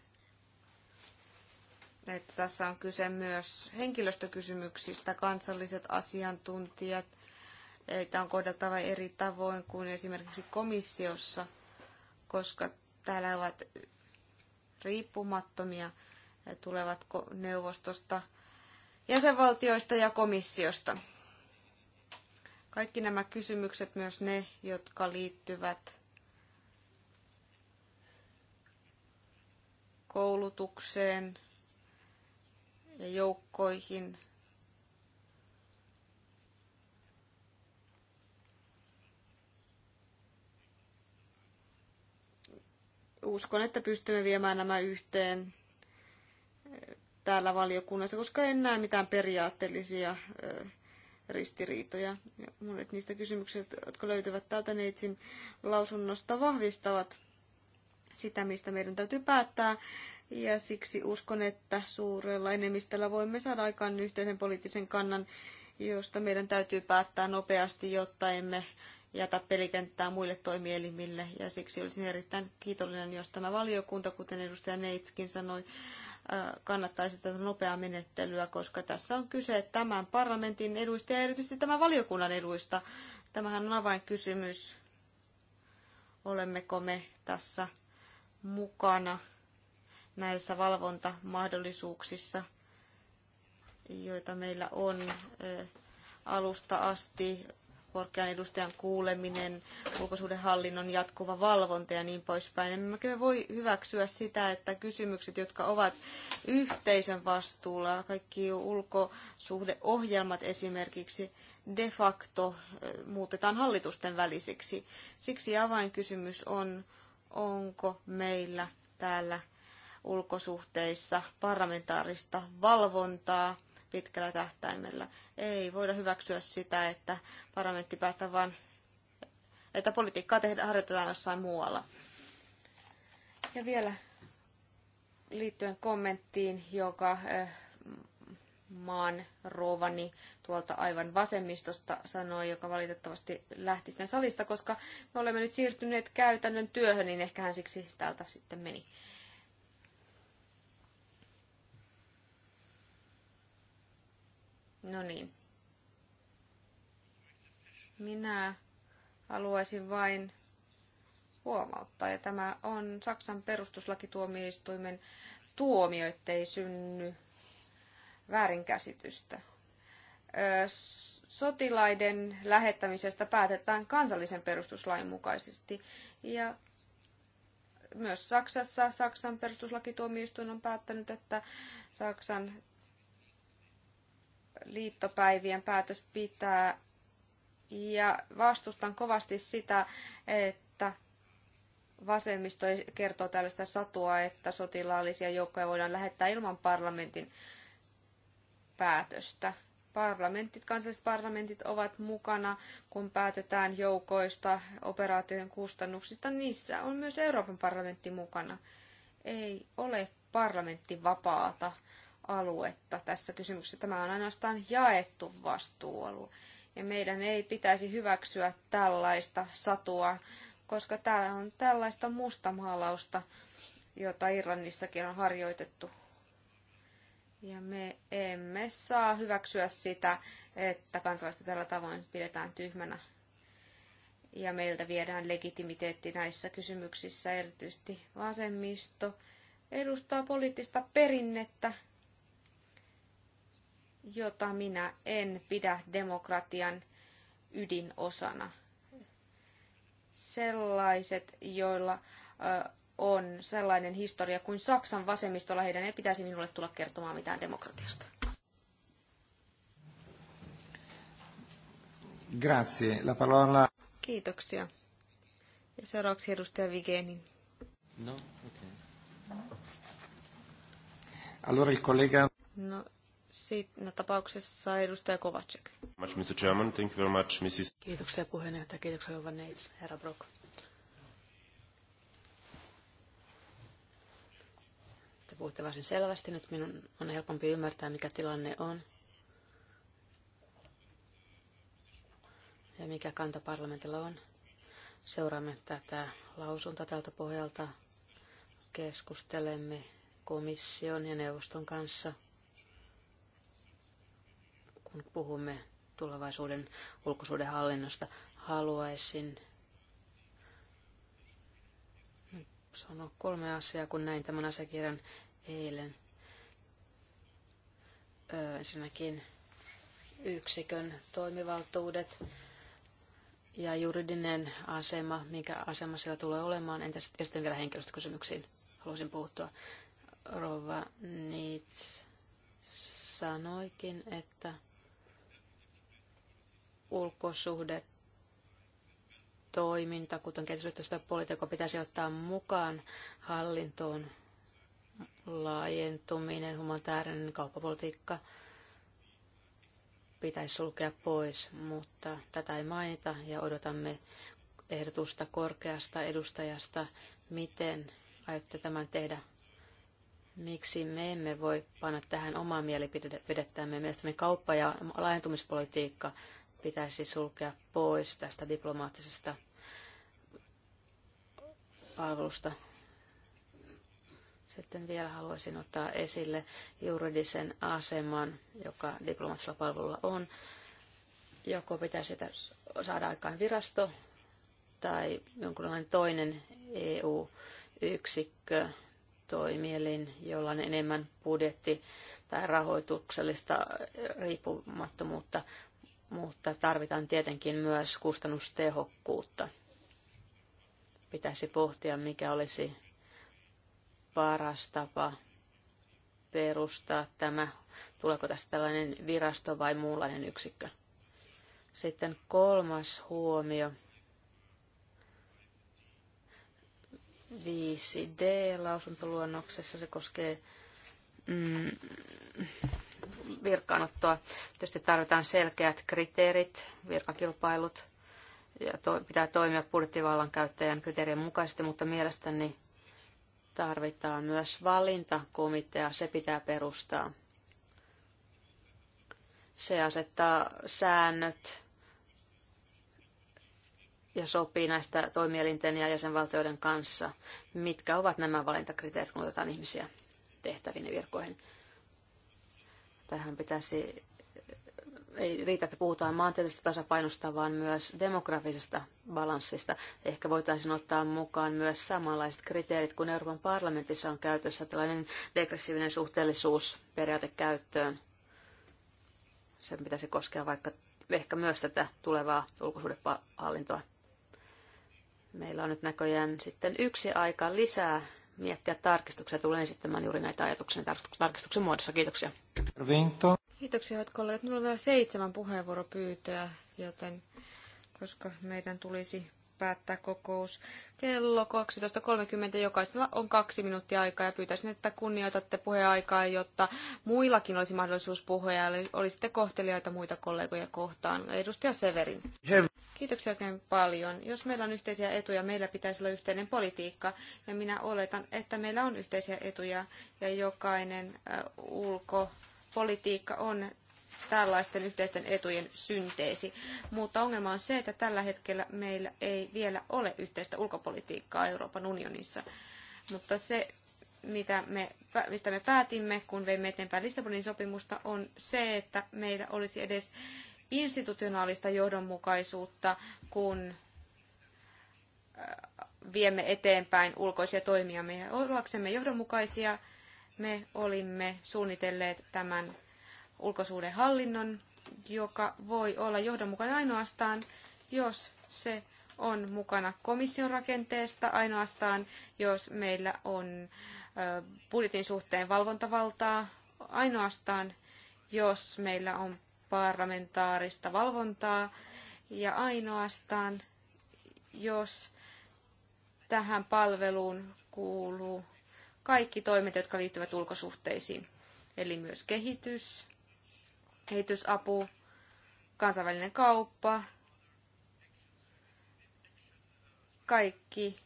S2: että tässä on kyse myös henkilöstökysymyksistä. Kansalliset asiantuntijat, että on kohdattava eri tavoin kuin esimerkiksi komissiossa, koska täällä ovat riippumattomia, tulevat neuvostosta, jäsenvaltioista ja komissiosta. Kaikki nämä kysymykset, myös ne, jotka liittyvät koulutukseen, ja joukkoihin. Uskon, että pystymme viemään nämä yhteen eh, täällä valiokunnassa, koska en näe mitään periaatteellisia eh, ristiriitoja. Ja monet niistä kysymyksistä, jotka löytyvät täältä Neitsin lausunnosta, vahvistavat sitä, mistä meidän täytyy päättää ja siksi uskon, että suurella enemmistöllä voimme saada aikaan yhteisen poliittisen kannan, josta meidän täytyy päättää nopeasti, jotta emme jätä pelikenttää muille toimielimille. Ja siksi olisin erittäin kiitollinen, jos tämä valiokunta, kuten edustaja Neitskin sanoi, kannattaisi tätä nopeaa menettelyä, koska tässä on kyse tämän parlamentin eduista ja erityisesti tämän valiokunnan eduista. Tämähän on avainkysymys, olemmeko me tässä mukana näissä valvontamahdollisuuksissa, joita meillä on alusta asti, korkean edustajan kuuleminen, ulkosuhdehallinnon jatkuva valvonta ja niin poispäin. Emmekö me voi hyväksyä sitä, että kysymykset, jotka ovat yhteisön vastuulla, kaikki ulkosuhdeohjelmat esimerkiksi, de facto muutetaan hallitusten välisiksi. Siksi avainkysymys on, onko meillä täällä ulkosuhteissa parlamentaarista valvontaa pitkällä tähtäimellä. Ei voida hyväksyä sitä, että parlamentti päättää vain, että politiikkaa tehdä, harjoitetaan jossain muualla. Ja vielä liittyen kommenttiin, joka eh, maan rovani tuolta aivan vasemmistosta sanoi, joka valitettavasti lähti sitten salista, koska me olemme nyt siirtyneet käytännön työhön, niin ehkä hän siksi täältä sitten meni. No niin. Minä haluaisin vain huomauttaa, ja tämä on Saksan perustuslakituomioistuimen tuomio, ettei synny väärinkäsitystä. Sotilaiden lähettämisestä päätetään kansallisen perustuslain mukaisesti, ja myös Saksassa Saksan perustuslakituomioistuin on päättänyt, että Saksan liittopäivien päätös pitää. Ja vastustan kovasti sitä, että vasemmisto kertoo tällaista satua, että sotilaallisia joukkoja voidaan lähettää ilman parlamentin päätöstä. Parlamentit, kansalliset parlamentit ovat mukana, kun päätetään joukoista, operaatioiden kustannuksista. Niissä on myös Euroopan parlamentti mukana. Ei ole parlamentti vapaata aluetta tässä kysymyksessä. Tämä on ainoastaan jaettu vastuualue. Ja meidän ei pitäisi hyväksyä tällaista satua, koska tämä on tällaista mustamaalausta, jota Irlannissakin on harjoitettu. Ja me emme saa hyväksyä sitä, että kansalaista tällä tavoin pidetään tyhmänä ja meiltä viedään legitimiteetti näissä kysymyksissä, erityisesti vasemmisto edustaa poliittista perinnettä, jota minä en pidä demokratian ydinosana. Sellaiset, joilla on sellainen historia kuin Saksan vasemmistolla, heidän ei pitäisi minulle tulla kertomaan mitään demokratiasta.
S1: Grazie. La parola...
S2: Kiitoksia. Ja seuraavaksi edustaja Vigenin.
S1: No, okay. Allora il collega...
S2: No, Siinä tapauksessa edustaja Kovacek.
S1: Much, Mr. Thank you very much, Mrs.
S3: Kiitoksia puheenjohtaja. Kiitoksia, Rova Neits, herra Brock. Te puhutte varsin selvästi. Nyt minun on helpompi ymmärtää, mikä tilanne on. Ja mikä kanta parlamentilla on. Seuraamme tätä lausunta tältä pohjalta. Keskustelemme komission ja neuvoston kanssa – kun puhumme tulevaisuuden ulkosuuden hallinnosta. Haluaisin sanoa kolme asiaa, kun näin tämän asiakirjan eilen. Öö, ensinnäkin yksikön toimivaltuudet ja juridinen asema, mikä asema siellä tulee olemaan. Entä sitten vielä henkilöstökysymyksiin haluaisin puuttua. Rova Niits sanoikin, että ulkosuhde toiminta, kuten politiikka pitäisi ottaa mukaan hallintoon laajentuminen, humanitaarinen kauppapolitiikka pitäisi sulkea pois, mutta tätä ei mainita ja odotamme ehdotusta korkeasta edustajasta, miten aiotte tämän tehdä. Miksi me emme voi panna tähän omaa mielipidettämme? Mielestäni kauppa- ja laajentumispolitiikka pitäisi sulkea pois tästä diplomaattisesta palvelusta. Sitten vielä haluaisin ottaa esille juridisen aseman, joka diplomaattisella palvelulla on. Joko pitäisi saada aikaan virasto tai jonkinlainen toinen EU-yksikkö, toimielin, jolla on enemmän budjetti- tai rahoituksellista riippumattomuutta mutta tarvitaan tietenkin myös kustannustehokkuutta. Pitäisi pohtia, mikä olisi paras tapa perustaa tämä, tuleeko tästä tällainen virasto vai muunlainen yksikkö. Sitten kolmas huomio. 5D lausuntoluonnoksessa se koskee mm, virkaanottoa. Tietysti tarvitaan selkeät kriteerit, virkakilpailut, ja to, pitää toimia budjettivallan käyttäjän kriteerien mukaisesti, mutta mielestäni tarvitaan myös valintakomitea, se pitää perustaa. Se asettaa säännöt ja sopii näistä toimielinten ja jäsenvaltioiden kanssa, mitkä ovat nämä valintakriteerit, kun otetaan ihmisiä tehtäviin ja virkoihin. Tähän pitäisi, ei riitä, että puhutaan maantieteellisestä tasapainosta, vaan myös demografisesta balanssista. Ehkä voitaisiin ottaa mukaan myös samanlaiset kriteerit kun Euroopan parlamentissa on käytössä tällainen degressiivinen suhteellisuusperiaate käyttöön. Sen pitäisi koskea vaikka ehkä myös tätä tulevaa ulkosuhdehallintoa. Meillä on nyt näköjään sitten yksi aika lisää miettiä tarkistuksia. Tulen esittämään juuri näitä ajatuksia tarkistuksen muodossa. Kiitoksia intervento. Kiitoksia,
S2: hyvät kollegat. Minulla on vielä seitsemän puheenvuoropyyntöä, joten koska meidän tulisi päättää kokous kello 12.30. Jokaisella on kaksi minuuttia aikaa ja pyytäisin, että kunnioitatte puheaikaa, jotta muillakin olisi mahdollisuus puhua ja olisitte kohteliaita muita kollegoja kohtaan. Edustaja Severin. Kiitoksia oikein paljon. Jos meillä on yhteisiä etuja, meillä pitäisi olla yhteinen politiikka ja minä oletan, että meillä on yhteisiä etuja ja jokainen äh, ulko politiikka on tällaisten yhteisten etujen synteesi. Mutta ongelma on se, että tällä hetkellä meillä ei vielä ole yhteistä ulkopolitiikkaa Euroopan unionissa. Mutta se, mitä me, mistä me päätimme, kun veimme eteenpäin Lissabonin sopimusta, on se, että meillä olisi edes institutionaalista johdonmukaisuutta, kun äh, viemme eteenpäin ulkoisia toimiamme. Ollaksemme johdonmukaisia me olimme suunnitelleet tämän ulkosuhdehallinnon, joka voi olla johdonmukainen ainoastaan, jos se on mukana komission rakenteesta, ainoastaan jos meillä on budjetin suhteen valvontavaltaa, ainoastaan jos meillä on parlamentaarista valvontaa ja ainoastaan jos tähän palveluun kuuluu kaikki toimet, jotka liittyvät ulkosuhteisiin. Eli myös kehitys, kehitysapu, kansainvälinen kauppa, kaikki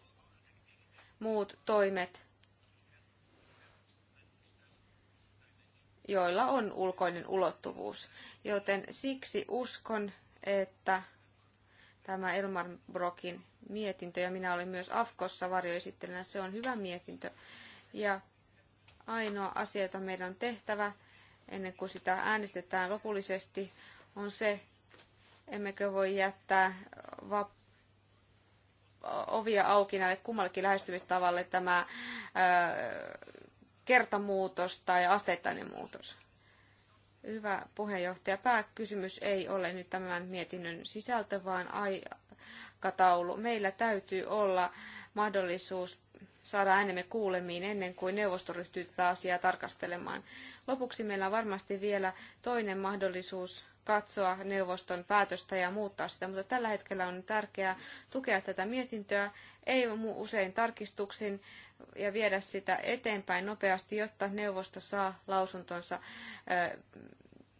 S2: muut toimet, joilla on ulkoinen ulottuvuus. Joten siksi uskon, että tämä Elmar Brokin mietintö, ja minä olin myös Afkossa varjoesittelijänä, se on hyvä mietintö, ja ainoa asia, jota meidän on tehtävä ennen kuin sitä äänestetään lopullisesti, on se, emmekö voi jättää ovia auki näille kummallekin lähestymistavalle tämä ää, kertamuutos tai asteittainen muutos. Hyvä puheenjohtaja. Pääkysymys ei ole nyt tämän mietinnön sisältö, vaan aikataulu. Meillä täytyy olla mahdollisuus saada äänemme kuulemiin ennen kuin neuvosto ryhtyy tätä asiaa tarkastelemaan. Lopuksi meillä on varmasti vielä toinen mahdollisuus katsoa neuvoston päätöstä ja muuttaa sitä, mutta tällä hetkellä on tärkeää tukea tätä mietintöä, ei usein tarkistuksin ja viedä sitä eteenpäin nopeasti, jotta neuvosto saa lausuntonsa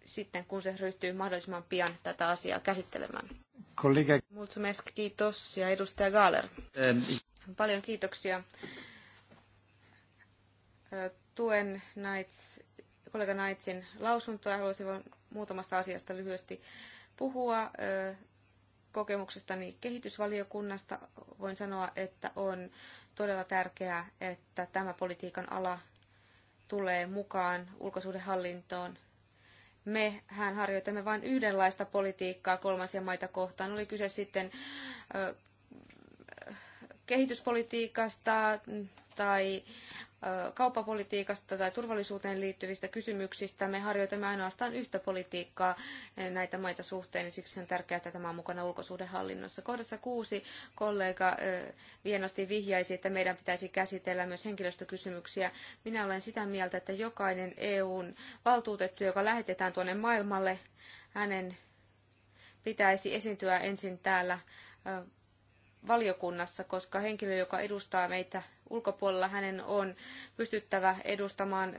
S2: sitten, kun se ryhtyy mahdollisimman pian tätä asiaa käsittelemään. Kollega. Mulțumesc, kiitos ja edustaja Gaaler. Ähm, Paljon kiitoksia. Tuen Nights, kollega Knightsin lausuntoa. Haluaisin vain muutamasta asiasta lyhyesti puhua. Kokemuksestani kehitysvaliokunnasta voin sanoa, että on todella tärkeää, että tämä politiikan ala tulee mukaan ulkosuhdehallintoon me hän harjoitamme vain yhdenlaista politiikkaa kolmansia maita kohtaan. Oli kyse sitten kehityspolitiikasta tai kauppapolitiikasta tai turvallisuuteen liittyvistä kysymyksistä. Me harjoitamme ainoastaan yhtä politiikkaa näitä maita suhteen, ja niin siksi on tärkeää, että tämä on mukana ulkosuhdehallinnossa. Kohdassa kuusi kollega vienosti vihjaisi, että meidän pitäisi käsitellä myös henkilöstökysymyksiä. Minä olen sitä mieltä, että jokainen EUn valtuutettu, joka lähetetään tuonne maailmalle, hänen pitäisi esiintyä ensin täällä valiokunnassa, koska henkilö, joka edustaa meitä ulkopuolella, hänen on pystyttävä edustamaan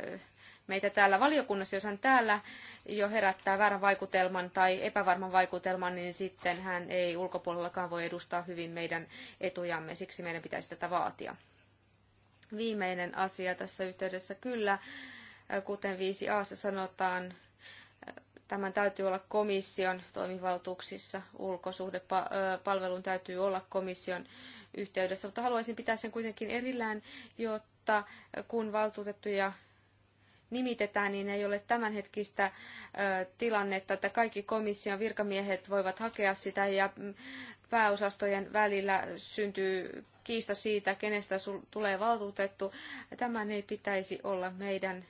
S2: meitä täällä valiokunnassa. Jos hän täällä jo herättää väärän vaikutelman tai epävarman vaikutelman, niin sitten hän ei ulkopuolellakaan voi edustaa hyvin meidän etujamme. Siksi meidän pitäisi tätä vaatia. Viimeinen asia tässä yhteydessä kyllä, kuten 5a sanotaan, Tämän täytyy olla komission toimivaltuuksissa, ulkosuhdepalvelun täytyy olla komission yhteydessä, mutta haluaisin pitää sen kuitenkin erillään, jotta kun valtuutettuja nimitetään, niin ei ole tämänhetkistä tilannetta, että kaikki komission virkamiehet voivat hakea sitä ja mm, pääosastojen välillä syntyy kiista siitä, kenestä tulee valtuutettu. Tämän ei pitäisi olla meidän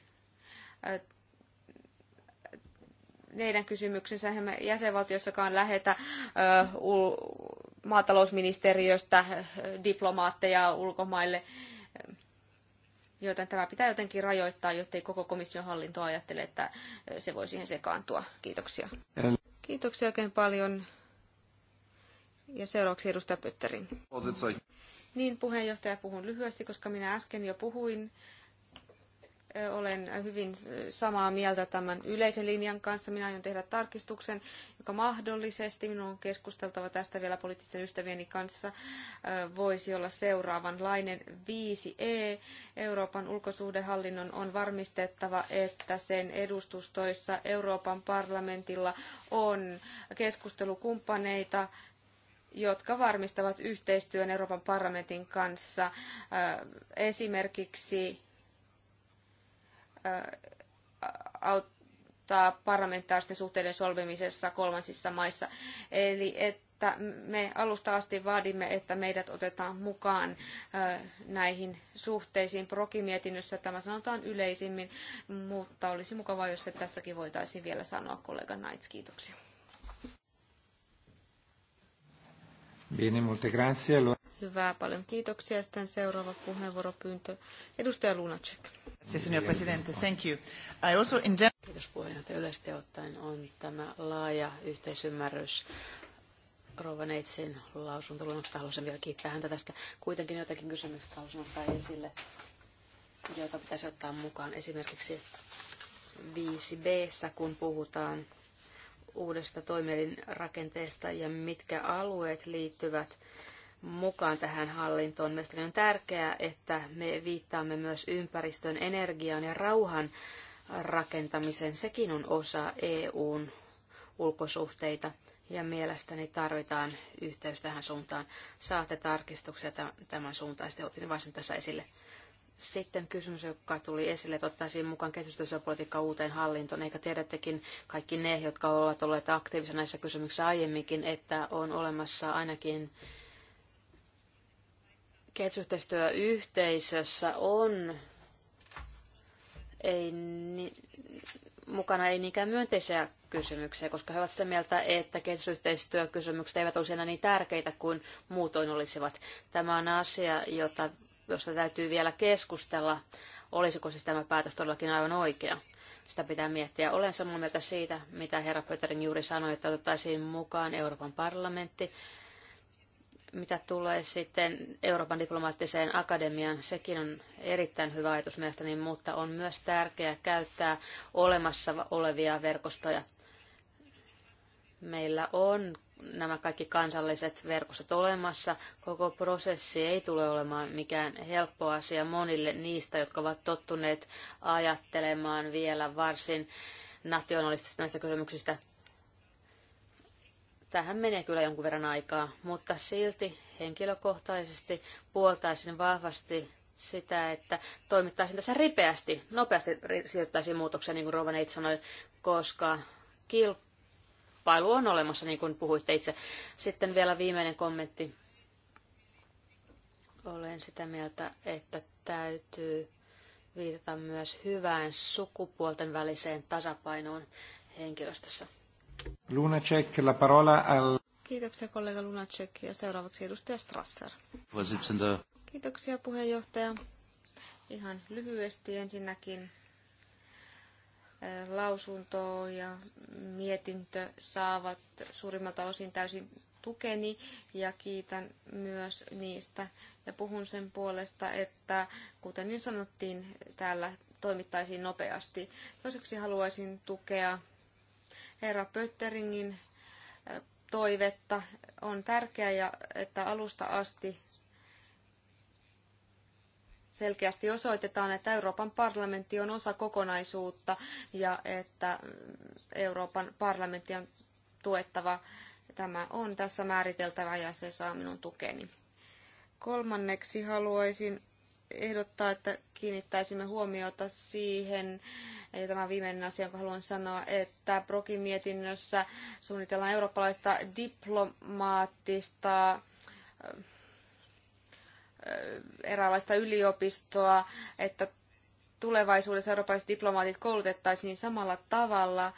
S2: heidän kysymyksensä. Eihän me jäsenvaltiossakaan lähetä maatalousministeriöstä diplomaatteja ulkomaille, joten tämä pitää jotenkin rajoittaa, jottei koko komission hallinto ajattele, että se voi siihen sekaantua. Kiitoksia. Kiitoksia oikein paljon. Ja seuraavaksi edustaja Pötterin. Niin, puheenjohtaja, puhun lyhyesti, koska minä äsken jo puhuin olen hyvin samaa mieltä tämän yleisen linjan kanssa. Minä aion tehdä tarkistuksen, joka mahdollisesti, minun on keskusteltava tästä vielä poliittisten ystävieni kanssa, voisi olla seuraavanlainen 5e. Euroopan ulkosuhdehallinnon on varmistettava, että sen edustustoissa Euroopan parlamentilla on keskustelukumppaneita, jotka varmistavat yhteistyön Euroopan parlamentin kanssa. Esimerkiksi auttaa parlamentaaristen suhteiden solvimisessa kolmansissa maissa. Eli että me alusta asti vaadimme, että meidät otetaan mukaan näihin suhteisiin. Prokimietinnössä tämä sanotaan yleisimmin, mutta olisi mukavaa, jos se tässäkin voitaisiin vielä sanoa kollega Knights. Kiitoksia.
S1: Bene, molte grazie.
S2: Hyvä, paljon kiitoksia. Sitten seuraava puheenvuoropyyntö. Edustaja Lunacek. Thank you.
S3: I also in Kiitos puheenjohtaja. Yleisesti ottaen on tämä laaja yhteisymmärrys Rouva Neitsin lausuntoluonnoksesta. Haluaisin vielä kiittää häntä tästä. Kuitenkin jotakin kysymyksiä haluaisin ottaa esille, joita pitäisi ottaa mukaan. Esimerkiksi 5b, kun puhutaan uudesta toimielin rakenteesta ja mitkä alueet liittyvät mukaan tähän hallintoon. Mielestäni on tärkeää, että me viittaamme myös ympäristön, energiaan ja rauhan rakentamisen. Sekin on osa EUn ulkosuhteita ja mielestäni tarvitaan yhteys tähän suuntaan. Saatte tarkistuksia tämän suuntaisesti, otin vain sen tässä esille. Sitten kysymys, joka tuli esille, että ottaisiin mukaan kehitystyössä uuteen hallintoon, eikä tiedättekin kaikki ne, jotka ovat olleet aktiivisia näissä kysymyksissä aiemminkin, että on olemassa ainakin kehitysyhteistyöyhteisössä on ei, ni, mukana ei niinkään myönteisiä kysymyksiä, koska he ovat sitä mieltä, että kehitysyhteistyökysymykset eivät olisi enää niin tärkeitä kuin muutoin olisivat. Tämä on asia, jota, josta täytyy vielä keskustella, olisiko siis tämä päätös todellakin aivan oikea. Sitä pitää miettiä. Olen samaa mieltä siitä, mitä herra Pöterin juuri sanoi, että otettaisiin mukaan Euroopan parlamentti mitä tulee sitten Euroopan diplomaattiseen akademiaan, sekin on erittäin hyvä ajatus mielestäni, mutta on myös tärkeää käyttää olemassa olevia verkostoja. Meillä on nämä kaikki kansalliset verkostot olemassa. Koko prosessi ei tule olemaan mikään helppo asia monille niistä, jotka ovat tottuneet ajattelemaan vielä varsin nationalistisista näistä kysymyksistä Tähän menee kyllä jonkun verran aikaa, mutta silti henkilökohtaisesti puoltaisin vahvasti sitä, että toimittaisiin tässä ripeästi, nopeasti siirryttäisiin muutokseen, niin kuin itse sanoi, koska kilpailu on olemassa, niin kuin puhuitte itse. Sitten vielä viimeinen kommentti. Olen sitä mieltä, että täytyy viitata myös hyvään sukupuolten väliseen tasapainoon henkilöstössä.
S1: Lunacek, la parola al...
S3: Kiitoksia kollega Lunacek ja seuraavaksi edustaja Strasser. Kiitoksia
S2: puheenjohtaja. Ihan lyhyesti ensinnäkin eh, lausunto ja mietintö saavat suurimmalta osin täysin tukeni ja kiitän myös niistä ja puhun sen puolesta, että kuten niin sanottiin, täällä toimittaisiin nopeasti. Toiseksi haluaisin tukea herra Pötteringin toivetta. On tärkeää, että alusta asti selkeästi osoitetaan, että Euroopan parlamentti on osa kokonaisuutta ja että Euroopan parlamentti on tuettava. Tämä on tässä määriteltävä ja se saa minun tukeni. Kolmanneksi haluaisin ehdottaa, että kiinnittäisimme huomiota siihen, ja tämä viimeinen asia, jonka haluan sanoa, että Brokin mietinnössä suunnitellaan eurooppalaista diplomaattista äh, eräänlaista yliopistoa, että tulevaisuudessa eurooppalaiset diplomaatit koulutettaisiin samalla tavalla. Äh,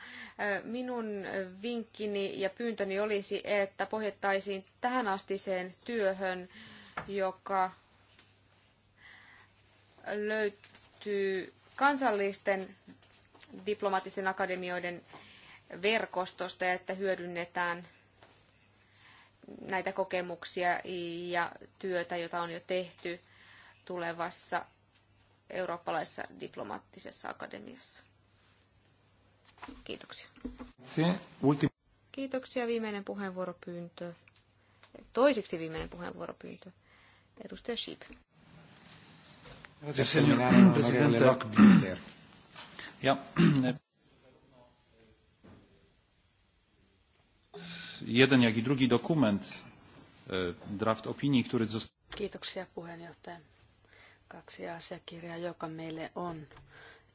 S2: minun vinkkini ja pyyntöni olisi, että pohjattaisiin tähän astiseen työhön, joka löytyy kansallisten diplomaattisten akademioiden verkostosta ja että hyödynnetään näitä kokemuksia ja työtä, jota on jo tehty tulevassa eurooppalaisessa diplomaattisessa akademiassa. Kiitoksia. Kiitoksia. Viimeinen puheenvuoropyyntö. Toiseksi viimeinen puheenvuoropyyntö. Edustaja Schiep.
S1: Presidente. Ja. Jeden jak i drugi dokument, e, draft opinii, który został...
S3: Kiitoksia puheenjohtaja. Kaksi asiakirjaa, joka meille on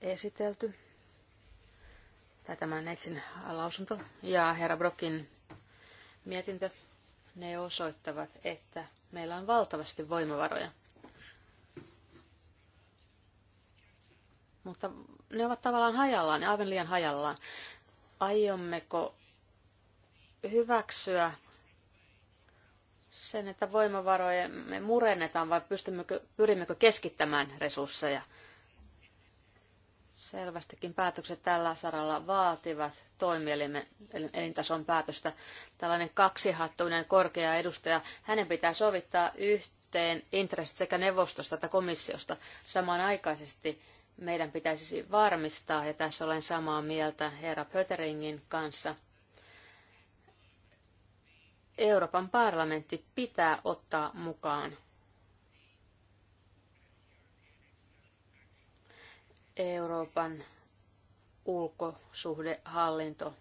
S3: esitelty. Tai tämän Netsin lausunto ja herra Brokin mietintö. Ne osoittavat, että meillä on valtavasti voimavaroja mutta ne ovat tavallaan hajallaan ja aivan liian hajallaan. Aiommeko hyväksyä sen, että voimavaroja me murennetaan vai pystymmekö, pyrimmekö keskittämään resursseja? Selvästikin päätökset tällä saralla vaativat toimielimen elintason päätöstä. Tällainen kaksihattuinen korkea edustaja, hänen pitää sovittaa yhteen intressit sekä neuvostosta että komissiosta samanaikaisesti meidän pitäisi varmistaa, ja tässä olen samaa mieltä herra Pöteringin kanssa, Euroopan parlamentti pitää ottaa mukaan. Euroopan ulkosuhdehallinto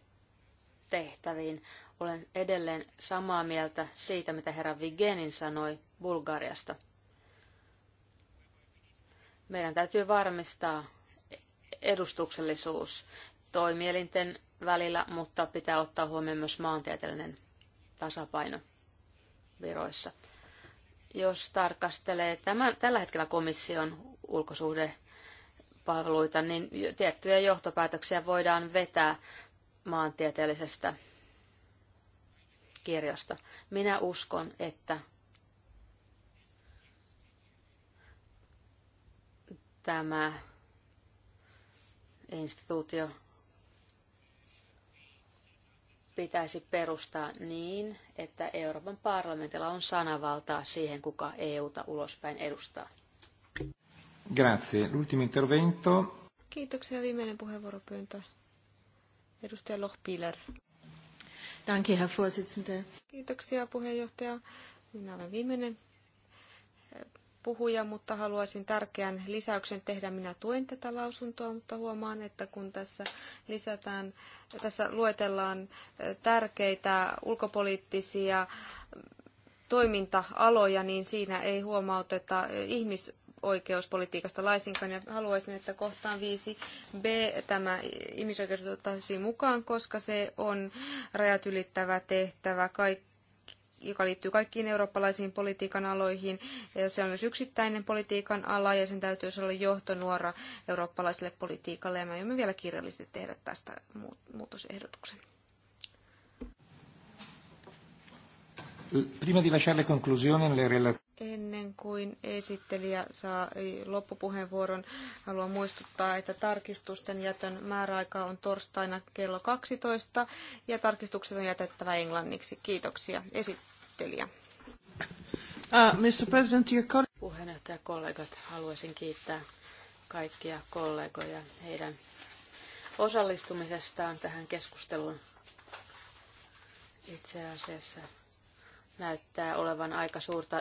S3: tehtäviin. Olen edelleen samaa mieltä siitä, mitä herra Vigenin sanoi Bulgariasta – meidän täytyy varmistaa edustuksellisuus toimielinten välillä, mutta pitää ottaa huomioon myös maantieteellinen tasapaino viroissa. Jos tarkastelee tämän, tällä hetkellä komission ulkosuhdepalveluita, niin tiettyjä johtopäätöksiä voidaan vetää maantieteellisestä kirjosta. Minä uskon, että tämä instituutio pitäisi perustaa niin, että Euroopan parlamentilla on sanavaltaa siihen, kuka EUta ulospäin edustaa.
S1: Grazie. L'ultimo intervento.
S3: Kiitoksia. Viimeinen puheenvuoropyyntö.
S2: Edustaja Lohpiler.
S1: Danke, Herr Vorsitzender.
S2: Kiitoksia, puheenjohtaja. Minä olen viimeinen puhuja, mutta haluaisin tärkeän lisäyksen tehdä. Minä tuen tätä lausuntoa, mutta huomaan, että kun tässä lisätään, tässä luetellaan eh, tärkeitä ulkopoliittisia eh, toiminta-aloja, niin siinä ei huomauteta eh, ihmis oikeuspolitiikasta laisinkaan ja haluaisin, että kohtaan 5b tämä ihmisoikeudet ottaisiin mukaan, koska se on rajat ylittävä tehtävä kaikki joka liittyy kaikkiin eurooppalaisiin politiikan aloihin. Se on myös yksittäinen politiikan ala ja sen täytyisi olla johtonuora eurooppalaiselle politiikalle. Ja me aiomme vielä kirjallisesti tehdä tästä muutosehdotuksen.
S1: Prima di lasciare le
S2: Ennen kuin esittelijä saa loppupuheenvuoron, haluan muistuttaa, että tarkistusten jätön määräaika on torstaina kello 12 ja tarkistukset on jätettävä englanniksi. Kiitoksia
S3: esittelijä esittelijä.
S4: Uh, Mr. President, your
S3: Puheenjohtaja kollegat, haluaisin kiittää kaikkia kollegoja heidän osallistumisestaan tähän keskusteluun. Itse asiassa näyttää olevan aika suurta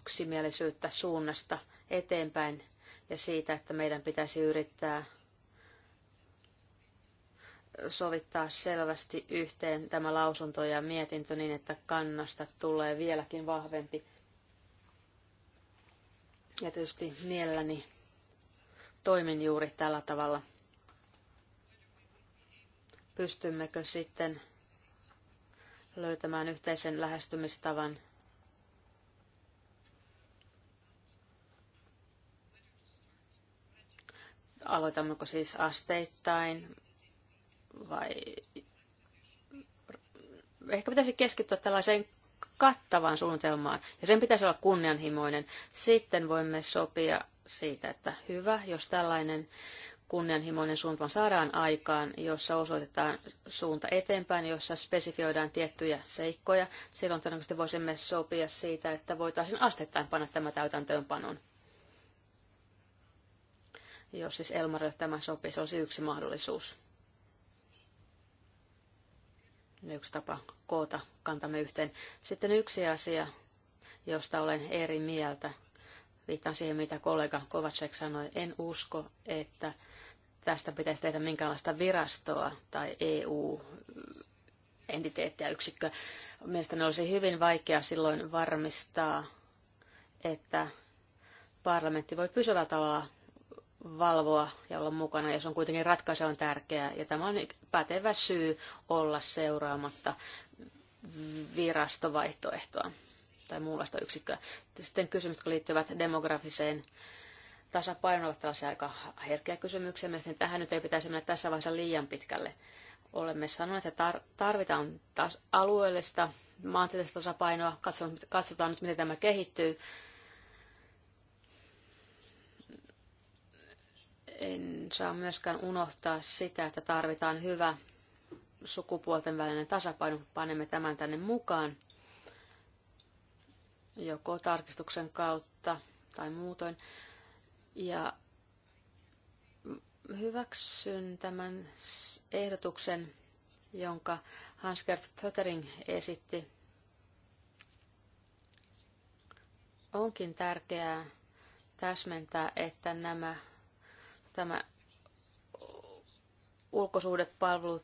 S3: yksimielisyyttä suunnasta eteenpäin ja siitä, että meidän pitäisi yrittää sovittaa selvästi yhteen tämä lausunto ja mietintö niin, että kannasta tulee vieläkin vahvempi. Ja tietysti mielelläni toimin juuri tällä tavalla. Pystymmekö sitten löytämään yhteisen lähestymistavan aloitammeko siis asteittain vai ehkä pitäisi keskittyä tällaiseen kattavaan suunnitelmaan, ja sen pitäisi olla kunnianhimoinen. Sitten voimme sopia siitä, että hyvä, jos tällainen kunnianhimoinen suunnitelma saadaan aikaan, jossa osoitetaan suunta eteenpäin, jossa spesifioidaan tiettyjä seikkoja. Silloin todennäköisesti voisimme sopia siitä, että voitaisiin asteittain panna tämä täytäntöönpanon. Jos siis Elmarille tämä sopii, se olisi yksi mahdollisuus yksi tapa koota kantamme yhteen. Sitten yksi asia, josta olen eri mieltä. Viittaan siihen, mitä kollega Kovacek sanoi. En usko, että tästä pitäisi tehdä minkäänlaista virastoa tai EU-entiteettiä yksikköä. Mielestäni olisi hyvin vaikea silloin varmistaa, että parlamentti voi pysyvällä tavalla valvoa ja olla mukana, ja se on kuitenkin ratkaisevan tärkeää. Ja tämä on pätevä syy olla seuraamatta virastovaihtoehtoa tai muunlaista yksikköä. Sitten kysymykset, jotka liittyvät demografiseen tasapainoon, ovat tällaisia aika herkkiä kysymyksiä. Mielestäni tähän nyt ei pitäisi mennä tässä vaiheessa liian pitkälle. Olemme sanoneet, että tarvitaan taas alueellista maantieteellistä tasapainoa. Katsotaan, katsotaan nyt, miten tämä kehittyy En saa myöskään unohtaa sitä, että tarvitaan hyvä sukupuolten välinen tasapaino. Panemme tämän tänne mukaan joko tarkistuksen kautta tai muutoin. Ja hyväksyn tämän ehdotuksen, jonka Hans-Gert Pöttering esitti. Onkin tärkeää täsmentää, että nämä Tämä ulkosuhdepalvelu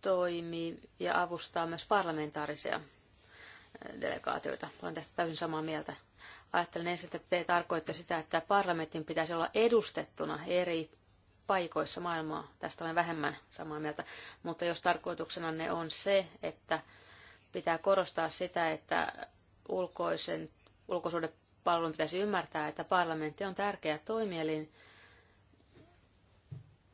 S3: toimii ja avustaa myös parlamentaarisia delegaatioita. Olen tästä täysin samaa mieltä. Ajattelen ensin, että te tarkoitte sitä, että parlamentin pitäisi olla edustettuna eri paikoissa maailmaa. Tästä olen vähemmän samaa mieltä. Mutta jos tarkoituksena ne on se, että pitää korostaa sitä, että ulkoisen, ulkosuuden palvelun pitäisi ymmärtää, että parlamentti on tärkeä toimielin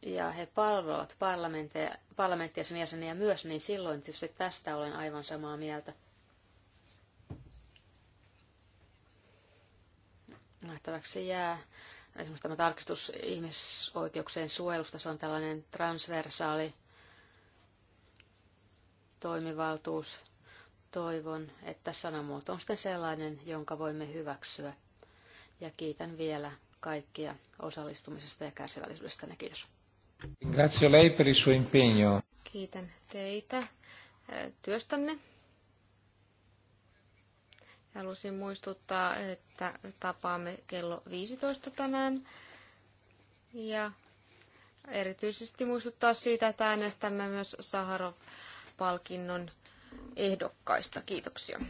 S3: ja he palvelevat parlamenttia, parlamenttia sen jäseniä myös, niin silloin tietysti tästä olen aivan samaa mieltä. Nähtäväksi jää esimerkiksi tämä tarkistus ihmisoikeuksien suojelusta, se on tällainen transversaali toimivaltuus Toivon, että sanamuoto on sitten sellainen, jonka voimme hyväksyä. Ja kiitän vielä kaikkia osallistumisesta ja kärsivällisyydestä. Kiitos.
S1: Grazie lei per il suo impegno.
S3: Kiitän teitä eh, työstänne.
S2: Halusin muistuttaa, että tapaamme kello 15 tänään. Ja erityisesti muistuttaa siitä, että äänestämme myös Saharov-palkinnon ehdokkaista. Kiitoksia.